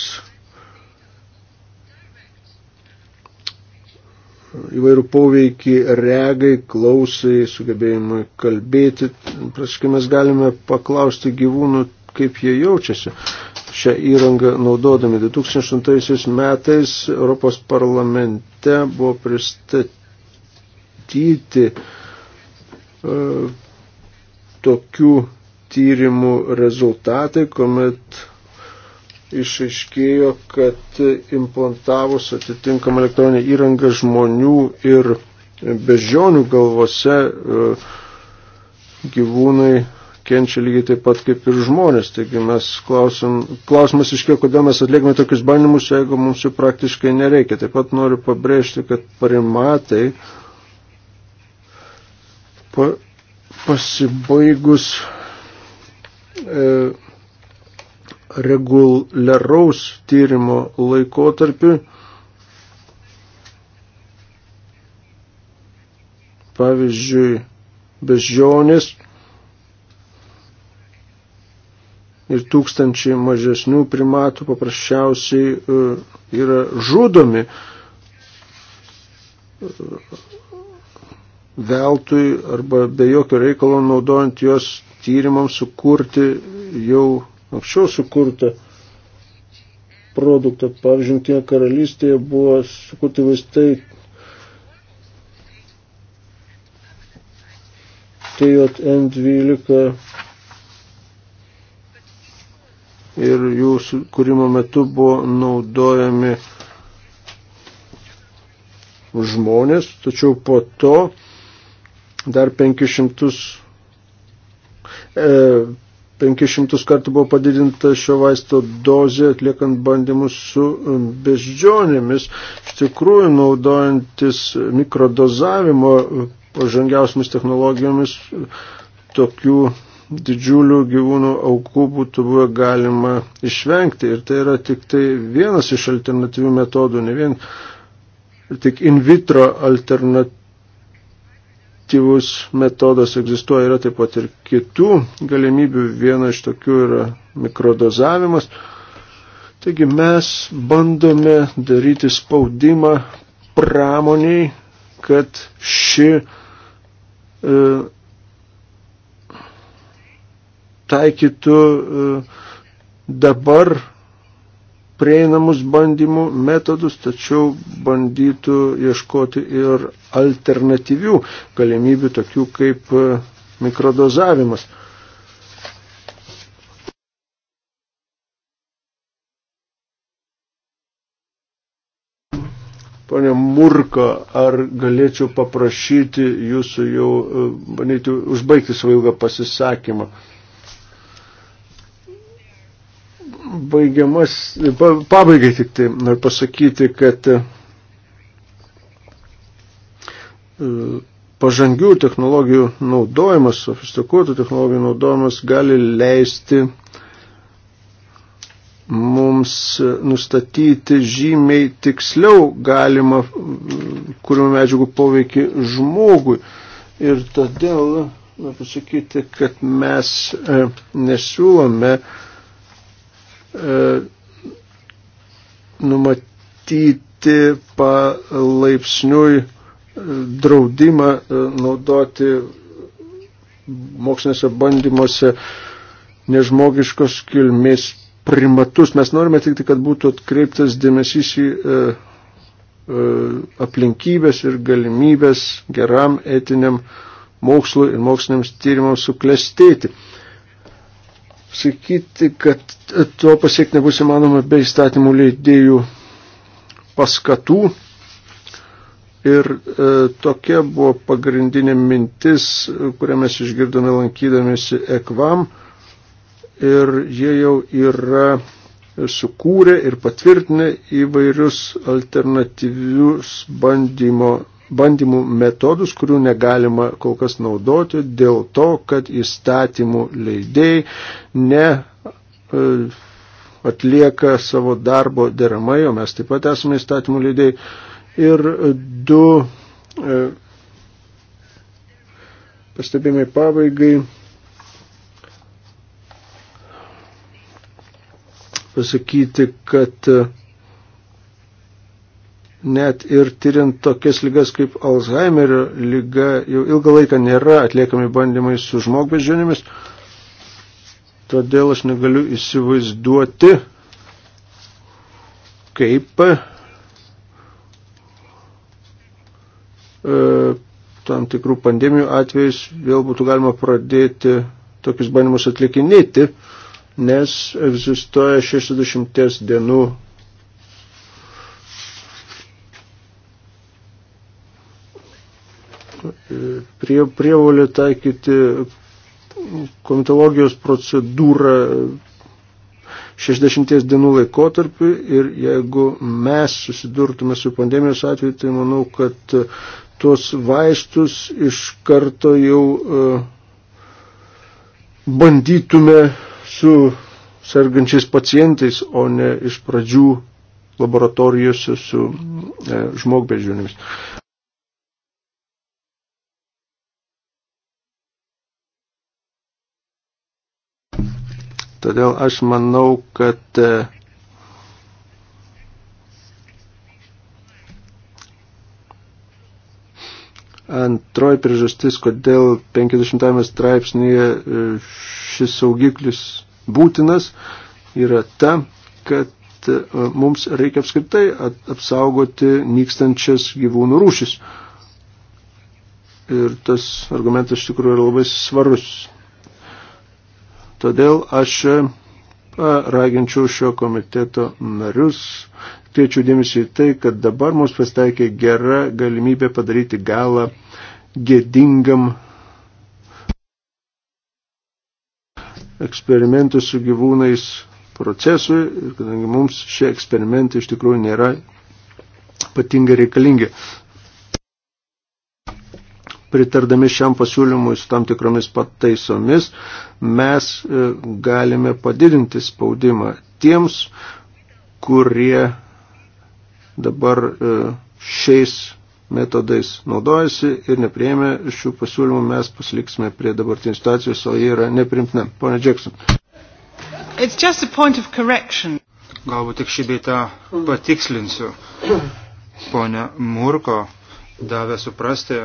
[SPEAKER 3] įvairių poveikį regai, klausai, sugebėjimui kalbėti. Praškai mes galime paklausti gyvūnų, kaip jie jaučiasi šią įrangą naudodami. 2008 metais Europos parlamente buvo pristatyti uh, tokių tyrimų rezultatai, kuomet išaiškėjo, kad implantavus atitinkamą elektroninę įrangą žmonių ir bežionių galvose e, gyvūnai kenčia lygiai taip pat kaip ir žmonės. Taigi mes klausim, klausimas iškė, kodėl mes atliekame tokius bandymus, jeigu mums jų praktiškai nereikia. Taip pat noriu pabrėžti, kad primatai pa, pasibaigus e, reguliaraus tyrimo laikotarpiu. Pavyzdžiui, bežionės ir tūkstančiai mažesnių primatų paprasčiausiai e, yra žudomi e, veltui arba be jokio reikalo naudojant juos tyrimams sukurti jau anksčiau sukurtą produktą. Pavyzdžiui, Junktinėje karalystėje buvo sukurti vaistai. TJN12 ir jų kūrimo metu buvo naudojami žmonės, tačiau po to dar 500 e, 500 kartų buvo padidinta šio vaisto dozė atliekant bandymus su um, beždžionėmis. Iš tikrųjų, naudojantis mikrodozavimo uh, pažangiausiamis technologijomis, uh, tokių didžiulių gyvūnų aukų būtų buvę galima išvengti. Ir tai yra tik tai vienas iš alternatyvių metodų, ne vien tik in vitro alternatyvų efektyvus metodas egzistuoja, yra taip pat ir kitų galimybių. Viena iš tokių yra mikrodozavimas. Taigi mes bandome daryti spaudimą pramoniai, kad ši e, taikytų e, dabar prieinamus bandymų metodus, tačiau bandytų ieškoti ir alternatyvių galimybių, tokių kaip e, mikrodozavimas. Pane Murko, ar galėčiau paprašyti jūsų jau, e, bandytų, užbaigti savo ilgą pasisakymą? baigiamas, pabaigai tik tai noriu pasakyti, kad e, pažangių technologijų naudojimas, sofistikuotų technologijų naudojimas gali leisti mums nustatyti žymiai tiksliau galima kurių medžiagų poveikį žmogui. Ir todėl, na, pasakyti, kad mes e, nesiūlome e, E, numatyti palaipsniui e, draudimą e, naudoti mokslinėse bandymuose nežmogiškos kilmės primatus. Mes norime tik, kad būtų atkreiptas dėmesys į aplinkybės ir galimybės geram etiniam mokslui ir moksliniams tyrimams suklestėti sakyti, kad to pasiekti nebus įmanoma be įstatymų leidėjų paskatų. Ir e, tokia buvo pagrindinė mintis, kurią mes išgirdome lankydamėsi ekvam. Ir jie jau yra sukūrė ir patvirtinę įvairius alternatyvius bandymo bandymų metodus, kurių negalima kol kas naudoti dėl to, kad įstatymų leidėjai ne e, atlieka savo darbo deramai, o mes taip pat esame įstatymų leidėjai. Ir du e, pastebėjimai pabaigai. Pasakyti, kad uh, net ir tyrint tokias lygas kaip Alzheimerio lyga, jau ilgą laiką nėra atliekami bandymai su žmogbeždžionėmis, todėl aš negaliu įsivaizduoti, kaip e, tam tikrų pandemijų atvejais vėl būtų galima pradėti tokius bandymus atlikinėti, nes egzistuoja 60 dienų prie, prievolė taikyti komitologijos procedūrą 60 dienų laikotarpį ir jeigu mes susidurtume su pandemijos atveju, tai manau, kad e, tuos vaistus iš karto jau e, bandytume su sergančiais pacientais, o ne iš pradžių laboratorijose su e, žmogbeždžionimis. Todėl aš manau, kad e, Antroji priežastis, kodėl 50 straipsnėje e, šis saugiklis būtinas, yra ta, kad e, mums reikia apskritai apsaugoti nykstančias gyvūnų rūšis. Ir tas argumentas iš tikrųjų yra labai svarus. Todėl aš e, raginčiau šio komiteto narius, kviečiu dėmesį į tai, kad dabar mums pasitaikė gera galimybė padaryti galą gėdingam eksperimentų su gyvūnais procesui, kadangi mums šie eksperimentai iš tikrųjų nėra patinga reikalingi pritardami šiam pasiūlymui su tam tikromis pataisomis, mes e, galime padidinti spaudimą tiems, kurie dabar e, šiais metodais naudojasi ir neprieėmė šių pasiūlymų, mes pasiliksime prie dabartinės situacijos, o jie yra neprimtina. Pone Jackson.
[SPEAKER 2] It's just a point of correction. Galbūt tik šį beitą patikslinsiu. Pone Murko davė suprasti,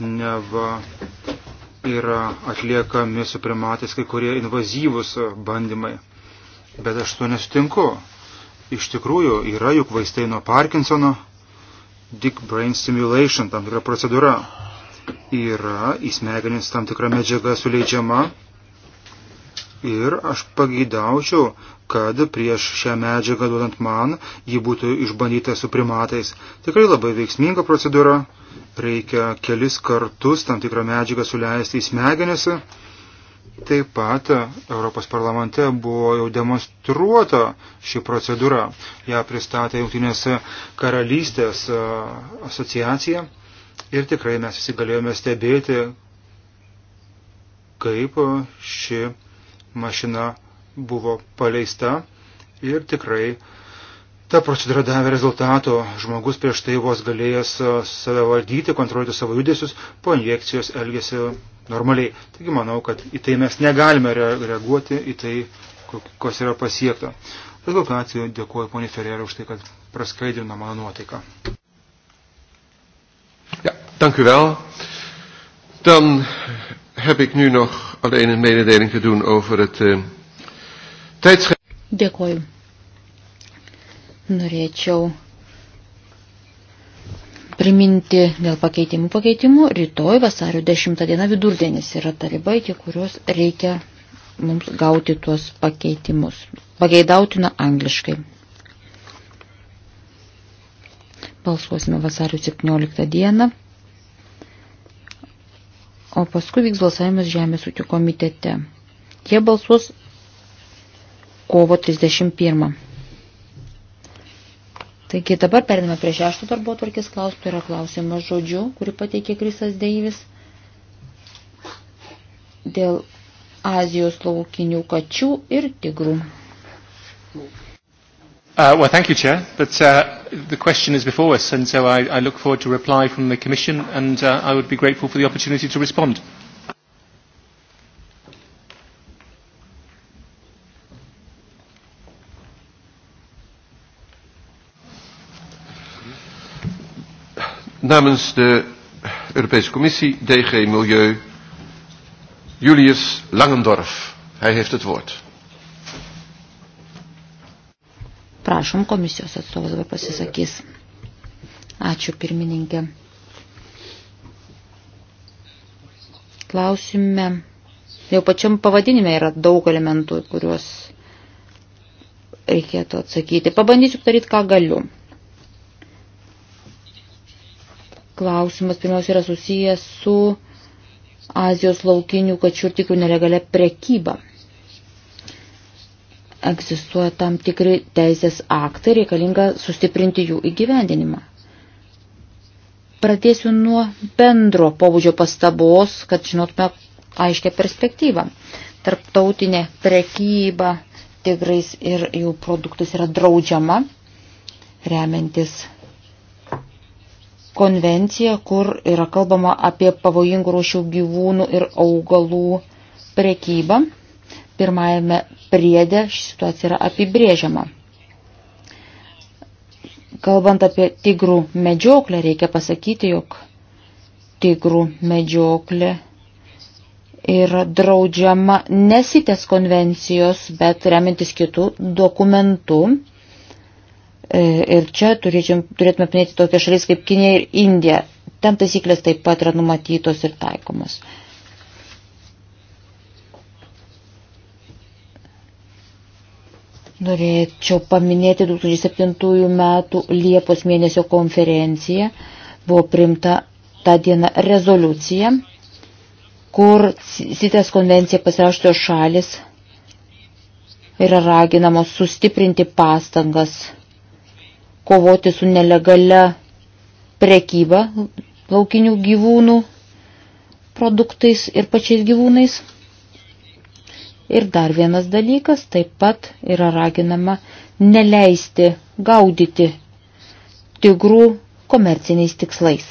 [SPEAKER 2] neva yra atliekami suprimatais kai kurie invazyvūs bandymai. Bet aš to nesutinku. Iš tikrųjų, yra juk vaistai nuo Parkinsono, Dick Brain Stimulation, tam tikra procedūra. Yra į smegenis tam tikra medžiaga suleidžiama ir aš pagydaučiau, kad prieš šią medžiagą duodant man ji būtų išbandyta su primatais. Tikrai labai veiksminga procedūra, reikia kelis kartus tam tikrą medžiagą suleisti į smegenis. Taip pat Europos parlamente buvo jau demonstruota ši procedūra. Ja pristatė Jungtinės karalystės asociacija ir tikrai mes visi galėjome stebėti, kaip ši mašina buvo paleista ir tikrai ta procedūra davė rezultato. Žmogus prieš tai vos galėjęs e, save valdyti, kontroliuoti savo judesius, po injekcijos elgėsi normaliai. Taigi manau, kad į tai mes negalime reaguoti, į tai, kas yra pasiekta. Bet kokiu atveju dėkuoju poniai Ferrerui už tai, kad praskaidrino mano nuotaiką.
[SPEAKER 1] Ja, dank u wel. Dan heb ik nu nog alleen een mededeling te doen over het uh,
[SPEAKER 4] tijdschrift. Dėkoju. Norėčiau priminti dėl pakeitimų pakeitimų. Rytoj vasario 10 diena vidurdienis yra ta riba, iki kurios reikia mums gauti tuos pakeitimus. Pageidautina angliškai. Balsuosime vasario 17 dieną o paskui vyks balsavimas Žemės ūkio komitete. Jie balsuos kovo 31. Taigi dabar periname prie šešto darbo tvarkės klausimų, tai yra klausimas žodžiu, kurį pateikė Krisas Deivis dėl Azijos laukinių kačių ir tigrų. Nu,
[SPEAKER 1] Uh, well, thank you, Chair. But uh, the question is before us, and so I, I look forward to reply from the Commission, and uh, I would be grateful for the opportunity to respond. Namens de Europese Commissie, DG Milieu, Julius Langendorf. Hij heeft het woord.
[SPEAKER 4] Prašom, komisijos atstovas dabar pasisakys. Ačiū, pirmininkė. Klausime. Jau pačiam pavadinime yra daug elementų, kuriuos reikėtų atsakyti. Pabandysiu daryti, ką galiu. Klausimas pirmiausia yra susijęs su Azijos laukinių kačių ir tikrų nelegalia prekyba egzistuoja tam tikri teisės aktai, reikalinga sustiprinti jų įgyvendinimą. Pradėsiu nuo bendro pobūdžio pastabos, kad žinotume aiškę perspektyvą. Tarptautinė prekyba tigrais ir jų produktais yra draudžiama, remiantis konvencija, kur yra kalbama apie pavojingų rūšių gyvūnų ir augalų prekybą pirmajame priedė ši situacija yra apibrėžiama. Kalbant apie tigrų medžioklę, reikia pasakyti, jog tigrų medžioklė yra draudžiama nesitės konvencijos, bet remintis kitų dokumentų. E, ir čia turėtume paminėti tokias šalis kaip Kinė ir Indija. Ten taisyklės taip pat yra numatytos ir taikomos. Norėčiau paminėti 2007 metų Liepos mėnesio konferenciją. Buvo primta tą dieną rezoliucija, kur sitės e konvencija pasirašytos šalis yra raginamos sustiprinti pastangas, kovoti su nelegale prekyba laukinių gyvūnų produktais ir pačiais gyvūnais. Ir dar vienas dalykas, taip pat yra raginama neleisti gaudyti tigrų komerciniais tikslais.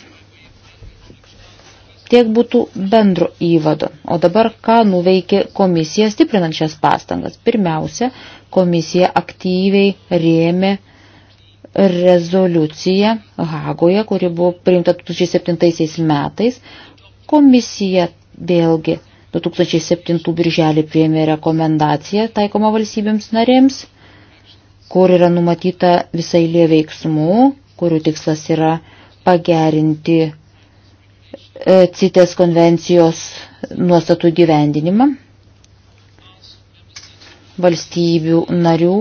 [SPEAKER 4] Tiek būtų bendro įvado. O dabar ką nuveikė komisija stiprinant šias pastangas? Pirmiausia, komisija aktyviai rėmė rezoliuciją Hagoje, kuri buvo priimta 2007 metais. Komisija vėlgi 2007 birželį priėmė rekomendaciją taikomą valstybėms narėms, kur yra numatyta visai lie veiksmų, kurių tikslas yra pagerinti e, CITES konvencijos nuostatų gyvendinimą valstybių narių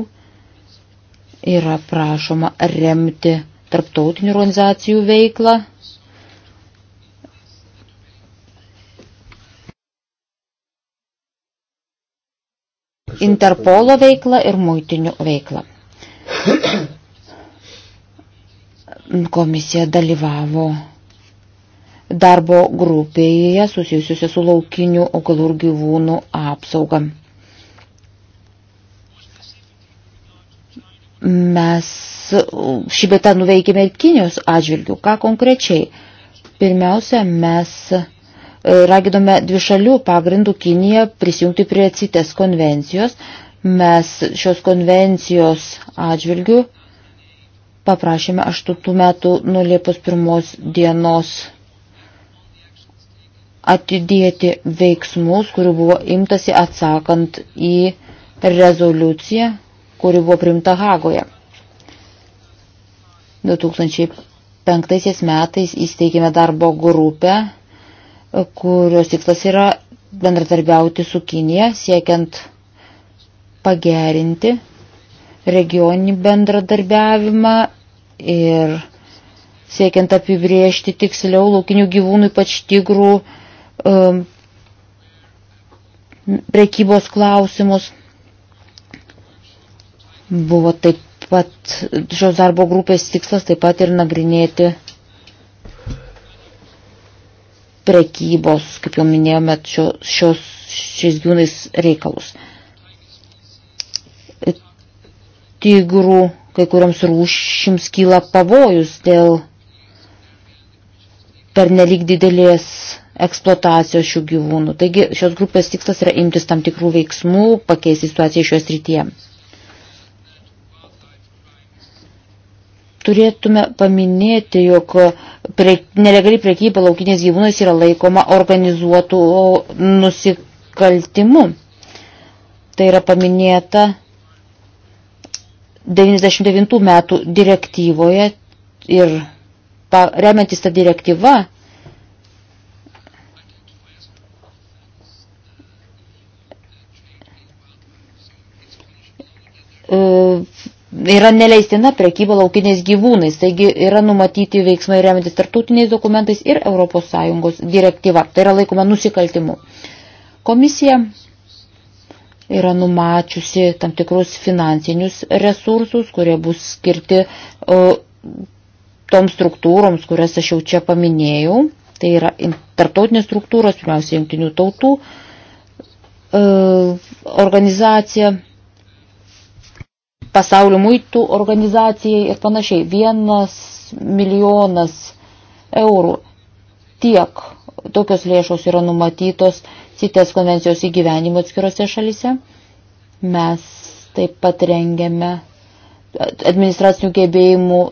[SPEAKER 4] yra prašoma remti tarptautinių organizacijų veiklą Interpolo veiklą ir muitinių veiklą. Komisija dalyvavo darbo grupėje susijusiuose su laukiniu augalų ir gyvūnų apsauga. Mes šį betą nuveikėme ir Kinijos atžvilgių. Ką konkrečiai? Pirmiausia, mes E, raginome dvišalių pagrindų Kiniją prisijungti prie CITES konvencijos. Mes šios konvencijos atžvilgių paprašėme 8 metų nuo Liepos 1 dienos atidėti veiksmus, kurių buvo imtasi atsakant į rezoliuciją, kuri buvo primta Hagoje. 2005 metais įsteigėme darbo grupę kurios tikslas yra bendratarbiauti su Kinija, siekiant pagerinti regioninį bendradarbiavimą ir siekiant apibriežti tiksliau laukinių gyvūnų, ypač tigrų, um, prekybos klausimus. Buvo taip pat šios darbo grupės tikslas taip pat ir nagrinėti prekybos, kaip jau minėjome, šio, šios, šiais gyvūnais reikalus. Tigrų kai kuriams rūšims kyla pavojus dėl per nelik didelės eksploatacijos šių gyvūnų. Taigi šios grupės tikslas yra imtis tam tikrų veiksmų, pakeisti situaciją šios rytyje. turėtume paminėti, jog pre, nelegali prekyba laukiniais gyvūnais yra laikoma organizuotų nusikaltimu. Tai yra paminėta 99 metų direktyvoje ir remiantis tą direktyvą e, yra neleistina prekyba laukiniais gyvūnais, taigi yra numatyti veiksmai remiantis tartutiniais dokumentais ir ES direktyva. Tai yra laikoma nusikaltimu. Komisija yra numačiusi tam tikrus finansinius resursus, kurie bus skirti o, toms struktūroms, kurias aš jau čia paminėjau. Tai yra tartautinės struktūros, pirmiausia, jungtinių tautų e, organizacija pasaulio muitų organizacijai ir panašiai. Vienas milijonas eurų tiek tokios lėšos yra numatytos CITES konvencijos įgyvenimo atskirose šalyse. Mes taip pat rengiame administracinių gebėjimų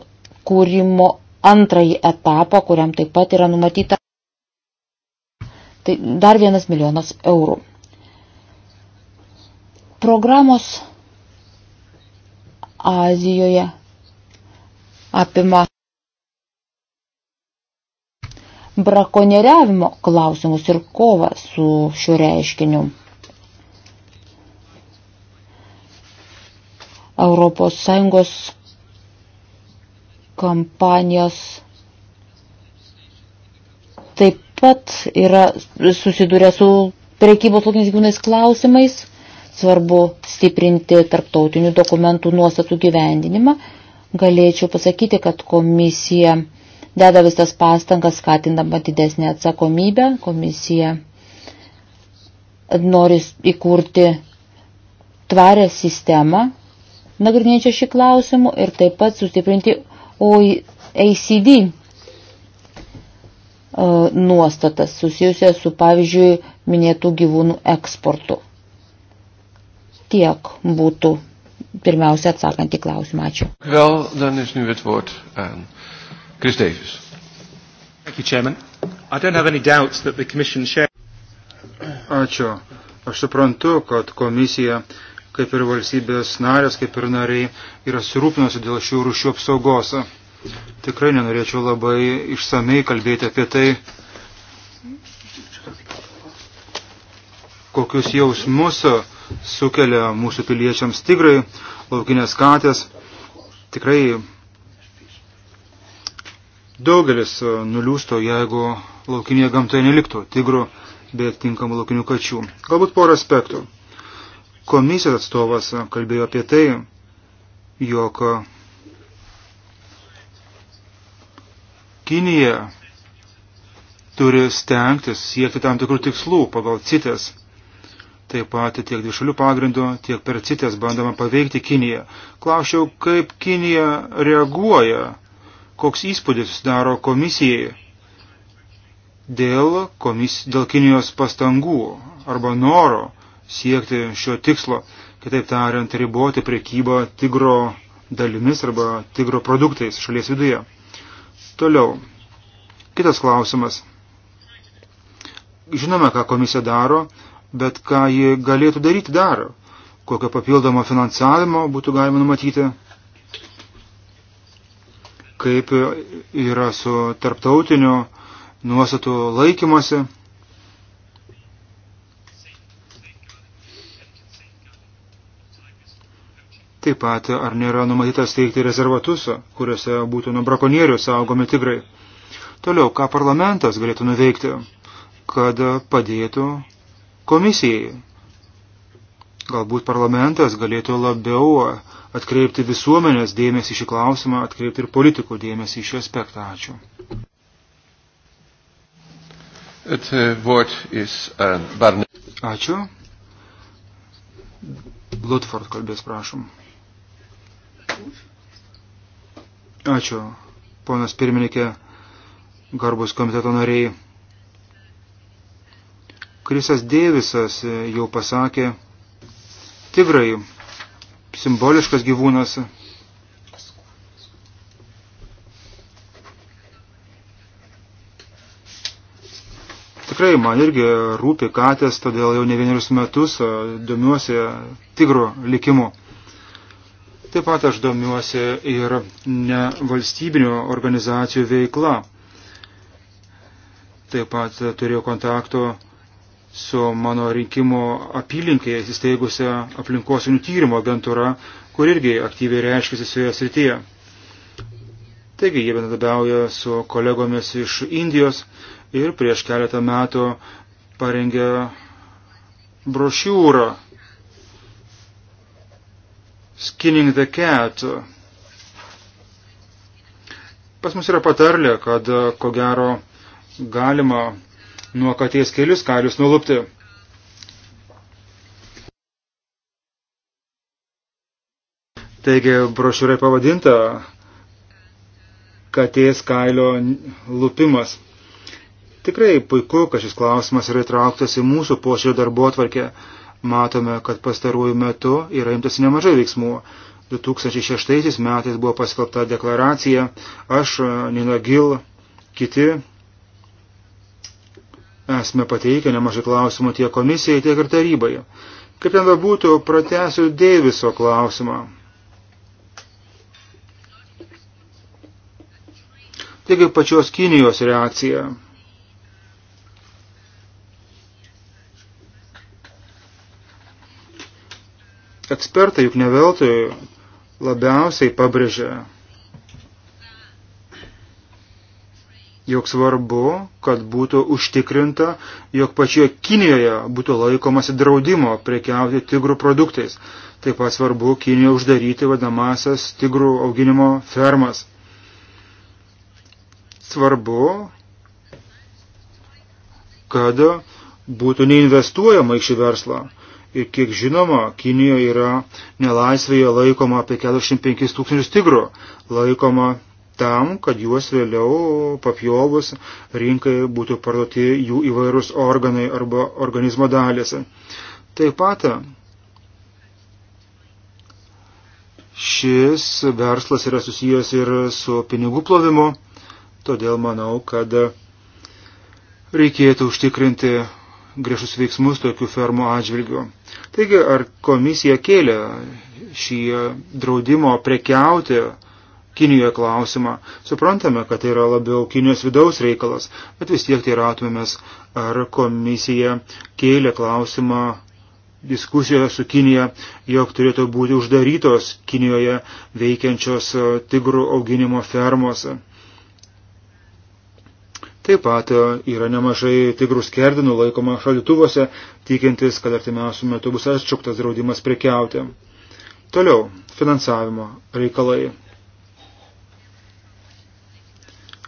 [SPEAKER 4] kūrimo antrąjį etapą, kuriam taip pat yra numatyta tai dar vienas milijonas eurų. Programos Azijoje apima brakonieriavimo klausimus ir kovą su šiuo reiškiniu. Europos Sąjungos kampanijos taip pat yra susidūrę su prekybos laukiniais gyvūnais klausimais svarbu stiprinti tarptautinių dokumentų nuostatų gyvendinimą. Galėčiau pasakyti, kad komisija deda visas pastangas skatindama didesnį atsakomybę. Komisija nori įkurti tvarę sistemą, nagrinėčią šį klausimą ir taip pat sustiprinti OECD e, nuostatas susijusias su, pavyzdžiui, minėtų gyvūnų eksportu. Tiek būtų pirmiausia atsakant į klausimą. Ačiū.
[SPEAKER 1] Wel, dan is nu het woord aan Chris Davis. Thank you, Chairman. I don't have
[SPEAKER 2] any doubts that the Commission share... Ačiū. Aš suprantu, kad komisija, kaip ir valstybės narės, kaip ir nariai, yra surūpinusi dėl šių rūšių apsaugos. Tikrai nenorėčiau labai išsamei kalbėti apie tai, kokius jausmus sukelia mūsų piliečiams tigrai, laukinės katės. Tikrai daugelis e, nuliūsto, jeigu laukinėje gamtoje neliktų tigrų bei tinkamų laukinių kačių. Galbūt porą aspektų. Komisijos atstovas e, kalbėjo apie tai, jog Kinija turi stengtis siekti tam tikrų tikslų pagal citės Taip pat tiek dvišalių pagrindų, tiek per citės bandoma paveikti Kiniją. Klausiau, kaip Kinija reaguoja, koks įspūdis susidaro komisijai dėl, komis, dėl Kinijos pastangų arba noro siekti šio tikslo, kitaip tariant, riboti priekybą tigro dalimis arba tigro produktais šalies viduje. Toliau. Kitas klausimas. Žinome, ką komisija daro, bet ką ji galėtų daryti dar, kokio papildomo finansavimo būtų galima numatyti, kaip yra su tarptautiniu nuostatų laikymosi. Taip pat ar nėra numatytas teikti rezervatus, kuriuose būtų nuo brakonierių saugomi tigrai. Toliau, ką parlamentas galėtų nuveikti, kad padėtų komisijai. Galbūt parlamentas galėtų labiau atkreipti visuomenės dėmesį šį klausimą, atkreipti ir politikų dėmesį šį aspektą. Ačiū.
[SPEAKER 1] Het eh, woord is aan eh, Barne.
[SPEAKER 2] Ačiū. Lutford kalbės, prašom. Ačiū, ponas pirmininkė, garbus komiteto nariai. Krisas Dėvisas e, jau pasakė, tigrai, simboliškas gyvūnas. Tikrai man irgi rūpi katės, todėl jau ne vienerius metus e, domiuosi tigro likimu. Taip pat aš domiuosi ir nevalstybinio organizacijų veikla. Taip pat turėjau kontakto su mano rinkimo apylinkėje įsteigusią aplinkosinių tyrimo agentūra, kur irgi aktyviai reiškiasi šioje srityje. Taigi jie bendradabiauja su kolegomis iš Indijos ir prieš keletą metų parengė brošiūrą Skinning the Cat. Pas mus yra patarlė, kad ko gero galima nuo katės kelius karius nulupti. Taigi brošiūrai pavadinta katės kailio lupimas. Tikrai puiku, kad šis klausimas yra įtrauktas į mūsų pošio darbo atvarkę. Matome, kad pastaruoju metu yra imtas nemažai veiksmų. 2006 metais buvo paskelbta deklaracija, aš, Nina Gil, kiti Esame pateikę nemažai klausimų tiek komisijai, tiek ir tarybai. Kaip ten bebūtų, pratęsiu Deiviso klausimą. Taigi pačios Kinijos reakcija. Ekspertai juk neveltui labiausiai pabrėžia jog svarbu, kad būtų užtikrinta, jog pačioje Kinijoje būtų laikomasi draudimo prekiauti tigrų produktais. Taip pat svarbu Kinijoje uždaryti vadamasias tigrų auginimo fermas. Svarbu, kad būtų neinvestuojama į šį verslą. Ir kiek žinoma, Kinijoje yra nelaisvėje laikoma apie 45 tūkstančius tigrų, laikoma tam, kad juos vėliau papjovus rinkai būtų parduoti jų įvairūs organai arba organizmo dalis. Taip pat šis verslas yra susijęs ir su pinigų plovimu, todėl manau, kad reikėtų užtikrinti griežus veiksmus tokių fermų atžvilgių. Taigi, ar komisija kėlė šį draudimo prekiauti Kinijoje klausimą. Suprantame, kad tai yra labiau Kinijos vidaus reikalas, bet vis tiek tai ratumėmės, ar komisija kėlė klausimą diskusijoje su Kinija, jog turėtų būti uždarytos Kinijoje veikiančios e, tigrų auginimo fermos. Taip pat e, yra nemažai tigrų skerdinų laikoma šaldytuvose, tikintis, kad artimiausių metų bus atšauktas draudimas prekiauti. Toliau, finansavimo reikalai.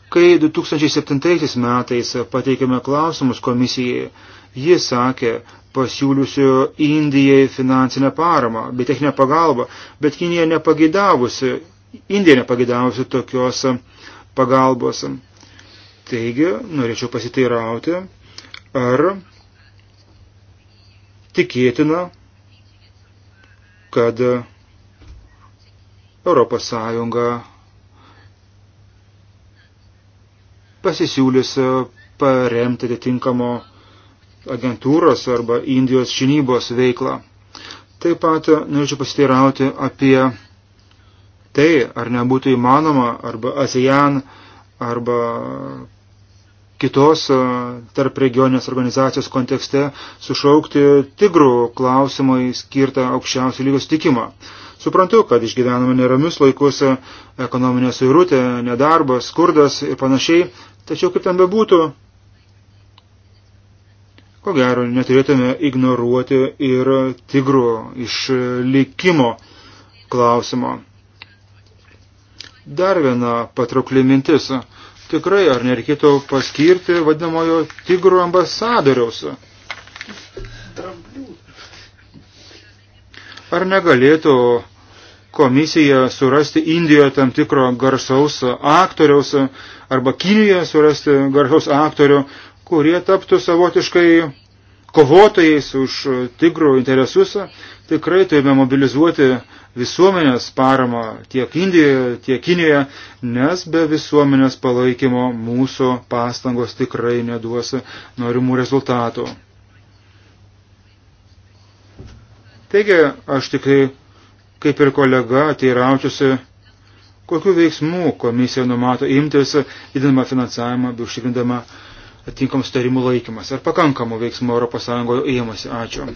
[SPEAKER 2] Kai 2007 metais pateikėme klausimus komisijai, ji sakė, pasiūliusiu Indijai finansinę paramą bei techninę pagalbą, bet Kinija nepagidavusi, Indija nepagidavusi tokios pagalbos. Taigi, norėčiau pasiteirauti, ar tikėtina, kad Europos Sąjunga pasisiūlys e, paremti atitinkamo agentūros arba Indijos žinybos veiklą. Taip pat e, norėčiau pasiteirauti apie tai, ar nebūtų įmanoma arba ASEAN arba kitos e, tarp regioninės organizacijos kontekste sušaukti tigrų klausimai skirtą aukščiausių lygos tikimą. Suprantu, kad išgyvename neramius laikus, ekonominė suirutė, nedarbas, skurdas ir panašiai, Tačiau kaip ten bebūtų, ko gero neturėtume ignoruoti ir tigrų išlikimo klausimo. Dar viena patraukli mintis. Tikrai, ar nereikėtų paskirti vadinamojo tigrų ambasadoriaus? Ar negalėtų komisija surasti Indijoje tam tikro garsaus aktoriaus, arba Kinijoje surasti garsaus aktorių, kurie taptų savotiškai kovotojais už tigrų interesus. Tikrai turime mobilizuoti visuomenės paramą tiek Indijoje, tiek Kinijoje, nes be visuomenės palaikymo mūsų pastangos tikrai neduos norimų rezultatų. Taigi, aš tikrai, kaip ir kolega, teiraučiusi Kokiu veiksmu komisija numato imtis, didinama finansavimą bei užtikrindama atinkam sutarimų laikymas? Ar pakankamų veiksmų ES įėmasi? Ačiū.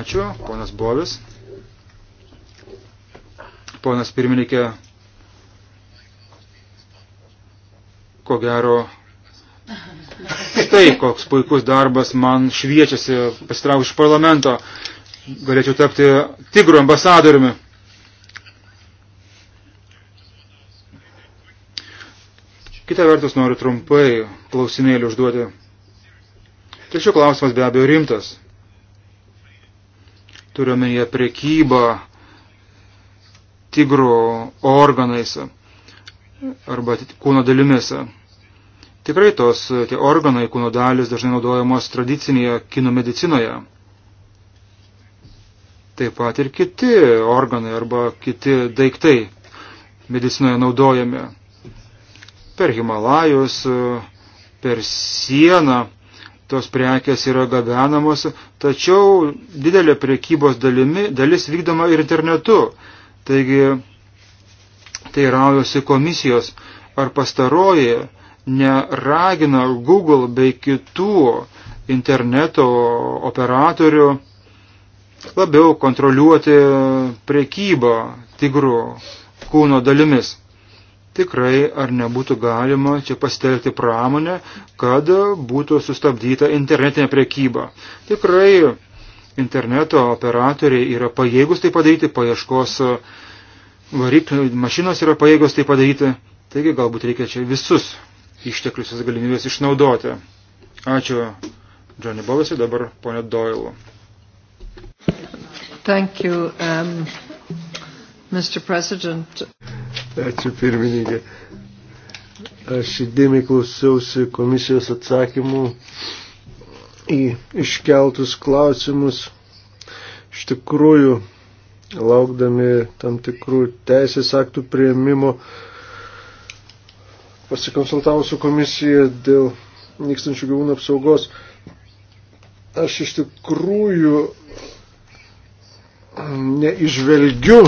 [SPEAKER 2] Ačiū, ponas Bovis. Ponas pirmininkė, ko gero, štai koks puikus darbas man šviečiasi pasitrauk iš parlamento. Galėčiau tapti tigrų ambasadoriumi. Kita vertus noriu trumpai klausimėlį užduoti. Tačiau klausimas be abejo rimtas. Turiuomenėje prekybą tigrų organais arba kūno dalimis. Tikrai tos tie organai, kūno dalis dažnai naudojamos tradicinėje kino medicinoje. Taip pat ir kiti organai arba kiti daiktai medicinoje naudojami per Himalajus, per sieną tos prekes yra gabenamos, tačiau didelė priekybos dalimi, dalis vykdoma ir internetu. Taigi, tai raujosi komisijos, ar pastaroji neragina Google bei kitų interneto operatorių labiau kontroliuoti priekybą tigrų kūno dalimis. Tikrai ar nebūtų galima čia pasitelkti pramonę, kad būtų sustabdyta internetinė prekyba. Tikrai interneto operatoriai yra pajėgus tai padaryti, paieškos e, variklių mašinos yra pajėgos tai padaryti. Taigi galbūt reikia čia visus išteklius, visas galimybės išnaudoti. Ačiū, Johnny Bovasi, dabar ponė Doyle.
[SPEAKER 5] Thank you, um, Mr. President.
[SPEAKER 3] Ačiū pirmininkė. Aš įdėmiai klausiausi komisijos atsakymų į iškeltus klausimus. Iš tikrųjų, laukdami tam tikrų teisės aktų prieimimo, pasikonsultavau su komisija dėl nykstančių gyvūnų apsaugos. Aš iš tikrųjų neižvelgiu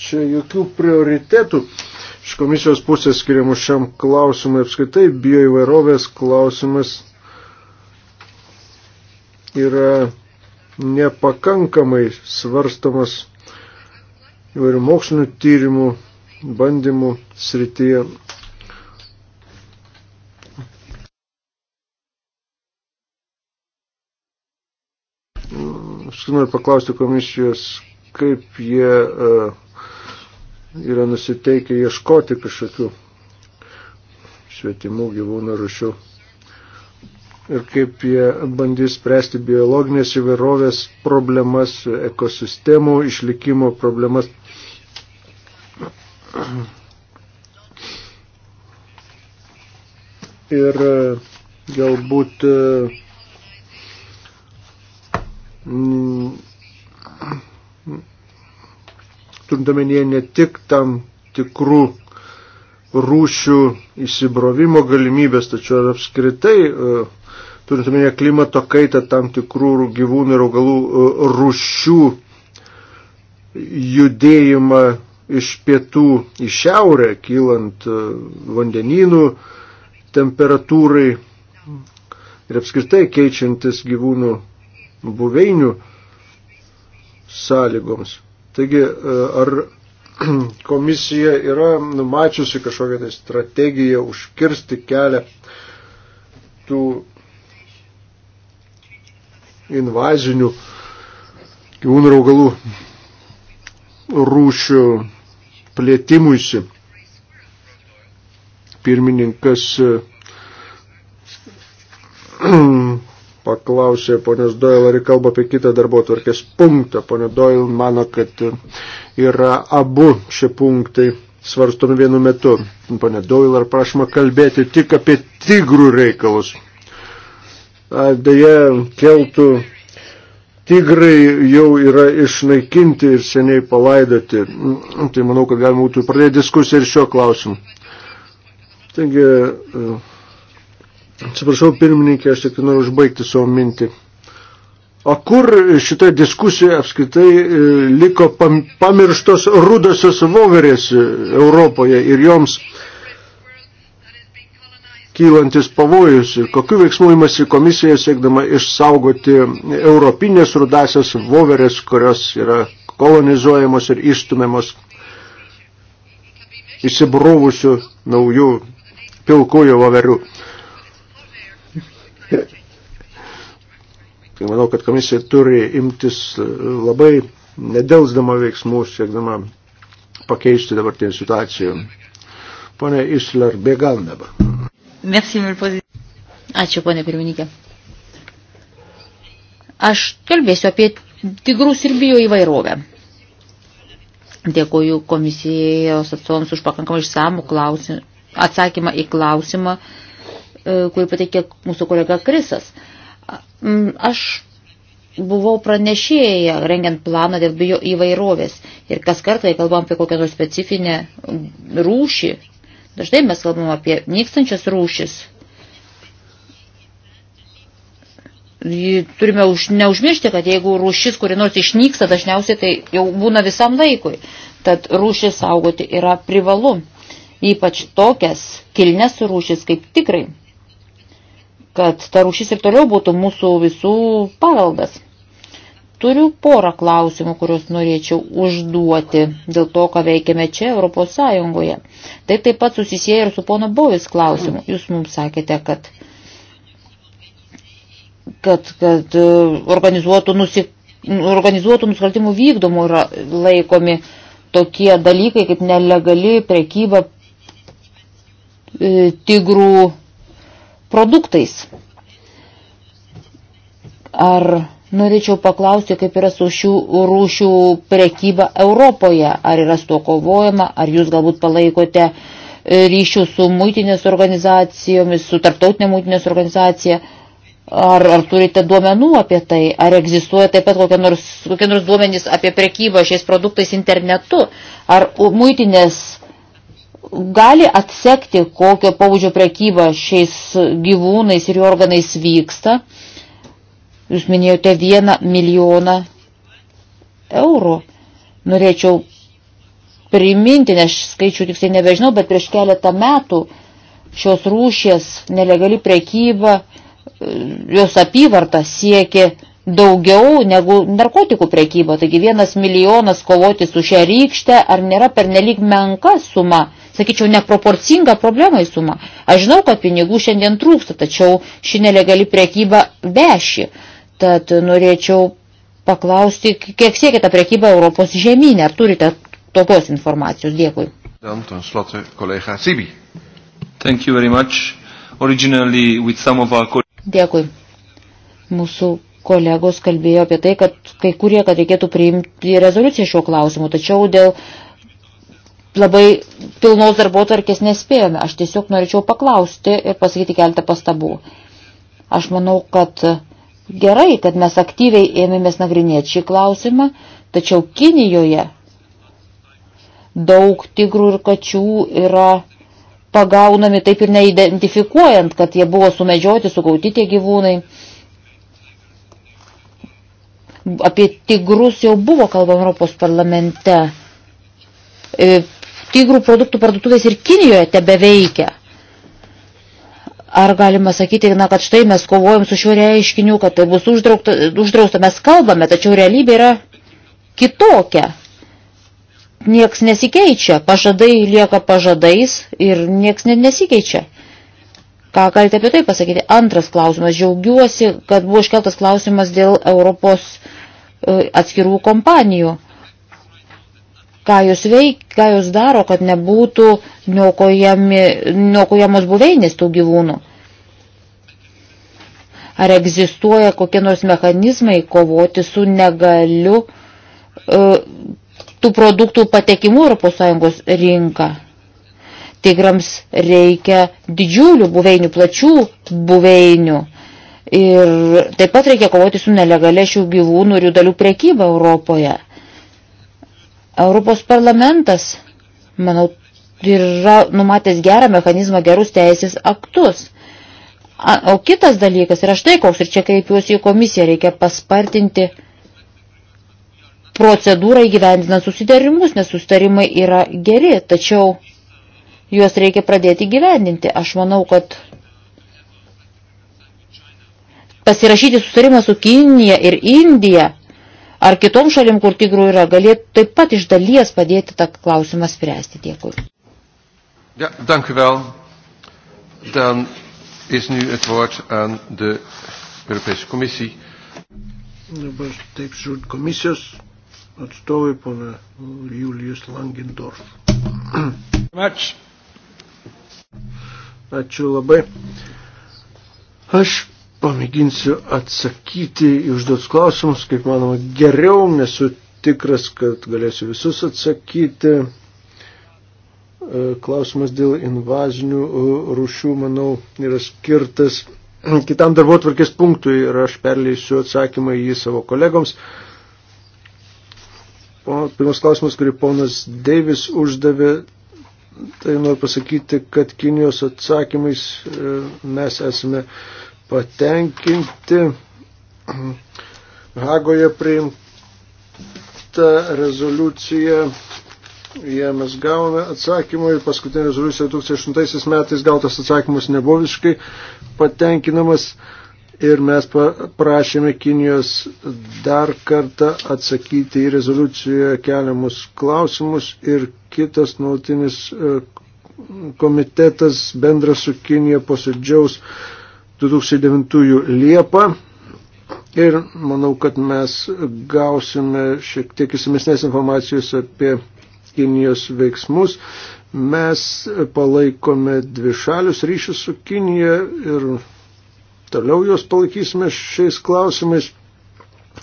[SPEAKER 3] čia jokių prioritetų iš komisijos pusės skiriamų šiam klausimui. Apskaitai bioįvairovės klausimas yra nepakankamai svarstamas įvairių mokslinių tyrimų, bandymų srityje. Aš noriu paklausti komisijos, kaip jie uh, yra nusiteikę ieškoti kažkokių svetimų gyvūnų rušių. Ir kaip jie bandys spręsti biologinės įvairovės problemas, ekosistemų išlikimo problemas. Ir galbūt mm, turintuomenyje ne tik tam tikrų rūšių įsibrovimo galimybės, tačiau ir apskritai e, turintuomenyje klimato kaitą tam tikrų gyvūnų ir augalų e, rūšių judėjimą iš pietų į šiaurę, kylant e, vandenynų temperatūrai ir apskritai keičiantis gyvūnų buveinių sąlygoms. Taigi, e, ar komisija yra numačiusi kažkokią tai strategiją užkirsti kelią tų invazinių gyvūnų ir augalų rūšių plėtimuisi. Pirmininkas paklausė ponios Doyle, ar kalba apie kitą darbo tvarkės punktą. Pone Doyle mano, kad yra abu šie punktai svarstomi vienu metu. Pone Doyle, ar prašoma kalbėti tik apie tigrų reikalus? Deja, keltų tigrai jau yra išnaikinti ir seniai palaidoti. Tai manau, kad galima būtų pradėti diskusiją ir šio klausimu. Taigi, Atsiprašau, pirmininkė, aš tik noriu užbaigti savo mintį. O kur šitoje diskusijoje apskritai e, liko pamirštos rudosios voverės e, Europoje ir joms kylantis pavojus? Kokiu veiksmu imasi komisija siekdama išsaugoti europinės rudasios voverės, kurios yra kolonizuojamos ir išstumiamos įsibrovusių naujų pilkųjų voverių? Tai manau, kad komisija turi imtis labai nedelsdama veiksmų, siekdama pakeisti dabartinę situaciją. Pone Isler, bėgam dabar.
[SPEAKER 4] Merci, Ačiū, ponė pirmininkė. Aš kalbėsiu apie tigrus ir bijo įvairovę. Dėkoju komisijos atstovams už pakankamai išsamų atsakymą į klausimą, E, kurį pateikė mūsų kolega Krisas. Aš buvau pranešėję, rengiant planą dėl bio įvairovės. Ir kas kartą, kai kalbam apie kokią nors specifinę rūšį, dažnai mes kalbam apie nykstančias rūšis. Turime už, neužmiršti, kad jeigu rūšis kuri nors išnyksta, dažniausiai tai jau būna visam laikui. Tad rūšis saugoti yra privalu. Ypač tokias kilnes rūšis kaip tikrai kad ta rūšis ir toliau būtų mūsų visų paveldas. Turiu porą klausimų, kuriuos norėčiau užduoti dėl to, ką veikiame čia Europos Sąjungoje. Tai taip pat susisieja ir su pono Bovis klausimu. Jūs mums sakėte, kad, kad, kad uh, organizuotų, nusik, organizuotų nusikaltimų vykdomų yra laikomi tokie dalykai kaip nelegali prekyba uh, tigrų produktais. Ar norėčiau paklausti, kaip yra su šių rūšių prekyba Europoje, ar yra su to kovojama, ar jūs galbūt palaikote e, ryšių su muitinės organizacijomis, su tarptautinė muitinės organizacija, ar, ar turite duomenų apie tai, ar egzistuoja taip pat kokie nors, kokie nors duomenys apie prekybą šiais produktais internetu, ar muitinės gali atsekti, kokio paudžio prekyba šiais gyvūnais ir jų organais vyksta. Jūs minėjote vieną milijoną eurų. Norėčiau priminti, nes skaičių tiksliai nebežinau, bet prieš keletą metų šios rūšies nelegali prekyba, jos apyvarta siekė daugiau negu narkotikų prekyba. Taigi vienas milijonas kovoti su šia rykšte ar nėra pernelyg menka suma sakyčiau, neproporcingą problemai sumą. Aš žinau, kad pinigų šiandien trūksta, tačiau ši nelegali prekyba veši. Tad norėčiau paklausti, kiek siekia ta prekyba Europos žemynė. Ar turite tokios informacijos? Dėkui.
[SPEAKER 1] Thank you very much. Originally with some of our
[SPEAKER 4] Dėkui. Mūsų kolegos kalbėjo apie tai, kad kai kurie, kad reikėtų priimti rezoliuciją šiuo klausimu, tačiau dėl uh, labai pilnos darbo tarkės nespėjome. Aš tiesiog norėčiau paklausti ir pasakyti keletą pastabų. Aš manau, kad gerai, kad mes aktyviai ėmėmės nagrinėti šį klausimą, tačiau Kinijoje daug tigrų ir kačių yra pagaunami taip ir neidentifikuojant, kad jie buvo sumedžioti, sugauti tie gyvūnai. Apie tigrus jau buvo kalbama Europos parlamente e, tigrų produktų parduotuvės ir Kinijoje tebe veikia. Ar galima sakyti, na, kad štai mes kovojam su šiuo reiškiniu, kad tai bus uždraukta, uždrausta, mes kalbame, tačiau realybė yra kitokia. Nieks nesikeičia, pažadai lieka pažadais ir nieks nesikeičia. Ką galite apie tai pasakyti? Antras klausimas. Džiaugiuosi, kad buvo iškeltas klausimas dėl Europos e, atskirų kompanijų ką jos veik, ką jos daro, kad nebūtų niokojamos buveinės tų gyvūnų. Ar egzistuoja kokie nors mechanizmai kovoti su negaliu e, tų produktų patekimu Europos Sąjungos rinką? Tigrams reikia didžiulių buveinių, plačių buveinių. Ir taip pat reikia kovoti su nelegalia šių gyvūnų ir jų dalių prekyba Europoje. Europos parlamentas, manau, yra numatęs gerą mechanizmą gerus teisės aktus. O kitas dalykas yra štai koks, ir čia kaip jūs į komisiją reikia paspartinti procedūrą įgyvendinant susidarimus, nes sustarimai yra geri, tačiau juos reikia pradėti gyvendinti. Aš manau, kad pasirašyti sustarimą su Kinija ir Indija ar kitom šalim, kur tigrų yra, galėtų taip pat iš dalies padėti tą klausimą spręsti. Dėkui.
[SPEAKER 1] Ja, dank u wel. Dan is nu het woord aan de Europese Commissie.
[SPEAKER 3] Dabar taip žiūrint komisijos atstovai, pana Julius Langendorf. Ačiū. Ačiū labai. Aš Pamėginsiu atsakyti į užduotus klausimus, kaip manoma, geriau, nesu tikras, kad galėsiu visus atsakyti. E, klausimas dėl invazinių e, rūšių, manau, yra skirtas kitam darbotvarkės punktui ir aš perleisiu atsakymą į jį savo kolegoms. O pirmas klausimas, kurį ponas Deivis uždavė, tai noriu pasakyti, kad Kinijos atsakymais e, mes esame patenkinti Hagoje priimta rezoliucija. Jie mes gavome atsakymą ir paskutinė rezoliucija 2008 metais gautas atsakymas nebuvo visiškai patenkinamas ir mes prašėme Kinijos dar kartą atsakyti į rezoliucijoje keliamus klausimus ir kitas nuolatinis e, komitetas bendras su Kinija posėdžiaus 2009 Liepą. Ir manau, kad mes gausime šiek tiek įsimesnės informacijos apie Kinijos veiksmus. Mes palaikome dvišalius ryšius su Kinija ir toliau juos palaikysime šiais klausimais.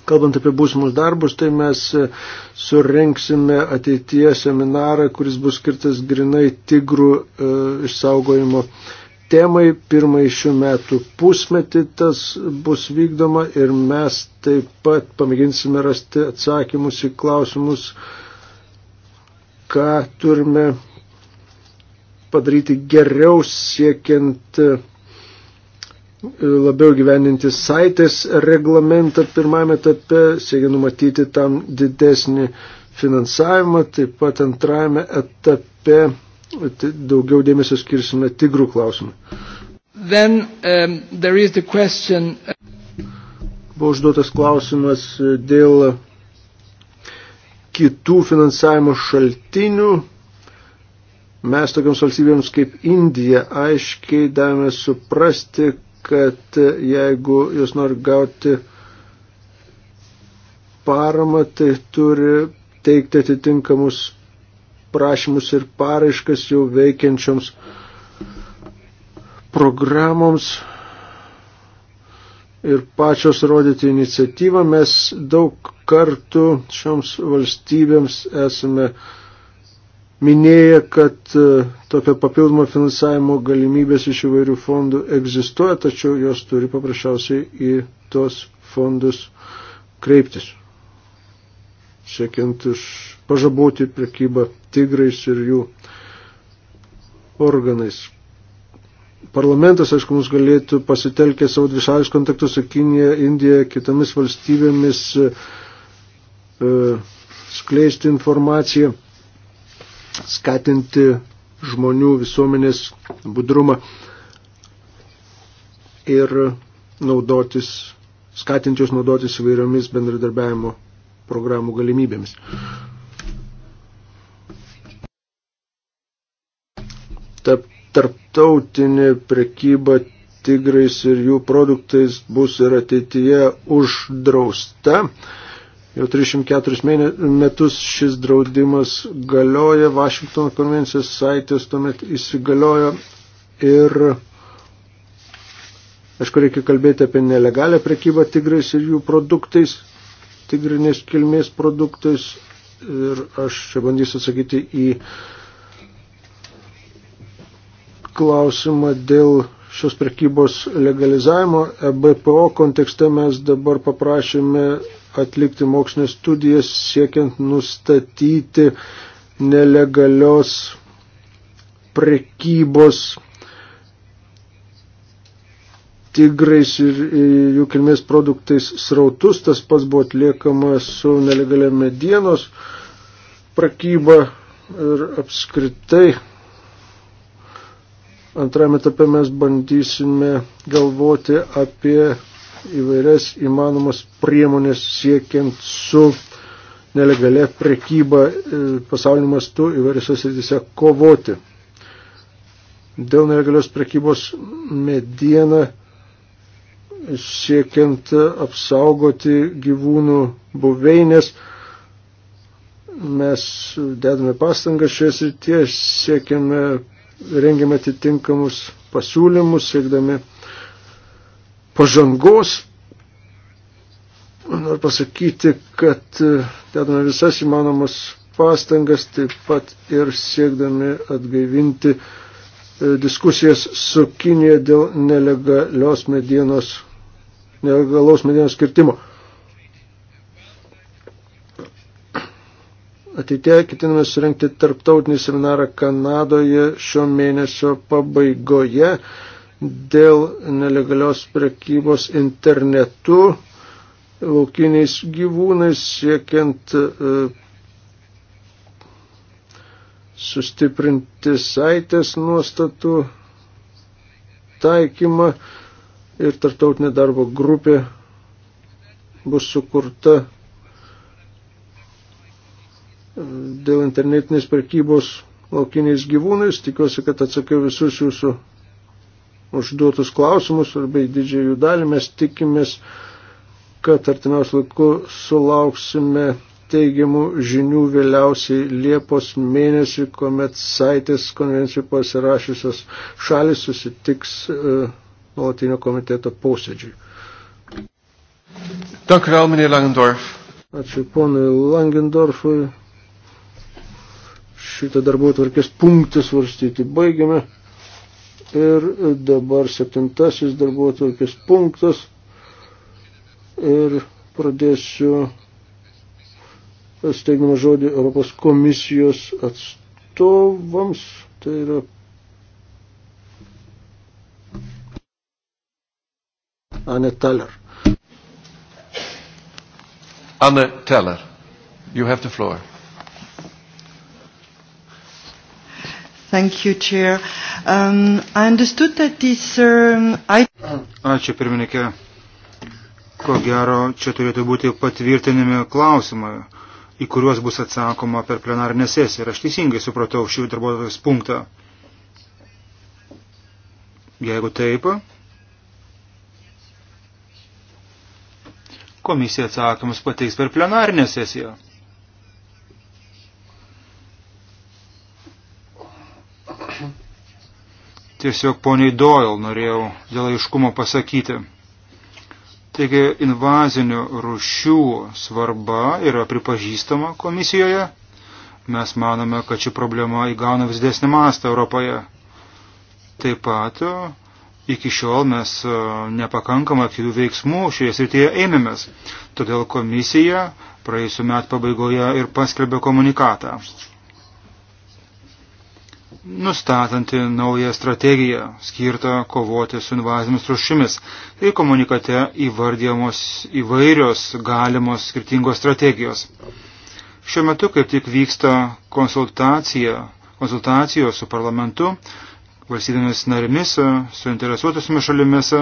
[SPEAKER 3] Kalbant apie būsimus darbus, tai mes surenksime ateityje seminarą, kuris bus skirtas grinai tigrų e, išsaugojimo e, temai pirmai šių metų pusmetį tas bus vykdoma ir mes taip pat pamėginsime rasti atsakymus į klausimus, ką turime padaryti geriau siekiant e, labiau gyveninti saitės reglamentą pirmame etape, siekia numatyti tam didesnį finansavimą, taip pat antrajame etape Tai daugiau dėmesio skirsime tigrų klausimui. Then um, there is the question. Uh, Buvo užduotas klausimas uh, dėl kitų finansavimo šaltinių. Mes tokiams valstybėms kaip Indija aiškiai davėme suprasti, kad uh, jeigu jūs nori gauti paramą, tai turi teikti atitinkamus prašymus ir paraiškas jau veikiančioms programoms ir pačios rodyti iniciatyvą. Mes daug kartų šioms valstybėms esame minėję, kad e, tokio papildomo finansavimo galimybės iš įvairių fondų egzistuoja, tačiau jos turi paprasčiausiai į tos fondus kreiptis, siekiant iš pažaboti prekybą tigrais ir jų organais. Parlamentas, aišku, mums galėtų pasitelkę savo dvišalius kontaktus su Kinija, Indija, kitomis valstybėmis e, skleisti informaciją, skatinti žmonių visuomenės budrumą ir naudotis, skatinti juos naudotis įvairiomis bendradarbiavimo programų galimybėmis. ta tarptautinė prekyba tigrais ir jų produktais bus ir ateityje uždrausta. Jau 304 metus šis draudimas galioja, Vašingtono konvencijos saitės tuomet įsigaliojo ir, aišku, reikia kalbėti apie nelegalią prekybą tigrais ir jų produktais, tigrinės kilmės produktais ir aš čia bandysiu atsakyti į uh, klausimą dėl šios prekybos legalizavimo. EBPO kontekste mes dabar paprašėme atlikti mokslinės studijas siekiant nustatyti nelegalios prekybos tigrais ir jų kilmės produktais srautus. Tas pats buvo atliekama su nelegalia medienos prekyba ir apskritai Antrame etape mes bandysime galvoti apie įvairias įmanomas priemonės siekiant su nelegalia prekyba e, pasauliniu mastu įvairiose srityse kovoti. Dėl nelegalios prekybos mediena siekiant apsaugoti gyvūnų buveinės. Mes dedame pastangas šioje srityje, siekiame rengiame atitinkamus pasiūlymus, siekdami pažangos. Noriu pasakyti, kad e, dedame visas įmanomas pastangas, taip pat ir siekdami atgaivinti e, diskusijas su Kinėje dėl nelegalios medienos, nelegalaus medienos skirtimo. Ateitie ketiname surinkti tarptautinį seminarą Kanadoje šio mėnesio pabaigoje dėl nelegalios prekybos internetu laukiniais gyvūnais siekiant e, sustiprinti saitės nuostatų taikymą ir tartautinė darbo grupė bus sukurta dėl internetinės prekybos laukiniais gyvūnais. Tikiuosi, kad atsakiau visus jūsų užduotus klausimus arba į didžiąją jų dalį. Mes tikimės, kad artimiausiu laiku sulauksime teigiamų žinių vėliausiai Liepos mėnesį, kuomet Saitės konvencijų pasirašysios šalis susitiks uh, nuolatinio komiteto posėdžiui. Dank u wel, meneer Langendorf. Ačiū ponui Langendorfui šitą darbo tvarkės punktą svarstyti. Baigiame. Ir dabar septintasis darbo tvarkės punktas. Ir pradėsiu steigimą žodį Europos komisijos atstovams. Tai yra Anne Teller.
[SPEAKER 1] Anne Teller, you have the floor.
[SPEAKER 5] Thank you, Chair. Um, I understood that this um, I...
[SPEAKER 2] Ačiū, pirmininkė. Ko gero, čia turėtų būti patvirtinami klausimai, į kuriuos bus atsakoma per plenarinę sesiją. Ir aš teisingai supratau šių darbuotojus punktą. Jeigu taip, komisija atsakymus pateiks per plenarinę sesiją. tiesiog poniai Doyle norėjau dėl aiškumo pasakyti. Taigi invazinių rušių svarba yra pripažįstama komisijoje. Mes manome, kad ši problema įgauna vis dėsnį mastą Europoje. Taip pat iki šiol mes e, nepakankamą aktyvių veiksmų šioje srityje ėmėmės. Todėl komisija praėjusiu metu pabaigoje ir paskelbė komunikatą nustatanti naują strategiją skirtą kovoti su invazinėmis rušimis. Tai komunikate įvardyjamos įvairios galimos skirtingos strategijos. Šiuo metu kaip tik vyksta konsultacija, konsultacijos su parlamentu, valstybėmis narimis, suinteresuotosiomis šalimis.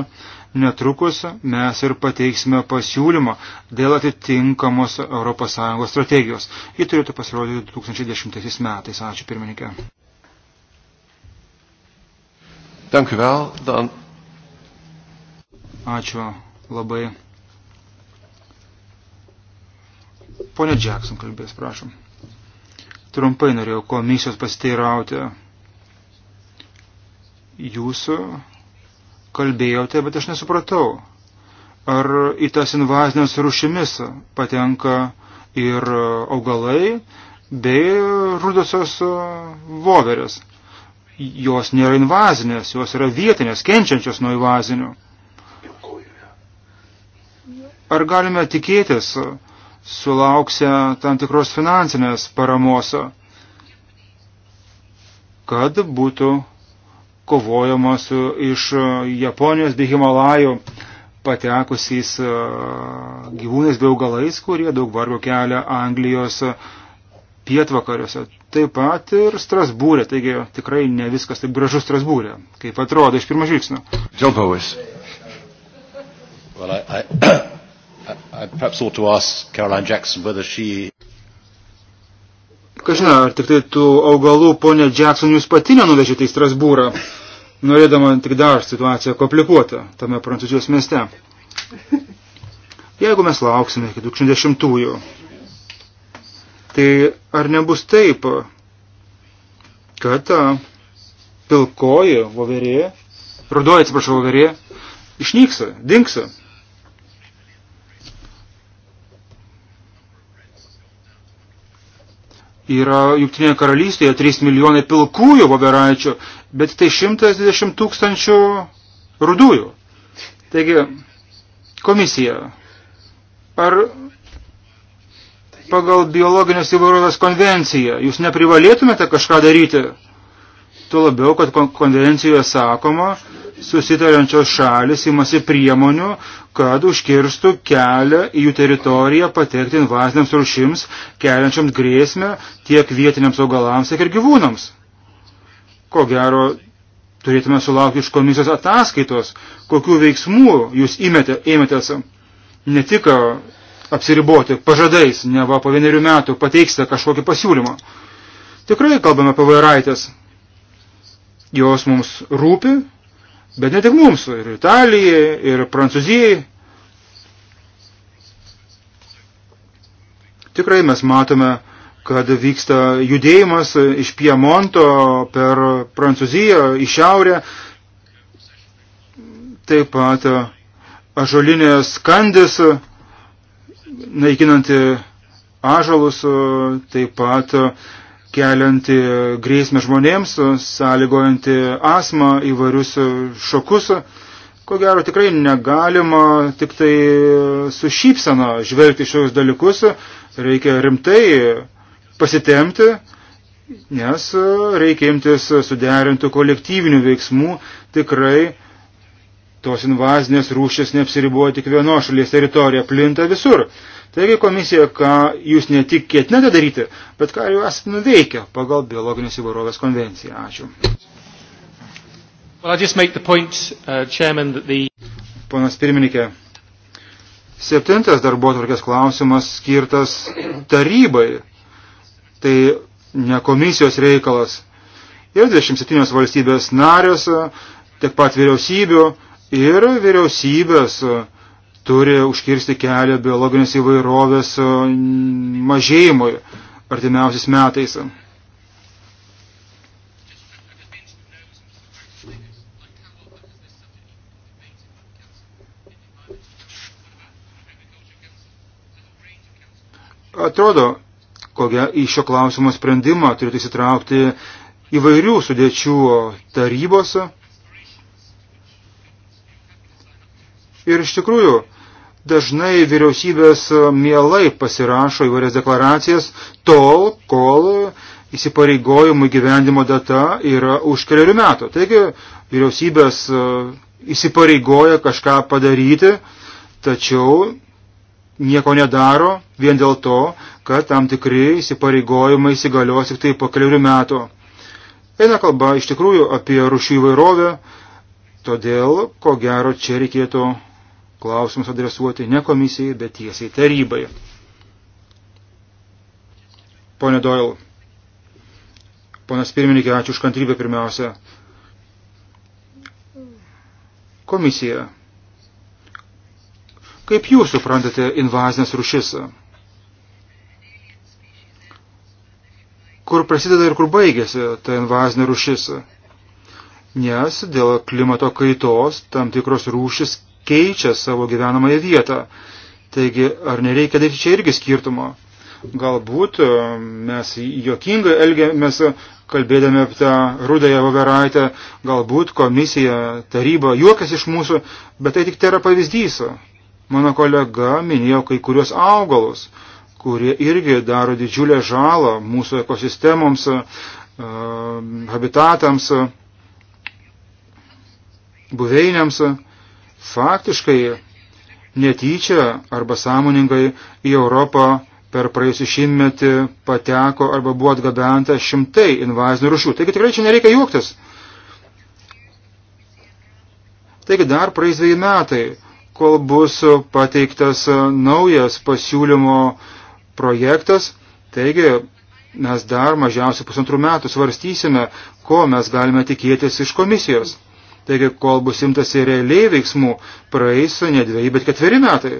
[SPEAKER 2] Netrukus mes ir pateiksime pasiūlymą dėl atitinkamos ES strategijos. Ji turėtų pasirodyti 2010 metais. Ačiū pirmininkė.
[SPEAKER 1] Dank u wel. Dan...
[SPEAKER 2] Ačiū labai. Pone Jackson kalbės, prašom. Trumpai norėjau komisijos pasteirauti. Jūsų kalbėjote, bet aš nesupratau. Ar į tas invazinės rušimis patenka ir augalai bei rudosios voverės? jos nėra invazinės, jos yra vietinės, kenčiančios nuo invazinių. Ar galime tikėtis, sulauksia tam tikros finansinės paramos, kad būtų kovojama su iš Japonijos bei Himalajų patekusiais gyvūnais bei augalais, kurie daug vargo kelia Anglijos uh, pietvakariuose, taip pat ir Strasbūrė, taigi tikrai ne viskas taip gražu Strasbūrė, kaip atrodo iš pirmo žvilgsnio.
[SPEAKER 1] John Powers.
[SPEAKER 5] Well, I, I, I perhaps ought to ask Caroline Jackson whether she... Kažina, ar tik tai tų
[SPEAKER 2] augalų ponė Jackson jūs pati nenuvežėte į Strasbūrą, norėdama tik dar situaciją komplikuotą tame prancūzijos mieste. Jeigu mes lauksime iki 2010-ųjų, Tai ar nebus taip, kad ta pilkoji voverė, rudoji atsiprašau voverė, išnyksa, dinksa? Yra Jungtinėje karalystėje 3 milijonai pilkųjų voveraičių, bet tai 120 tūkstančių rudųjų. Taigi, komisija, ar pagal biologinės įvairovės konvenciją. Jūs neprivalėtumėte kažką daryti. Tuo labiau, kad konvencijoje sakoma, susitariančios šalis imasi priemonių, kad užkirstų kelią į jų teritoriją patekti invaziniams rušims, keliančiams grėsmę tiek vietiniams augalams, tiek ir gyvūnams. Ko gero, turėtume sulaukti iš komisijos ataskaitos, kokių veiksmų jūs imėte, ėmėtės ne tik apsiriboti pažadais, neva po vienerių metų pateiksite kažkokį pasiūlymą. Tikrai kalbame apie vairaitės. Jos mums rūpi, bet ne tik mums, ir Italijai, ir Prancūzijai. Tikrai mes matome, kad vyksta judėjimas iš Piemonto per Prancūziją į šiaurę. Taip pat ažolinės kandis naikinanti ažalus, taip pat kelianti grėsmę žmonėms, sąlygojanti asmą įvairius šokus. Ko gero tikrai negalima tik tai su šypsena žvelgti šios dalykus, reikia rimtai pasitemti, nes reikia imtis suderintų kolektyvinių veiksmų, tikrai Tos invazinės rūšės neapsiribuoja tik vienos šalies teritorija, plinta visur. Taigi komisija, ką jūs ne tik ketinate daryti, bet ką jau esate nuveikę pagal biologinės įvairovės konvenciją. Ačiū.
[SPEAKER 1] Well, point, uh,
[SPEAKER 2] chairman, the... Ponas pirmininkė, septintas darbotvarkės klausimas skirtas tarybai. Tai ne komisijos reikalas. Ir 27 valstybės narios, tiek pat vyriausybių ir vyriausybės e, turi užkirsti kelią biologinės įvairovės e, mažėjimui artimiausiais metais. Atrodo, kokia į šio klausimo sprendimą turėtų įsitraukti įvairių sudėčių tarybose Ir iš tikrųjų, dažnai vyriausybės e, mielai pasirašo įvairias deklaracijas tol, kol įsipareigojimų gyvendimo data yra už keliarių metų. Taigi vyriausybės e, įsipareigoja kažką padaryti, tačiau nieko nedaro vien dėl to, kad tam tikri įsipareigojimai įsigalios tik tai po keliarių metų. Eina kalba iš tikrųjų apie rušių įvairovę, todėl ko gero čia reikėtų klausimus adresuoti ne komisijai, bet tiesiai tarybai. Pone Doyle, ponas pirmininkė, ačiū už kantrybę pirmiausia. Komisija. Kaip jūs suprantate invazinės rušis? Kur prasideda ir kur baigėsi ta invazinė rušis? Nes dėl klimato kaitos tam tikros rūšis keičia savo gyvenamąją vietą. Taigi, ar nereikia daryti čia irgi skirtumo? Galbūt e, mes jokingai elgiamės, kalbėdami apie tą rudąją voveraitę, galbūt komisija, taryba juokas iš mūsų, bet tai tik tai yra pavyzdys. Mano kolega minėjo kai kurios augalus, kurie irgi daro didžiulę žalą mūsų ekosistemoms, e, habitatams, buveiniams faktiškai netyčia arba sąmoningai į Europą per praėjusią šimtmetį pateko arba buvo atgabenta šimtai invazinių rušių. Taigi tikrai čia nereikia juoktis. Taigi dar praeis dviejai metai, kol bus pateiktas naujas pasiūlymo projektas. Taigi mes dar mažiausiai pusantrų metų svarstysime, ko mes galime tikėtis iš komisijos. Taigi, kol bus imtasi realiai veiksmų, praeis ne dviejai, bet ketveri metai.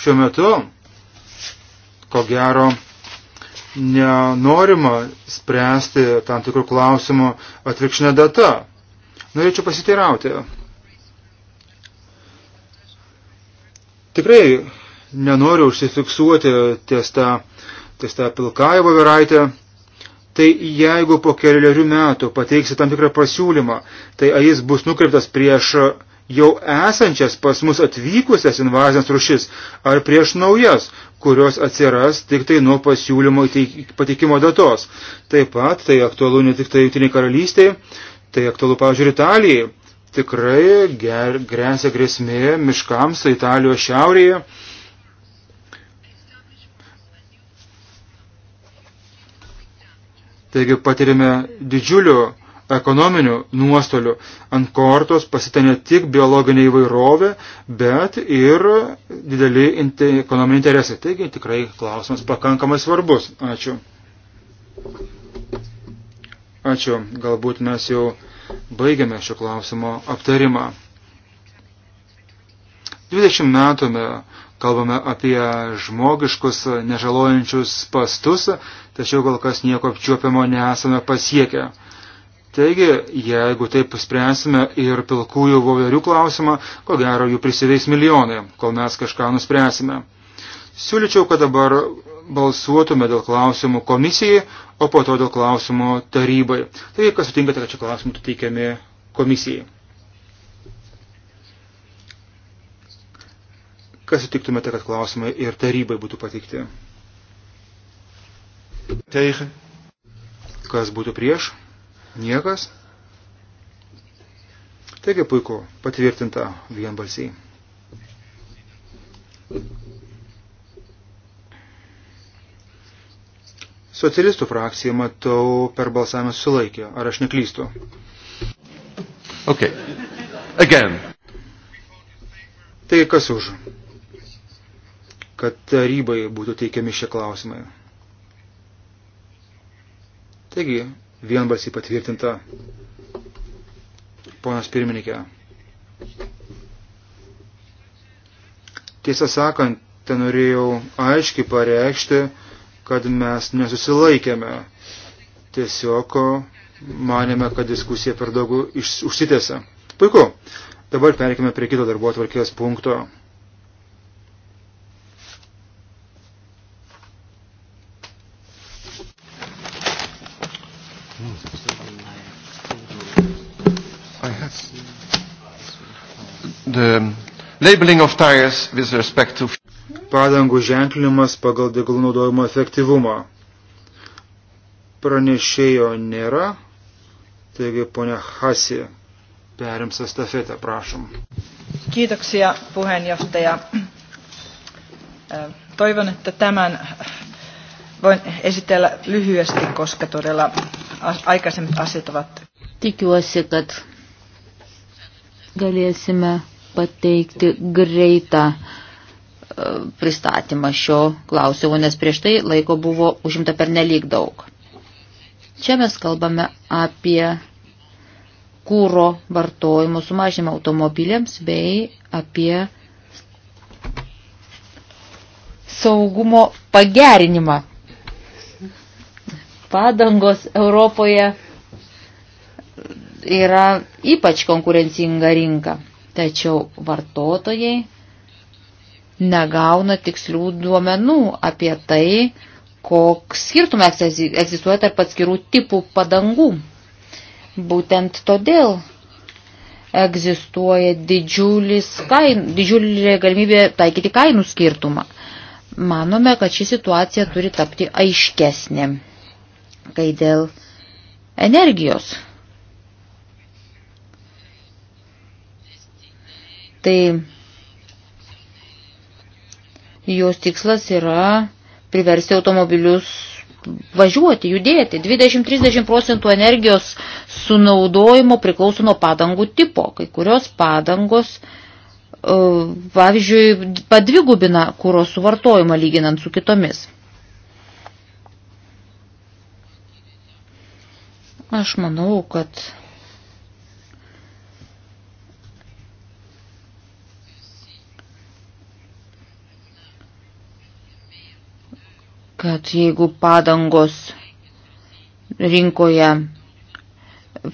[SPEAKER 2] Šiuo metu, ko gero, nenorima spręsti tam tikrų klausimų atvirkšnė data. Norėčiau pasiteirauti. Tikrai nenoriu užsifiksuoti ties tą ties tą pilkąją voveraitę, tai jeigu po keliarių metų pateiksi tam tikrą pasiūlymą, tai jis bus nukreiptas prieš jau esančias pas mus atvykusias invazinės rušis ar prieš naujas, kurios atsiras tik tai nuo pasiūlymo patikimo datos. Taip pat tai aktualu ne tik tai Junktiniai karalystiai, tai aktualu, pavyzdžiui, Italijai. Tikrai ger, grėsia grėsmė miškams Italijos šiaurėje Taigi patirime didžiulių ekonominių nuostolių. Ant kortos pasitenė tik biologinė įvairovė, bet ir dideli ekonominiai interesai. Taigi tikrai klausimas pakankamai svarbus. Ačiū. Ačiū. Galbūt mes jau baigiame šio klausimo aptarimą. 20 metų kalbame apie žmogiškus nežalojančius pastus, tačiau kol kas nieko apčiuopiamo nesame pasiekę. Taigi, jeigu taip spręsime ir pilkųjų voverių klausimą, ko gero jų prisiveis milijonai, kol mes kažką nuspręsime. Siūlyčiau, kad dabar balsuotume dėl klausimų komisijai, o po to dėl klausimų tarybai. Taigi, kas sutinkate, kad čia klausimų teikiami komisijai? Kas sutiktumėte, kad klausimai ir tarybai būtų patikti? Teigia. Kas būtų prieš? Niekas. Taigi puiku, patvirtinta vienbalsiai. Socialistų frakcija, matau, per balsavimą sulaikė. Ar aš neklystu?
[SPEAKER 1] Okay. Again.
[SPEAKER 2] Tai kas už? Kad tarybai būtų teikiami šie klausimai. Taigi, vienbalsiai patvirtinta. Ponas pirmininkė. Tiesą sakant, ten norėjau aiškiai pareikšti, kad mes nesusilaikėme. Tiesiog manėme, kad diskusija per daug užsitėse. Puiku. Dabar perkime prie kito darbo atvarkės punkto.
[SPEAKER 1] the labeling of tires with respect
[SPEAKER 2] to padangų ženklinimas pagal degalų naudojimo efektyvumą. Pranešėjo nėra, taigi ponia Hasi perims estafetę, prašom.
[SPEAKER 5] Kiitoksia puheenjohtaja. Toivon, että tämän voin esitellä lyhyesti, koska todella aikaisemmat asiat ovat.
[SPEAKER 4] Tikiuosi, kad galėsime pateikti greitą e, pristatymą šio klausimo, nes prieš tai laiko buvo užimta per nelik daug. Čia mes kalbame apie kūro vartojimo sumažinimą automobiliams bei apie saugumo pagerinimą. Padangos Europoje yra ypač konkurencinga rinka tačiau vartotojai negauna tikslių duomenų apie tai, koks skirtumas egzistuoja tarp atskirų tipų padangų. Būtent todėl egzistuoja didžiulis kain, didžiulė galimybė taikyti kainų skirtumą. Manome, kad ši situacija turi tapti aiškesnė, kai dėl energijos Tai jos tikslas yra priversti automobilius važiuoti, judėti. 20-30 procentų energijos sunaudojimo priklauso nuo padangų tipo. Kai kurios padangos, e, pavyzdžiui, padvigubina kūros suvartojimą lyginant su kitomis. Aš manau, kad kad jeigu padangos rinkoje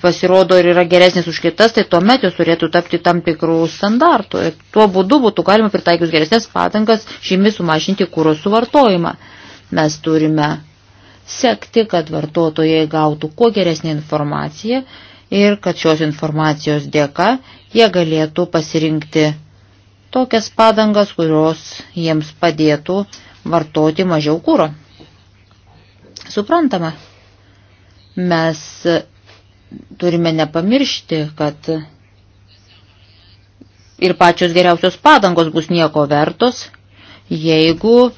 [SPEAKER 4] pasirodo ir yra geresnis už kitas, tai tuomet jos turėtų tapti tam tikrų standartų. Ir tuo būdu būtų galima pritaikius geresnės padangas žymi sumažinti kūros suvartojimą. Mes turime sekti, kad vartotojai gautų kuo geresnį informaciją ir kad šios informacijos dėka jie galėtų pasirinkti tokias padangas, kurios jiems padėtų vartoti mažiau kūro. Suprantama, mes turime nepamiršti, kad ir pačios geriausios padangos bus nieko vertos, jeigu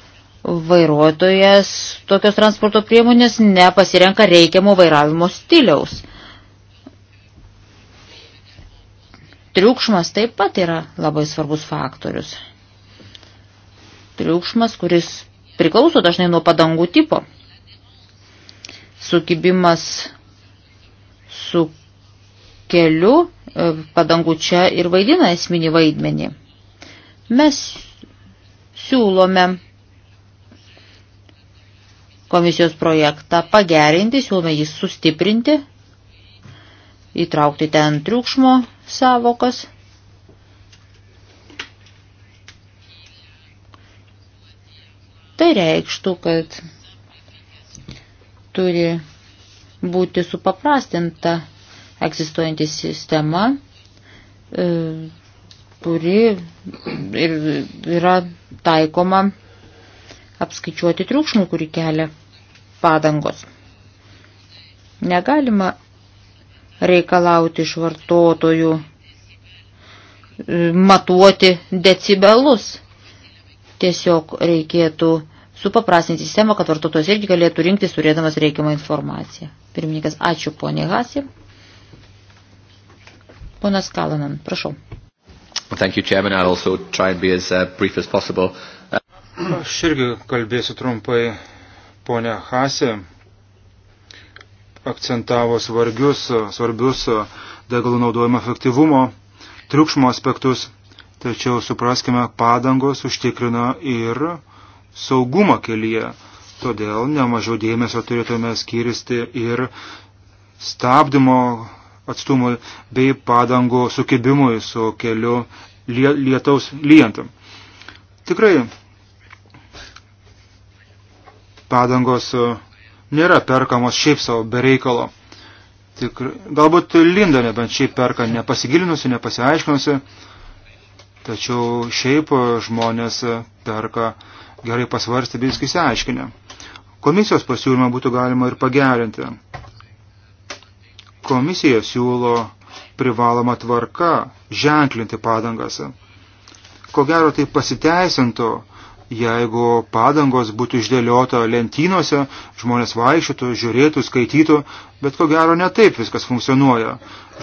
[SPEAKER 4] vairuotojas tokios transporto priemonės nepasirenka reikiamo vairavimo stiliaus. Triukšmas taip pat yra labai svarbus faktorius triukšmas, kuris priklauso dažnai nuo padangų tipo. Sukibimas su keliu e, padangų čia ir vaidina esminį vaidmenį. Mes siūlome komisijos projektą pagerinti, siūlome jį sustiprinti, įtraukti ten triukšmo savokas Tai reikštų, kad turi būti supaprastinta egzistuojanti sistema, e, kuri yra taikoma apskaičiuoti triukšmų, kurį kelia padangos. Negalima reikalauti iš vartotojų e, matuoti decibelus. Tiesiog reikėtų supaprastinti sistemą, kad vartotojas irgi galėtų rinktis, turėdamas reikiamą informaciją. Pirmininkas, ačiū ponė Hasi. Ponas Kalanan, prašau.
[SPEAKER 1] Thank you, Chairman. I'll also try and be as uh, brief as possible. Uh...
[SPEAKER 2] Aš irgi kalbėsiu trumpai, ponė Hasi akcentavo svarbius, svarbius degalų naudojimo efektyvumo, triukšmo aspektus, tačiau supraskime, padangos užtikrina ir saugumo kelyje. Todėl nemažiau dėmesio turėtume skirsti ir stabdymo atstumui bei padangų sukibimui su keliu lietaus lyjantam. Tikrai padangos e, nėra perkamos šiaip savo bereikalo. Tik, galbūt Linda nebent šiaip perka nepasigilinusi, nepasiaiškinusi, tačiau šiaip žmonės perka gerai pasvarstę bei viską įsiaiškinę. Komisijos pasiūlymą būtų galima ir pagerinti. Komisija siūlo privaloma tvarka ženklinti padangas. Ko gero tai pasiteisintų, jeigu padangos būtų išdėliota lentynose, žmonės vaikščiotų, žiūrėtų, skaitytų, bet ko gero netaip viskas funkcionuoja.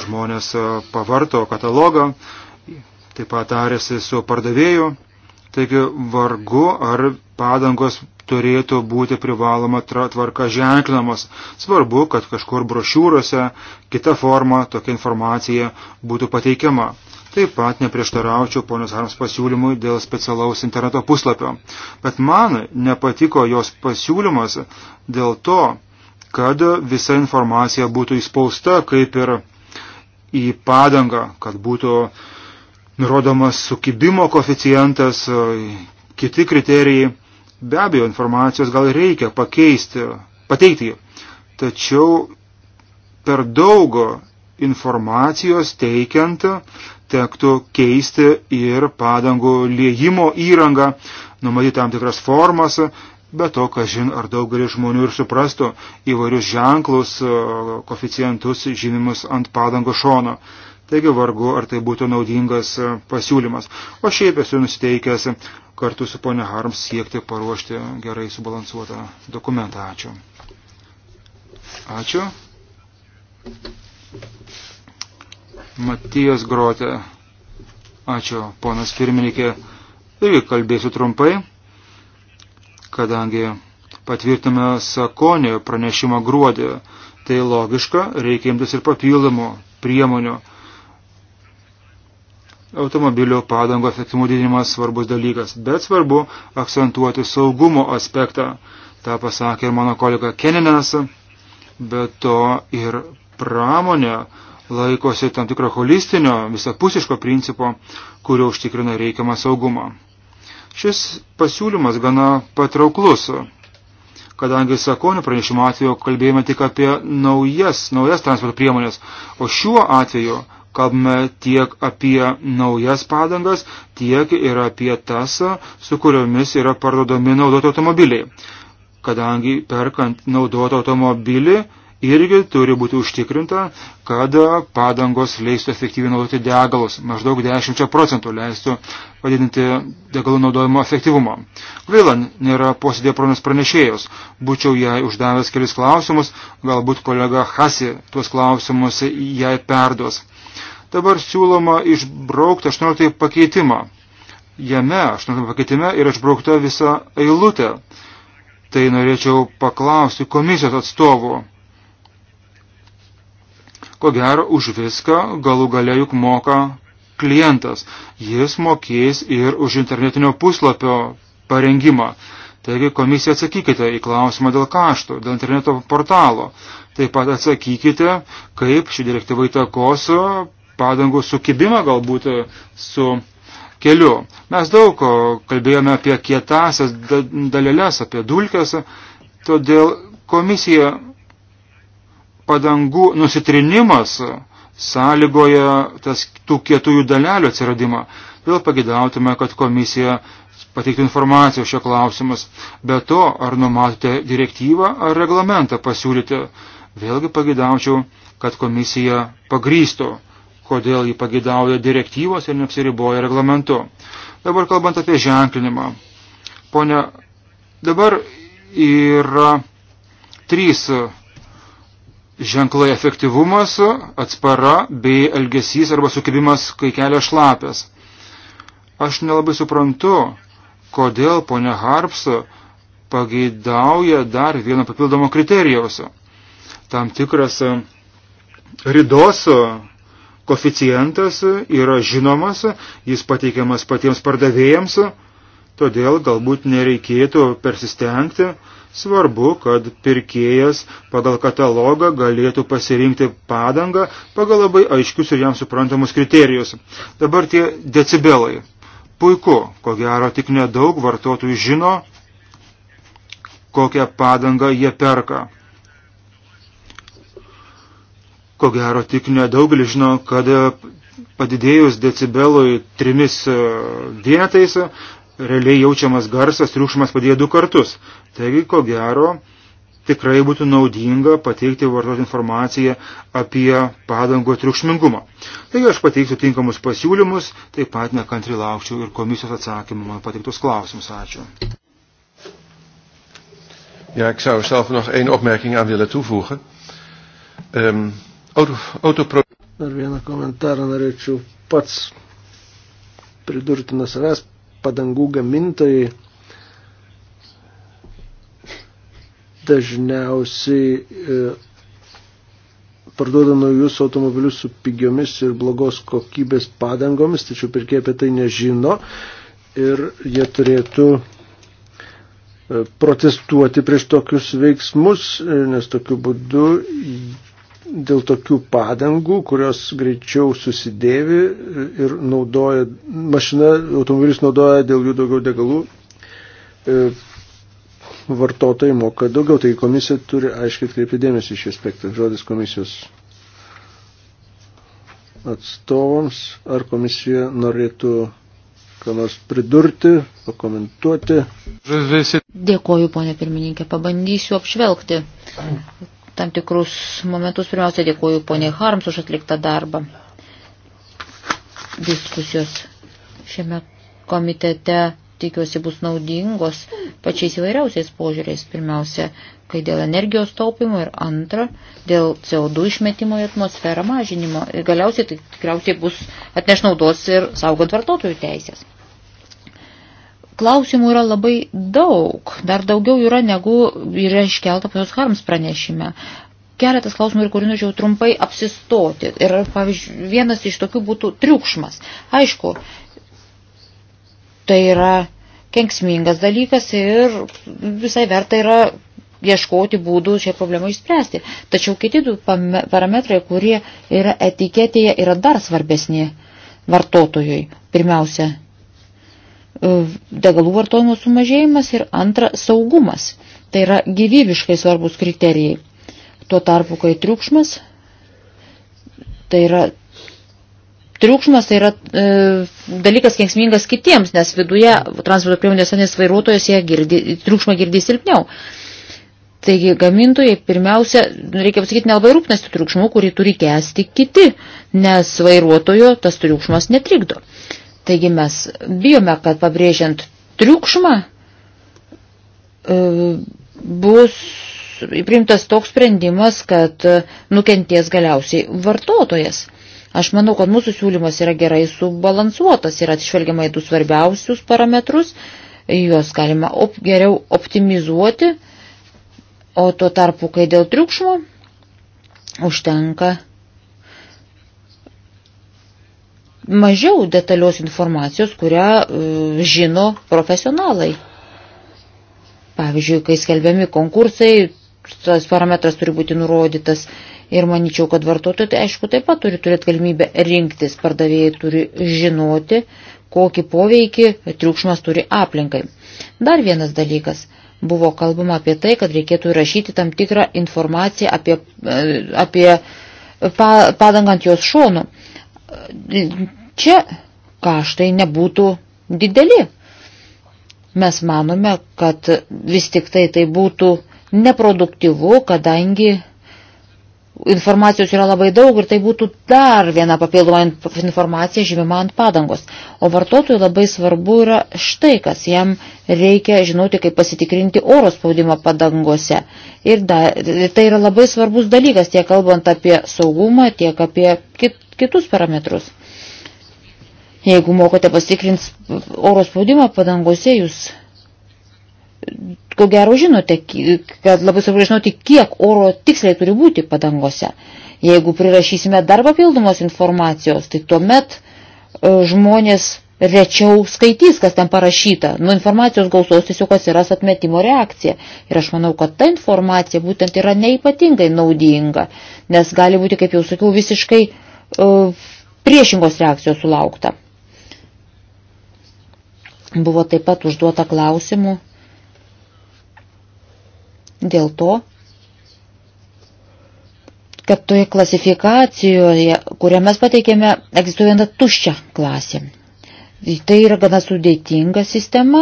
[SPEAKER 2] Žmonės pavarto katalogą, taip pat tarėsi su pardavėju Taigi vargu ar padangos turėtų būti privaloma tvarka ženklinamos. Svarbu, kad kažkur brošiūrose kita forma tokia informacija būtų pateikiama. Taip pat neprieštaraučiau ponios Harms pasiūlymui dėl specialaus interneto puslapio. Bet man nepatiko jos pasiūlymas dėl to, kad visa informacija būtų įspausta kaip ir į padangą, kad būtų uh, nurodomas sukibimo koficijantas, kiti kriterijai. Be abejo, informacijos gal reikia pakeisti, pateikti jį. Tačiau per daug informacijos teikiant tektų keisti ir padangų liejimo įrangą, numatyti tam tikras formas, bet to, ką žin, ar daugelis žmonių ir suprastų įvairius ženklus, koficijantus žymimus ant padangų šono. Taigi vargu, ar tai būtų naudingas e, pasiūlymas. O šiaip esu nusteikęs kartu su ponia Harms siekti paruošti gerai subalansuotą dokumentą. Ačiū. Ačiū. Matijas Grotė. Ačiū, ponas pirmininkė. Irgi kalbėsiu trumpai, kadangi patvirtame Sakonio pranešimą gruodį. Tai logiška, reikia imtis ir papildomų priemonių automobilio padango efektyvumo didinimas svarbus dalykas, bet svarbu akcentuoti saugumo aspektą. Ta pasakė ir mano kolega Keninas, bet to ir pramonė laikosi tam tikro holistinio, visapusiško principo, kurio užtikrina reikiamą saugumą. Šis pasiūlymas gana patrauklus, kadangi sakonių pranešimo atveju kalbėjome tik apie naujas, naujas transporto priemonės, o šiuo atveju kalbame tiek apie naujas padangas, tiek ir apie tas, su kuriomis yra parduodami naudoti automobiliai. Kadangi perkant naudotą automobilį irgi turi būti užtikrinta, kad padangos leistų efektyviai naudoti degalus, maždaug 10 procentų leistų padidinti degalų naudojimo efektyvumą. Gaila, nėra posėdė pronas pranešėjos. Būčiau jai uždavęs kelis klausimus, galbūt kolega Hasi tuos klausimus jai perduos. Dabar siūloma išbraukti 18 pakeitimą. Jame 18 pakeitime yra išbraukta visa eilutė. Tai norėčiau paklausti komisijos atstovų. Ko gero, už viską galų galia juk moka klientas. Jis mokės ir už internetinio puslapio parengimą. Taigi komisija atsakykite į klausimą dėl kaštų, dėl interneto portalo. Taip pat atsakykite, kaip ši direktyva įtakos padangų sukibimą galbūt su keliu. Mes daug kalbėjome apie kietasias dalelės, apie dulkes, todėl komisija padangų nusitrinimas sąlygoja tas tų kietųjų dalelių atsiradimą. Vėl pagidautume, kad komisija pateiktų informacijos šio klausimas. Be to, ar numatote direktyvą ar reglamentą pasiūlyti, vėlgi pagidaučiau, kad komisija pagrysto kodėl jį pagidauja direktyvos ir neapsiriboja reglamentu. Dabar kalbant apie ženklinimą. Pone, dabar yra trys ženklai efektyvumas, atspara bei elgesys arba sukibimas, kai kelia šlapės. Aš nelabai suprantu, kodėl ponia Harps pageidauja dar vieno papildomo kriterijaus. Tam tikras ridos koficijantas yra žinomas, jis pateikiamas patiems pardavėjams, todėl galbūt nereikėtų persistengti. Svarbu, kad pirkėjas pagal katalogą galėtų pasirinkti padangą pagal labai aiškius ir jam suprantamus kriterijus. Dabar tie decibelai. Puiku, ko gero tik nedaug vartotojų žino, kokią padangą jie perka. Ko gero, tik nedaugelis žino, kad e, padidėjus decibelui trimis vienetais, e, e, realiai jaučiamas garsas, triukšmas padėjo du kartus. Taigi, ko gero, tikrai būtų naudinga pateikti vartoti informaciją apie padango triukšmingumą. Taigi aš pateiksiu tinkamus pasiūlymus, taip pat nekantri laukčiau ir komisijos atsakymų man pateiktus klausimus.
[SPEAKER 1] Ačiū. Ja, ik zou zelf nog één opmerking aan willen toevoegen. Um,
[SPEAKER 3] Autopro... Dar vieną komentarą norėčiau pats pridurti nuo savęs. Padangų gamintojai dažniausiai e, parduoda naujus automobilius su pigiomis ir blogos kokybės padangomis, tačiau pirkėjai apie tai nežino ir jie turėtų e, protestuoti prieš tokius veiksmus, e, nes tokiu būdu dėl tokių padangų, kurios greičiau susidėvi ir naudoja, mašina, automobilis naudoja dėl jų daugiau degalų, e, vartotojai moka daugiau, tai komisija turi aiškiai atkreipti dėmesį šį aspektą. Žodis komisijos atstovams, ar komisija norėtų ką nors pridurti, pakomentuoti.
[SPEAKER 4] Dėkoju, ponė pirmininkė, pabandysiu apšvelgti tam tikrus momentus. Pirmiausia, dėkuoju poniai Harms už atliktą darbą. Diskusijos šiame komitete tikiuosi bus naudingos pačiais įvairiausiais požiūriais. Pirmiausia, kai dėl energijos taupimo ir antra, dėl CO2 išmetimo į atmosferą mažinimo. Ir galiausiai tai tikriausiai bus atneš naudos ir saugot vartotojų teisės klausimų yra labai daug, dar daugiau yra negu yra iškelta pas Harms pranešime. Keletas klausimų ir kurių norėčiau trumpai apsistoti. Ir, pavyzdžiui, vienas iš tokių būtų triukšmas. Aišku, tai yra kenksmingas dalykas ir visai verta yra ieškoti būdų šią problemą išspręsti. Tačiau kiti du parametrai, kurie yra etiketėje, yra dar svarbesni vartotojui. Pirmiausia, degalų vartojimo sumažėjimas ir antra saugumas. Tai yra gyvybiškai svarbus kriterijai. Tuo tarpu, kai triukšmas, tai yra triukšmas tai yra e, dalykas kenksmingas kitiems, nes viduje transporto priemonės anės vairuotojas girdi, triukšmą girdi silpniau. Taigi gamintojai pirmiausia, reikia pasakyti, nelabai rūpnasi triukšmu, kurį turi kesti kiti, nes vairuotojo tas triukšmas netrikdo. E, Taigi mes bijome, kad pabrėžiant triukšmą e, bus priimtas toks sprendimas, kad e, nukenties galiausiai vartotojas. Aš manau, kad mūsų siūlymas yra gerai subalansuotas ir atšvelgiama į du svarbiausius parametrus, juos galima op, geriau optimizuoti, o tuo tarpu, kai dėl triukšmo, užtenka mažiau detalios informacijos, kurią e, žino profesionalai. Pavyzdžiui, kai skelbiami konkursai, tas parametras turi būti nurodytas ir manyčiau, kad vartotojai, tai aišku, taip pat turi turėti galimybę rinktis, pardavėjai turi žinoti, kokį poveikį triukšmas turi aplinkai. Dar vienas dalykas. Buvo kalbama apie tai, kad reikėtų rašyti tam tikrą informaciją apie, e, apie padangant jos šonų čia kaštai nebūtų dideli. Mes manome, kad vis tik tai tai būtų neproduktyvu, kadangi informacijos yra labai daug ir tai būtų dar viena papildoma informacija žymima ant padangos. O vartotojui labai svarbu yra štai, kas jam reikia žinoti, kaip pasitikrinti oro spaudimą padangose. Ir da, tai yra labai svarbus dalykas tiek kalbant apie saugumą, tiek apie kit, kitus parametrus. Jeigu mokote pasikrins oro spaudimą padangose, jūs ko gero žinote, kad labai svarbu žinoti, kiek oro tiksliai turi būti padangose. Jeigu prirašysime dar papildomos informacijos, tai tuomet e, žmonės rečiau skaitys, kas ten parašyta. Nuo informacijos gausos tiesiog atsiras atmetimo reakcija. Ir aš manau, kad ta informacija būtent yra neipatingai naudinga, nes gali būti, kaip jau sakiau, visiškai uh, priešingos reakcijos sulaukta. Buvo taip pat užduota klausimų dėl to, kad toje klasifikacijoje, kurią mes pateikėme, egzistuoja viena tuščia klasė. Tai yra gana sudėtinga sistema,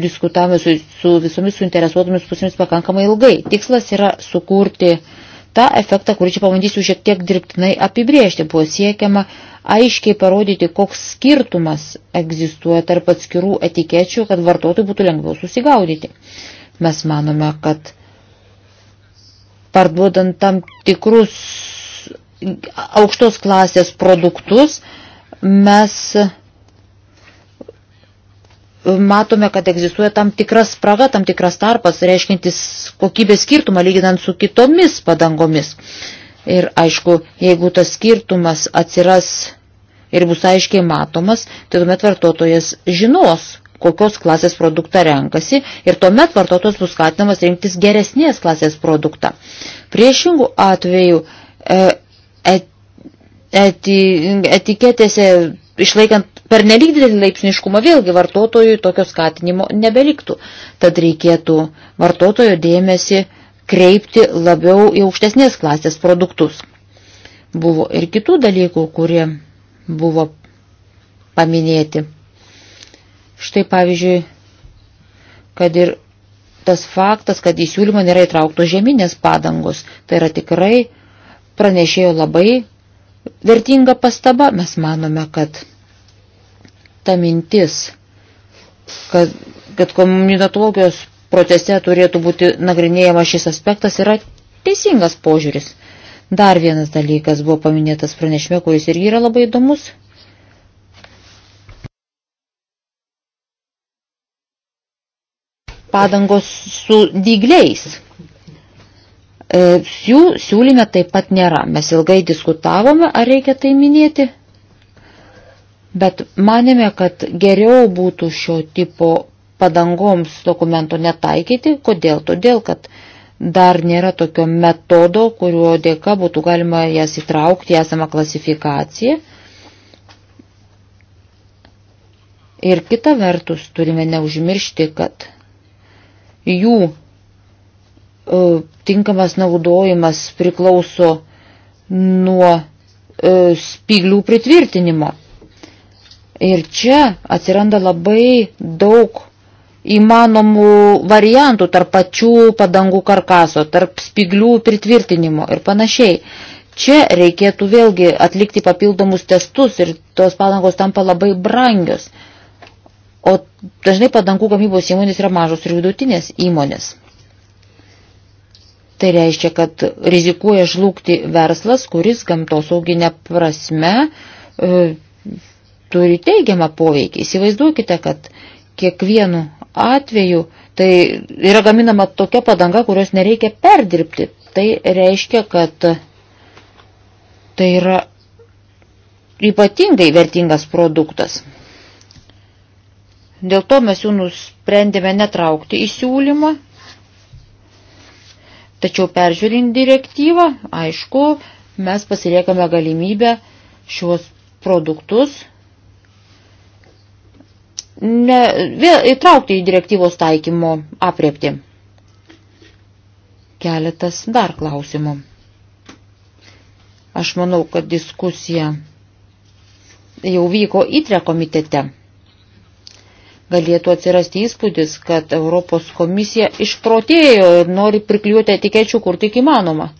[SPEAKER 4] diskutavome su, su visomis suinteresuotomis pusėmis pakankamai ilgai. Tikslas yra sukurti uh, tą efektą, kurį čia pabandysiu šiek tiek dirbtinai apibriežti, buvo siekiama aiškiai parodyti, koks skirtumas egzistuoja tarp atskirų etikečių, kad vartotojai būtų lengviau susigaudyti. Mes manome, kad parduodant tam tikrus aukštos klasės produktus, mes matome, kad egzistuoja tam tikras spraga, tam tikras tarpas, reiškintis kokybės skirtumą lyginant su kitomis padangomis. Ir aišku, jeigu tas skirtumas atsiras ir bus aiškiai matomas, tai tuomet vartotojas žinos, kokios klasės produktą renkasi ir tuomet vartotojas bus skatinamas rinktis geresnės klasės produktą. Priešingų atveju e, et, eti, etiketėse išlaikant per nelik didelį laipsniškumą vėlgi vartotojui tokio skatinimo nebeliktų. Tad reikėtų vartotojo dėmesį kreipti labiau į aukštesnės klasės produktus. Buvo ir kitų dalykų, kurie buvo paminėti. Štai pavyzdžiui, kad ir tas faktas, kad į siūlymą nėra įtrauktos žeminės padangos, tai yra tikrai pranešėjo labai vertinga pastaba. Mes manome, kad ta mintis, kad, kad komunitologijos proteste turėtų būti nagrinėjama šis aspektas, yra teisingas požiūris. Dar vienas dalykas buvo paminėtas pranešime, kuris irgi yra labai įdomus. Padangos su dygliais. Jų e, siūlyme taip pat nėra. Mes ilgai diskutavome, ar reikia tai minėti bet manėme, kad geriau būtų šio tipo padangoms dokumento netaikyti. Kodėl? Todėl, kad dar nėra tokio metodo, kurio dėka būtų galima jas įtraukti į esamą klasifikaciją. Ir kita vertus turime neužmiršti, kad jų uh, tinkamas naudojimas priklauso nuo uh, spyglių pritvirtinimo. Ir čia atsiranda labai daug įmanomų variantų tarp pačių padangų karkaso, tarp spiglių pritvirtinimo ir panašiai. Čia reikėtų vėlgi atlikti papildomus testus ir tos padangos tampa labai brangios. O dažnai padangų gamybos įmonės yra mažos ir vidutinės įmonės. Tai reiškia, kad rizikuoja žlugti verslas, kuris gamtosauginė prasme e, turi teigiamą poveikį. Įsivaizduokite, kad kiekvienu atveju tai yra gaminama tokia padanga, kurios nereikia perdirbti. Tai reiškia, kad tai yra ypatingai vertingas produktas. Dėl to mes jų nusprendėme netraukti į siūlymą, tačiau peržiūrint direktyvą, aišku, mes pasiliekame galimybę šiuos produktus ne, vėl įtraukti į direktyvos taikymo apriepti. Keletas dar klausimų. Aš manau, kad diskusija jau vyko įtre komitete. Galėtų atsirasti įspūdis, kad Europos komisija išprotėjo ir nori priklijuoti etikečių kur tik įmanoma.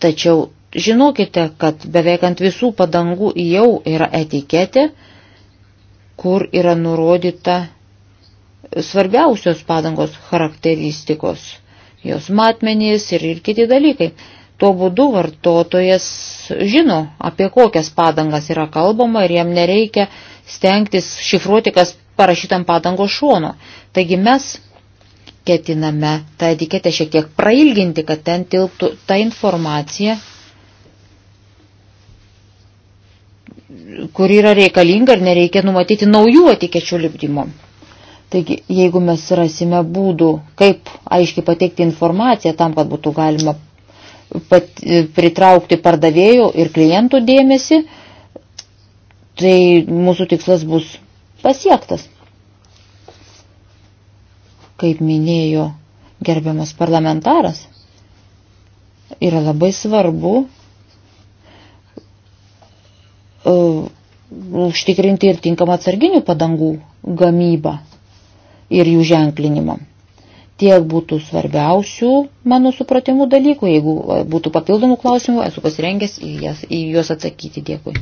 [SPEAKER 4] Tačiau žinokite, kad beveik ant visų padangų jau yra etiketė, kur yra nurodyta svarbiausios padangos charakteristikos, jos matmenys ir, ir kiti dalykai. Tuo būdu vartotojas žino, apie kokias padangas yra kalbama ir jam nereikia stengtis šifruoti, kas parašytam padangos šono. Taigi mes ketiname tą etiketę šiek tiek prailginti, kad ten tilptų ta informacija, kur yra reikalinga ir nereikia numatyti naujų etikečių lipdymo. Taigi, jeigu mes rasime būdų, kaip aiškiai pateikti informaciją tam, kad būtų galima pat, pritraukti pardavėjų ir klientų dėmesį, tai mūsų tikslas bus pasiektas. Kaip minėjo gerbiamas parlamentaras, yra labai svarbu E, užtikrinti ir tinkamą atsarginių padangų gamybą ir jų ženklinimą. Tiek būtų svarbiausių mano supratimų dalykų. Jeigu e, būtų papildomų klausimų, esu pasirengęs į, jas, į juos atsakyti. Dėkui.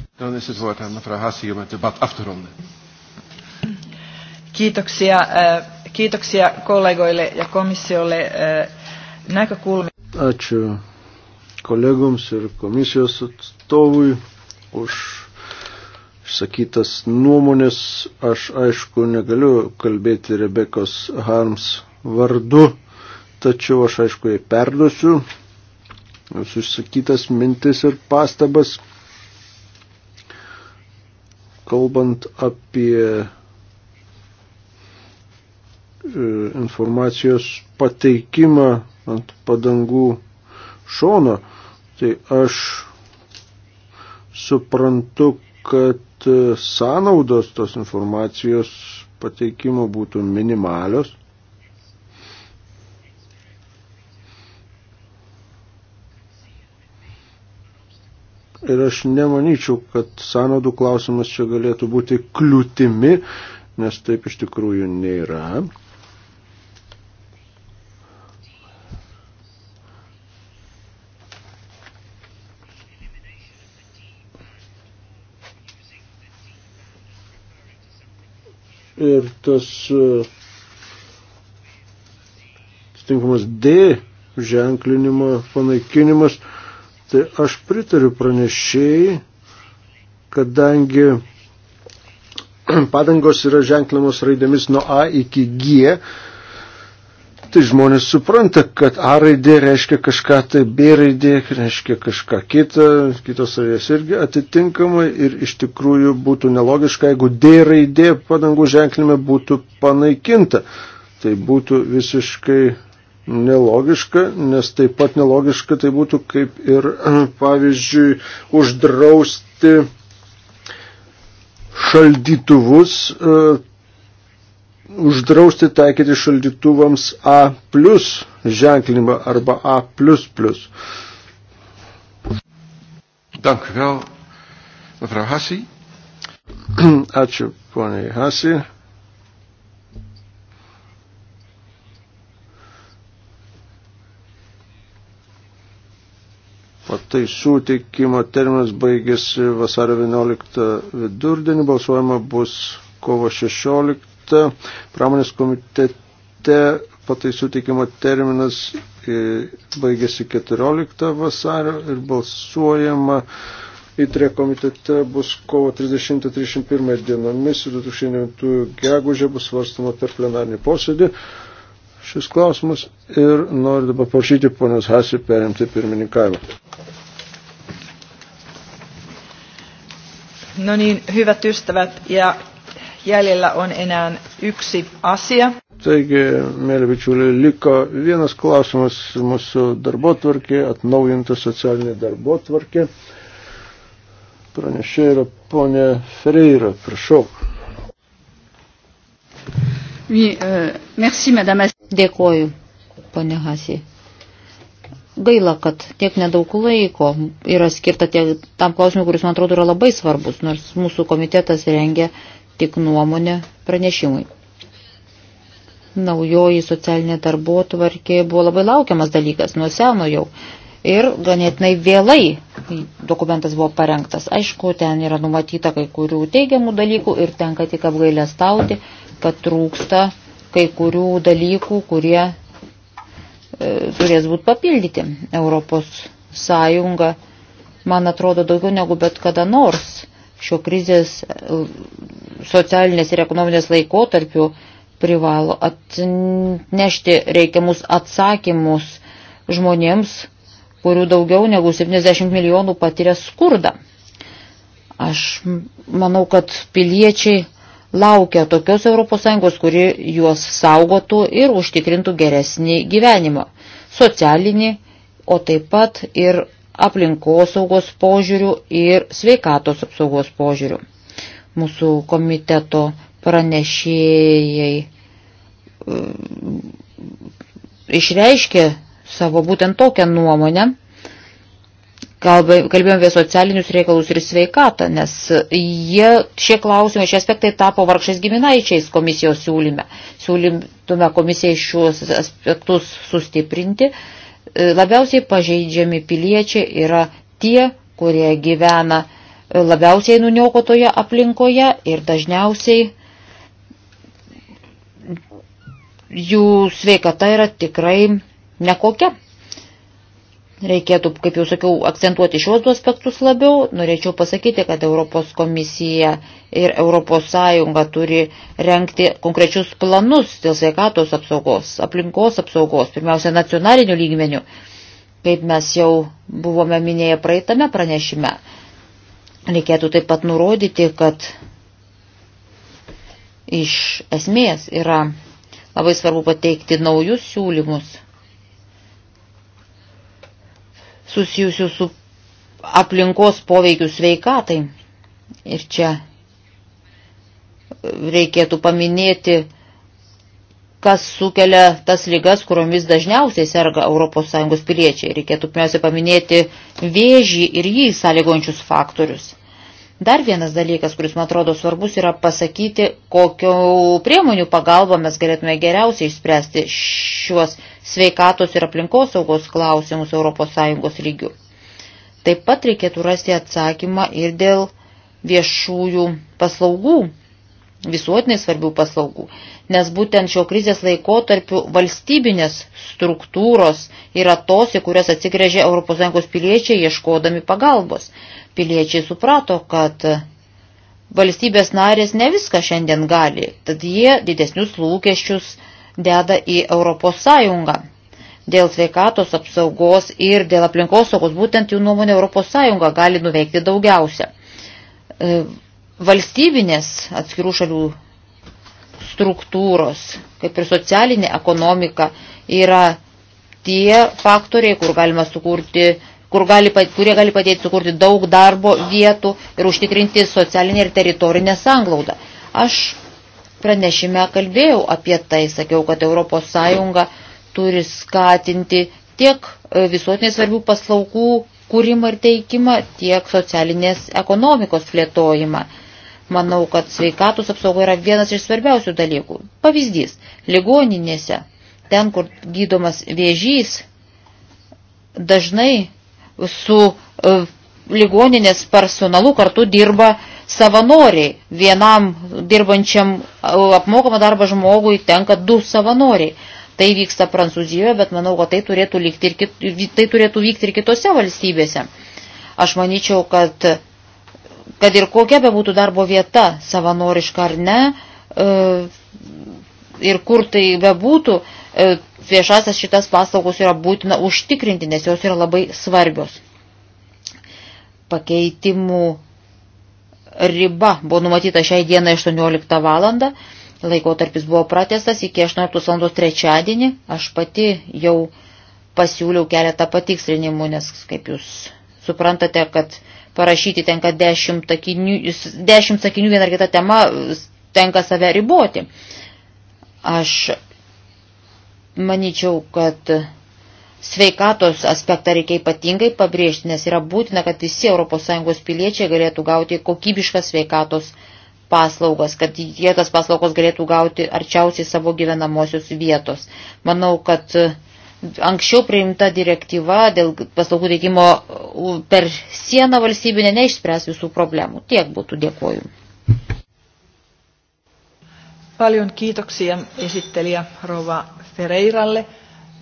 [SPEAKER 4] Kiitoksia,
[SPEAKER 5] e, kiitoksia kollegoille ja komissiolle näkökulmia.
[SPEAKER 3] Ačiū kolegoms ir komisijos atstovui už išsakytas nuomonės. Aš aišku negaliu kalbėti Rebekos Harms vardu, tačiau aš aišku jai perduosiu jūsų išsakytas mintis ir pastabas. Kalbant apie e, informacijos pateikimą ant padangų šono, tai aš suprantu, kad E, sąnaudos tos informacijos pateikimo būtų minimalios. Ir aš nemanyčiau, kad sąnaudų klausimas čia galėtų būti kliūtimi, nes taip iš tikrųjų nėra. ir tas e, tinkamas D ženklinimo panaikinimas, tai aš pritariu pranešėjai, kadangi padangos yra ženklinamos raidėmis nuo A iki G, tai žmonės supranta, kad A raidė reiškia kažką, tai B raidė reiškia kažką kitą, kitos raidės irgi atitinkamai ir iš tikrųjų būtų nelogiška, jeigu D raidė padangų ženklime būtų panaikinta. Tai būtų visiškai nelogiška, nes taip pat nelogiška tai būtų kaip ir, pavyzdžiui, uždrausti šaldytuvus e, uždrausti taikyti šaldytuvams A plus ženklinimą arba A plus plus. Dank u wel, mevrouw Hassi. Ačiū, poniai Hassi. pataisų teikimo terminas baigėsi vasario 11 vidurdienį, balsuojama bus kovo 16, pramonės komitete pataisų teikimo terminas e, baigėsi 14 vasario ir balsuojama įtrė komitete bus kovo 30-31 dienomis ir 2009 gegužė bus svarstama per plenarnį posėdį šis klausimas ir noriu dabar prašyti ponios Hasi perimti pirmininkavimą.
[SPEAKER 5] No niin, hyvät ystävät ja jäljellä on enää yksi asia.
[SPEAKER 3] Taigi, mėly bičiuliai, liko vienas klausimas mūsų darbotvarkė, atnaujinta socialinė darbotvarkė. Pranešė yra ponė Ferreira, prašau.
[SPEAKER 4] Oui, euh, merci, madame. Dėkoju, ponė Hasi. Gaila, kad tiek nedaug laiko yra skirta tiek tam klausimui, kuris, man atrodo, yra labai svarbus, nors mūsų komitetas rengia tik nuomonę pranešimui. Naujoji socialinė darbotvarkė buvo labai laukiamas dalykas, nuo seno jau. Ir ganėtinai vėlai dokumentas buvo parengtas. Aišku, ten yra numatyta kai kurių teigiamų dalykų ir tenka tik apgailę stauti, kad trūksta kai kurių dalykų, kurie e, turės būti papildyti. Europos sąjunga, man atrodo, daugiau negu bet kada nors šio krizės e, socialinės ir ekonominės laikotarpių privalo atnešti reikiamus atsakymus žmonėms, kurių daugiau negu 70 milijonų patiria skurdą. Aš manau, kad piliečiai laukia tokios ES, kuri juos saugotų ir užtikrintų geresnį gyvenimą, socialinį, o taip pat ir aplinkosaugos požiūrių ir sveikatos apsaugos požiūrių. Mūsų komiteto pranešėjai e, išreiškė savo būtent tokią nuomonę. Kalbėjom apie socialinius reikalus ir sveikatą, nes jie, šie klausimai, šie aspektai tapo vargšais giminaičiais komisijos siūlyme. Siūlytume komisijai šiuos aspektus sustiprinti E, labiausiai pažeidžiami piliečiai yra tie, kurie gyvena e, labiausiai nuniokotoje aplinkoje ir dažniausiai jų sveikata yra tikrai nekokia. Reikėtų, kaip jau sakiau, akcentuoti šios du aspektus labiau. Norėčiau pasakyti, kad Europos komisija ir Europos Sąjunga turi renkti konkrečius planus dėl sveikatos apsaugos, aplinkos apsaugos, pirmiausia, nacionalinių lygmenių, kaip mes jau buvome minėję praeitame pranešime. Reikėtų taip pat nurodyti, kad iš esmės yra labai svarbu pateikti naujus siūlymus susijusių su aplinkos poveikiu sveikatai. Ir čia reikėtų paminėti, kas sukelia tas lygas, kuriomis dažniausiai serga ES piliečiai. Reikėtų pirmiausia paminėti vėžį ir jį sąlygojančius faktorius. Dar vienas dalykas, kuris man atrodo svarbus, yra pasakyti, kokio priemonių pagalba mes galėtume geriausiai išspręsti šiuos sveikatos ir aplinkosaugos klausimus ES lygių. Taip pat reikėtų rasti atsakymą ir dėl viešųjų paslaugų, visuotinai svarbių paslaugų, nes būtent šio krizės laikotarpiu valstybinės struktūros yra tos, į kurias atsigrėžė ES piliečiai ieškodami pagalbos. Piliečiai suprato, kad valstybės narės ne viską šiandien gali, tad jie didesnius lūkesčius deda į Europos Sąjungą dėl sveikatos apsaugos ir dėl aplinkos saugos, būtent jų nuomonė Europos Sąjunga gali nuveikti daugiausia. E, valstybinės atskirų šalių struktūros, kaip ir socialinė ekonomika, yra tie faktoriai, kur galima sukurti kur gali, kurie gali padėti sukurti daug darbo vietų ir užtikrinti socialinę ir teritorinę sanglaudą. Aš Pranešime kalbėjau apie tai, sakiau, kad Europos Sąjunga turi skatinti tiek e, visuotinai svarbių paslaugų kūrimą ir teikimą, tiek socialinės ekonomikos plėtojimą. Manau, kad sveikatos apsauga yra vienas iš svarbiausių dalykų. Pavyzdys, ligoninėse, ten, kur gydomas vėžys, dažnai su e, ligoninės personalu kartu dirba savanoriai. Vienam dirbančiam e, apmokamą darbą žmogui tenka du savanoriai. Tai vyksta Prancūzijoje, bet manau, kad tai turėtų, likti ir kit, tai turėtų vykti ir kitose valstybėse. Aš manyčiau, kad, kad ir kokia be būtų darbo vieta, savanoriška ar ne, e, ir kur tai be būtų, e, viešasias šitas paslaugos yra būtina užtikrinti, nes jos yra labai svarbios. Pakeitimų riba buvo numatyta šiai dienai 18 valandą, laikotarpis buvo pratestas iki 18 valandos trečiadienį, aš pati jau pasiūliau keletą patikslinimų, nes kaip jūs suprantate, kad parašyti tenka 10 sakinių, 10 sakinių vieną ar kitą temą, tenka save riboti. Aš manyčiau, kad Sveikatos aspektą reikia ypatingai pabrėžti, nes yra būtina, kad visi ES piliečiai galėtų gauti kokybišką sveikatos paslaugas, kad jie tas paslaugos galėtų gauti arčiausiai savo gyvenamosios vietos. Manau, kad e, anksčiau priimta direktyva dėl paslaugų teikimo e, per sieną valstybinę neišspręs visų problemų. Tiek būtų dėkoju.
[SPEAKER 5] Paljon kiitoksia esittelijä Rova Ferreiralle.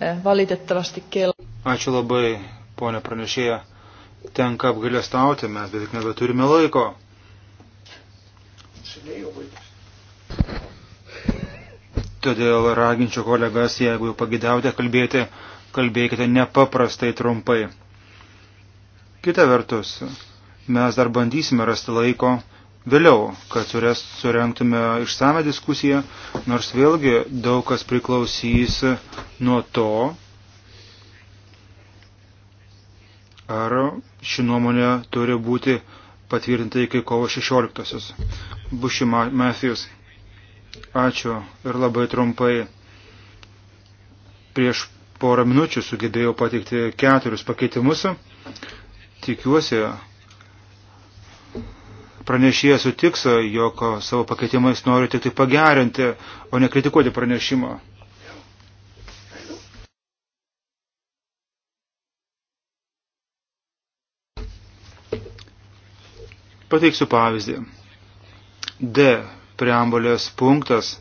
[SPEAKER 5] E, valitettavasti kello.
[SPEAKER 2] Ačiū labai, ponė pranešėja. Tenka apgailestauti, mes beveik nebeturime laiko. Todėl raginčiau kolegas, jeigu jau pagidavote kalbėti, kalbėkite nepaprastai trumpai. Kita vertus, mes dar bandysime rasti laiko vėliau, kad surenktume išsame diskusiją, nors vėlgi daug kas priklausys nuo to, ar ši nuomonė turi būti patvirtinta iki kovo 16-osios. Bushi Matthews. Ačiū ir labai trumpai. Prieš porą minučių sugebėjau pateikti keturis pakeitimus. Tikiuosi, pranešėjas sutiks, jog savo pakeitimais nori tik tai pagerinti, o ne kritikuoti pranešimą. Pateiksiu pavyzdį. D. Preambulės punktas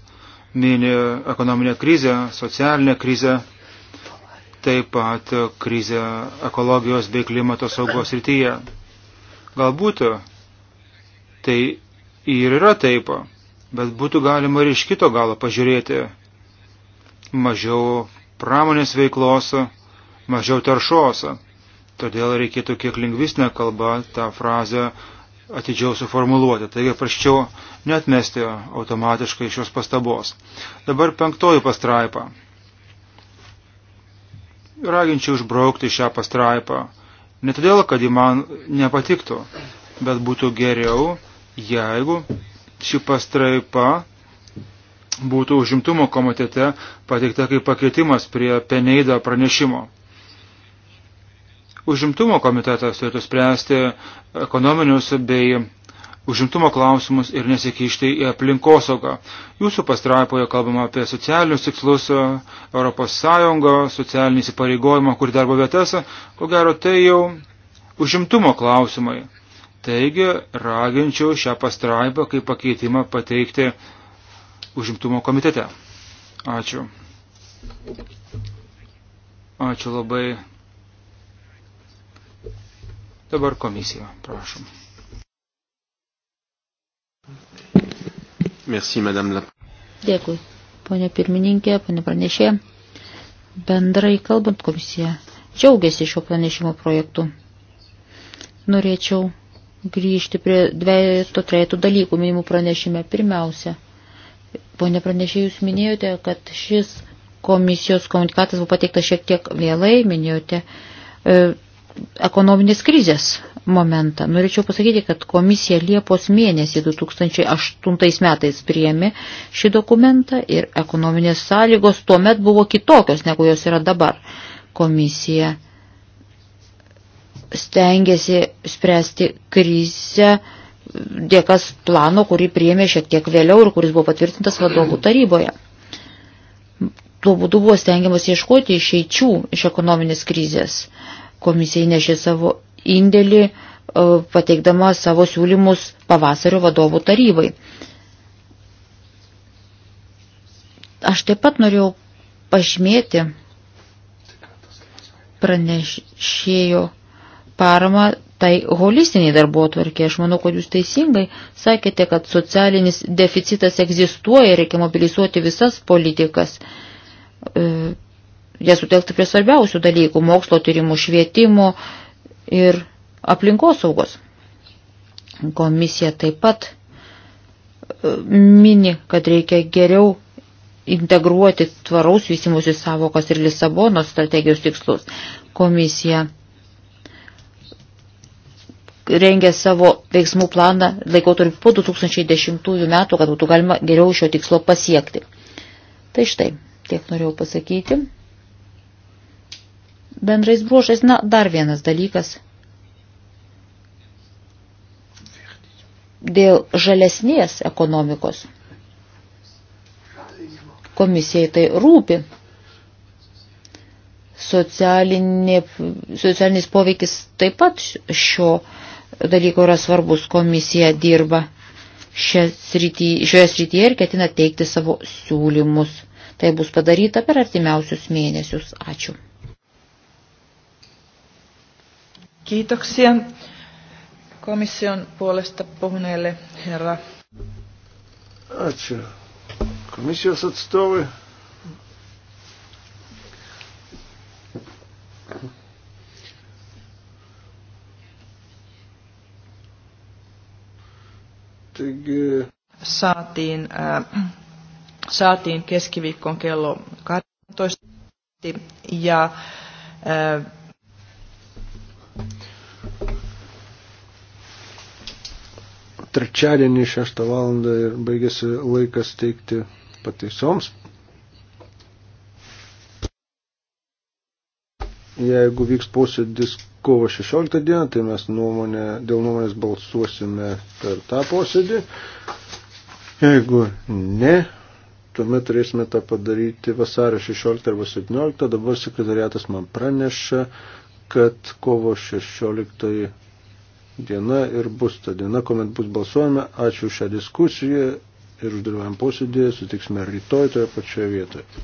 [SPEAKER 2] mini ekonominę krizę, socialinę krizę, taip pat krizę ekologijos bei klimato saugos rytyje. Galbūt Tai ir yra taip, bet būtų galima ir iš kito galo pažiūrėti. Mažiau pramonės veiklos, mažiau taršos. Todėl reikėtų kiek lingvistinę kalbą tą frazę atidžiau suformuluoti. Taigi praščiau netmesti automatiškai šios pastabos. Dabar penktoji pastraipa. Raginčiau išbraukti šią pastraipą. Ne todėl, kad ji man nepatiktų, bet būtų geriau, jeigu ši pastraipa būtų užimtumo komitete pateikta kaip pakeitimas prie Peneido pranešimo. Užimtumo komitetas turėtų spręsti ekonominius bei užimtumo klausimus ir nesikišti į aplinkosaugą. Jūsų pastraipoje kalbama apie socialinius tikslus, Europos Sąjungą, socialinį įsipareigojimą, kur darbo vietas, ko gero tai jau užimtumo klausimai. Taigi raginčiau šią pastraipą kaip pakeitimą pateikti užimtumo komitete. Ačiū. Ačiū labai. Dabar komisija, prašom.
[SPEAKER 1] Merci, madame la.
[SPEAKER 4] Dėkui, ponė pirmininkė, ponė pranešė. Bendrai kalbant, komisija džiaugiasi šio pranešimo projektu. Norėčiau grįžti prie dviejų trejų dalykų minimų pranešime. Pirmiausia, ponė pranešė, jūs minėjote, kad šis komisijos komunikatas buvo pateiktas šiek tiek vėlai, minėjote e, ekonominės krizės momentą. Norėčiau pasakyti, kad komisija Liepos mėnesį 2008 metais priėmė šį dokumentą ir ekonominės sąlygos tuomet buvo kitokios, negu jos yra dabar. Komisija stengiasi spręsti krizę dėkas plano, kurį priėmė šiek tiek vėliau ir kuris buvo patvirtintas vadovų taryboje. Tuo būdu buvo stengiamas ieškoti išeičių iš ekonominės krizės. Komisija įnešė savo indėlį, e, pateikdama savo siūlymus pavasario vadovų tarybai. Aš taip pat norėjau pažymėti pranešėjo paramą tai holistiniai darbuotvarkiai. Aš manau, kad jūs teisingai sakėte, kad socialinis deficitas egzistuoja, reikia mobilizuoti visas politikas. E, jas sutelkti prie svarbiausių dalykų – mokslo tyrimų, švietimo ir aplinkosaugos. Komisija taip pat e, mini, kad reikia geriau integruoti tvaraus vysimusius savokas ir Lisabonos strategijos tikslus. Komisija – rengia savo veiksmų planą laikotarpį po 2010 metų, kad būtų galima geriau šio tikslo pasiekti. Tai štai, tiek norėjau pasakyti. Bendrais bruožais, na, dar vienas dalykas. Dėl žalesnės ekonomikos komisijai tai rūpi. Socialinė, socialinis poveikis taip pat šio dalykų yra svarbus. Komisija dirba srity, šioje srityje ir ketina teikti savo siūlymus. Tai bus padaryta per artimiausius mėnesius. Ačiū.
[SPEAKER 5] Kiitoksia komission puolesta puhuneelle herra.
[SPEAKER 3] Ačiū. Komisijos atstovai. Taigi.
[SPEAKER 5] Saatiin, äh, saatiin keskiviikkoon kello 12 ja äh,
[SPEAKER 3] trečiadienį 6 val. ir baigėsi laikas teikti pataisoms. Jeigu vyks posėdis kovo 16 dieną, tai mes nuomonę, dėl nuomonės balsuosime per tą posėdį. Jeigu ne, tuomet turėsime tą padaryti vasario 16 arba 17. Dabar sekretariatas man praneša, kad kovo 16 diena ir bus ta diena, kuomet bus balsuojama. Ačiū šią diskusiją ir uždalyvavim posėdėje. Sutiksime rytoj toje pačioje vietoje.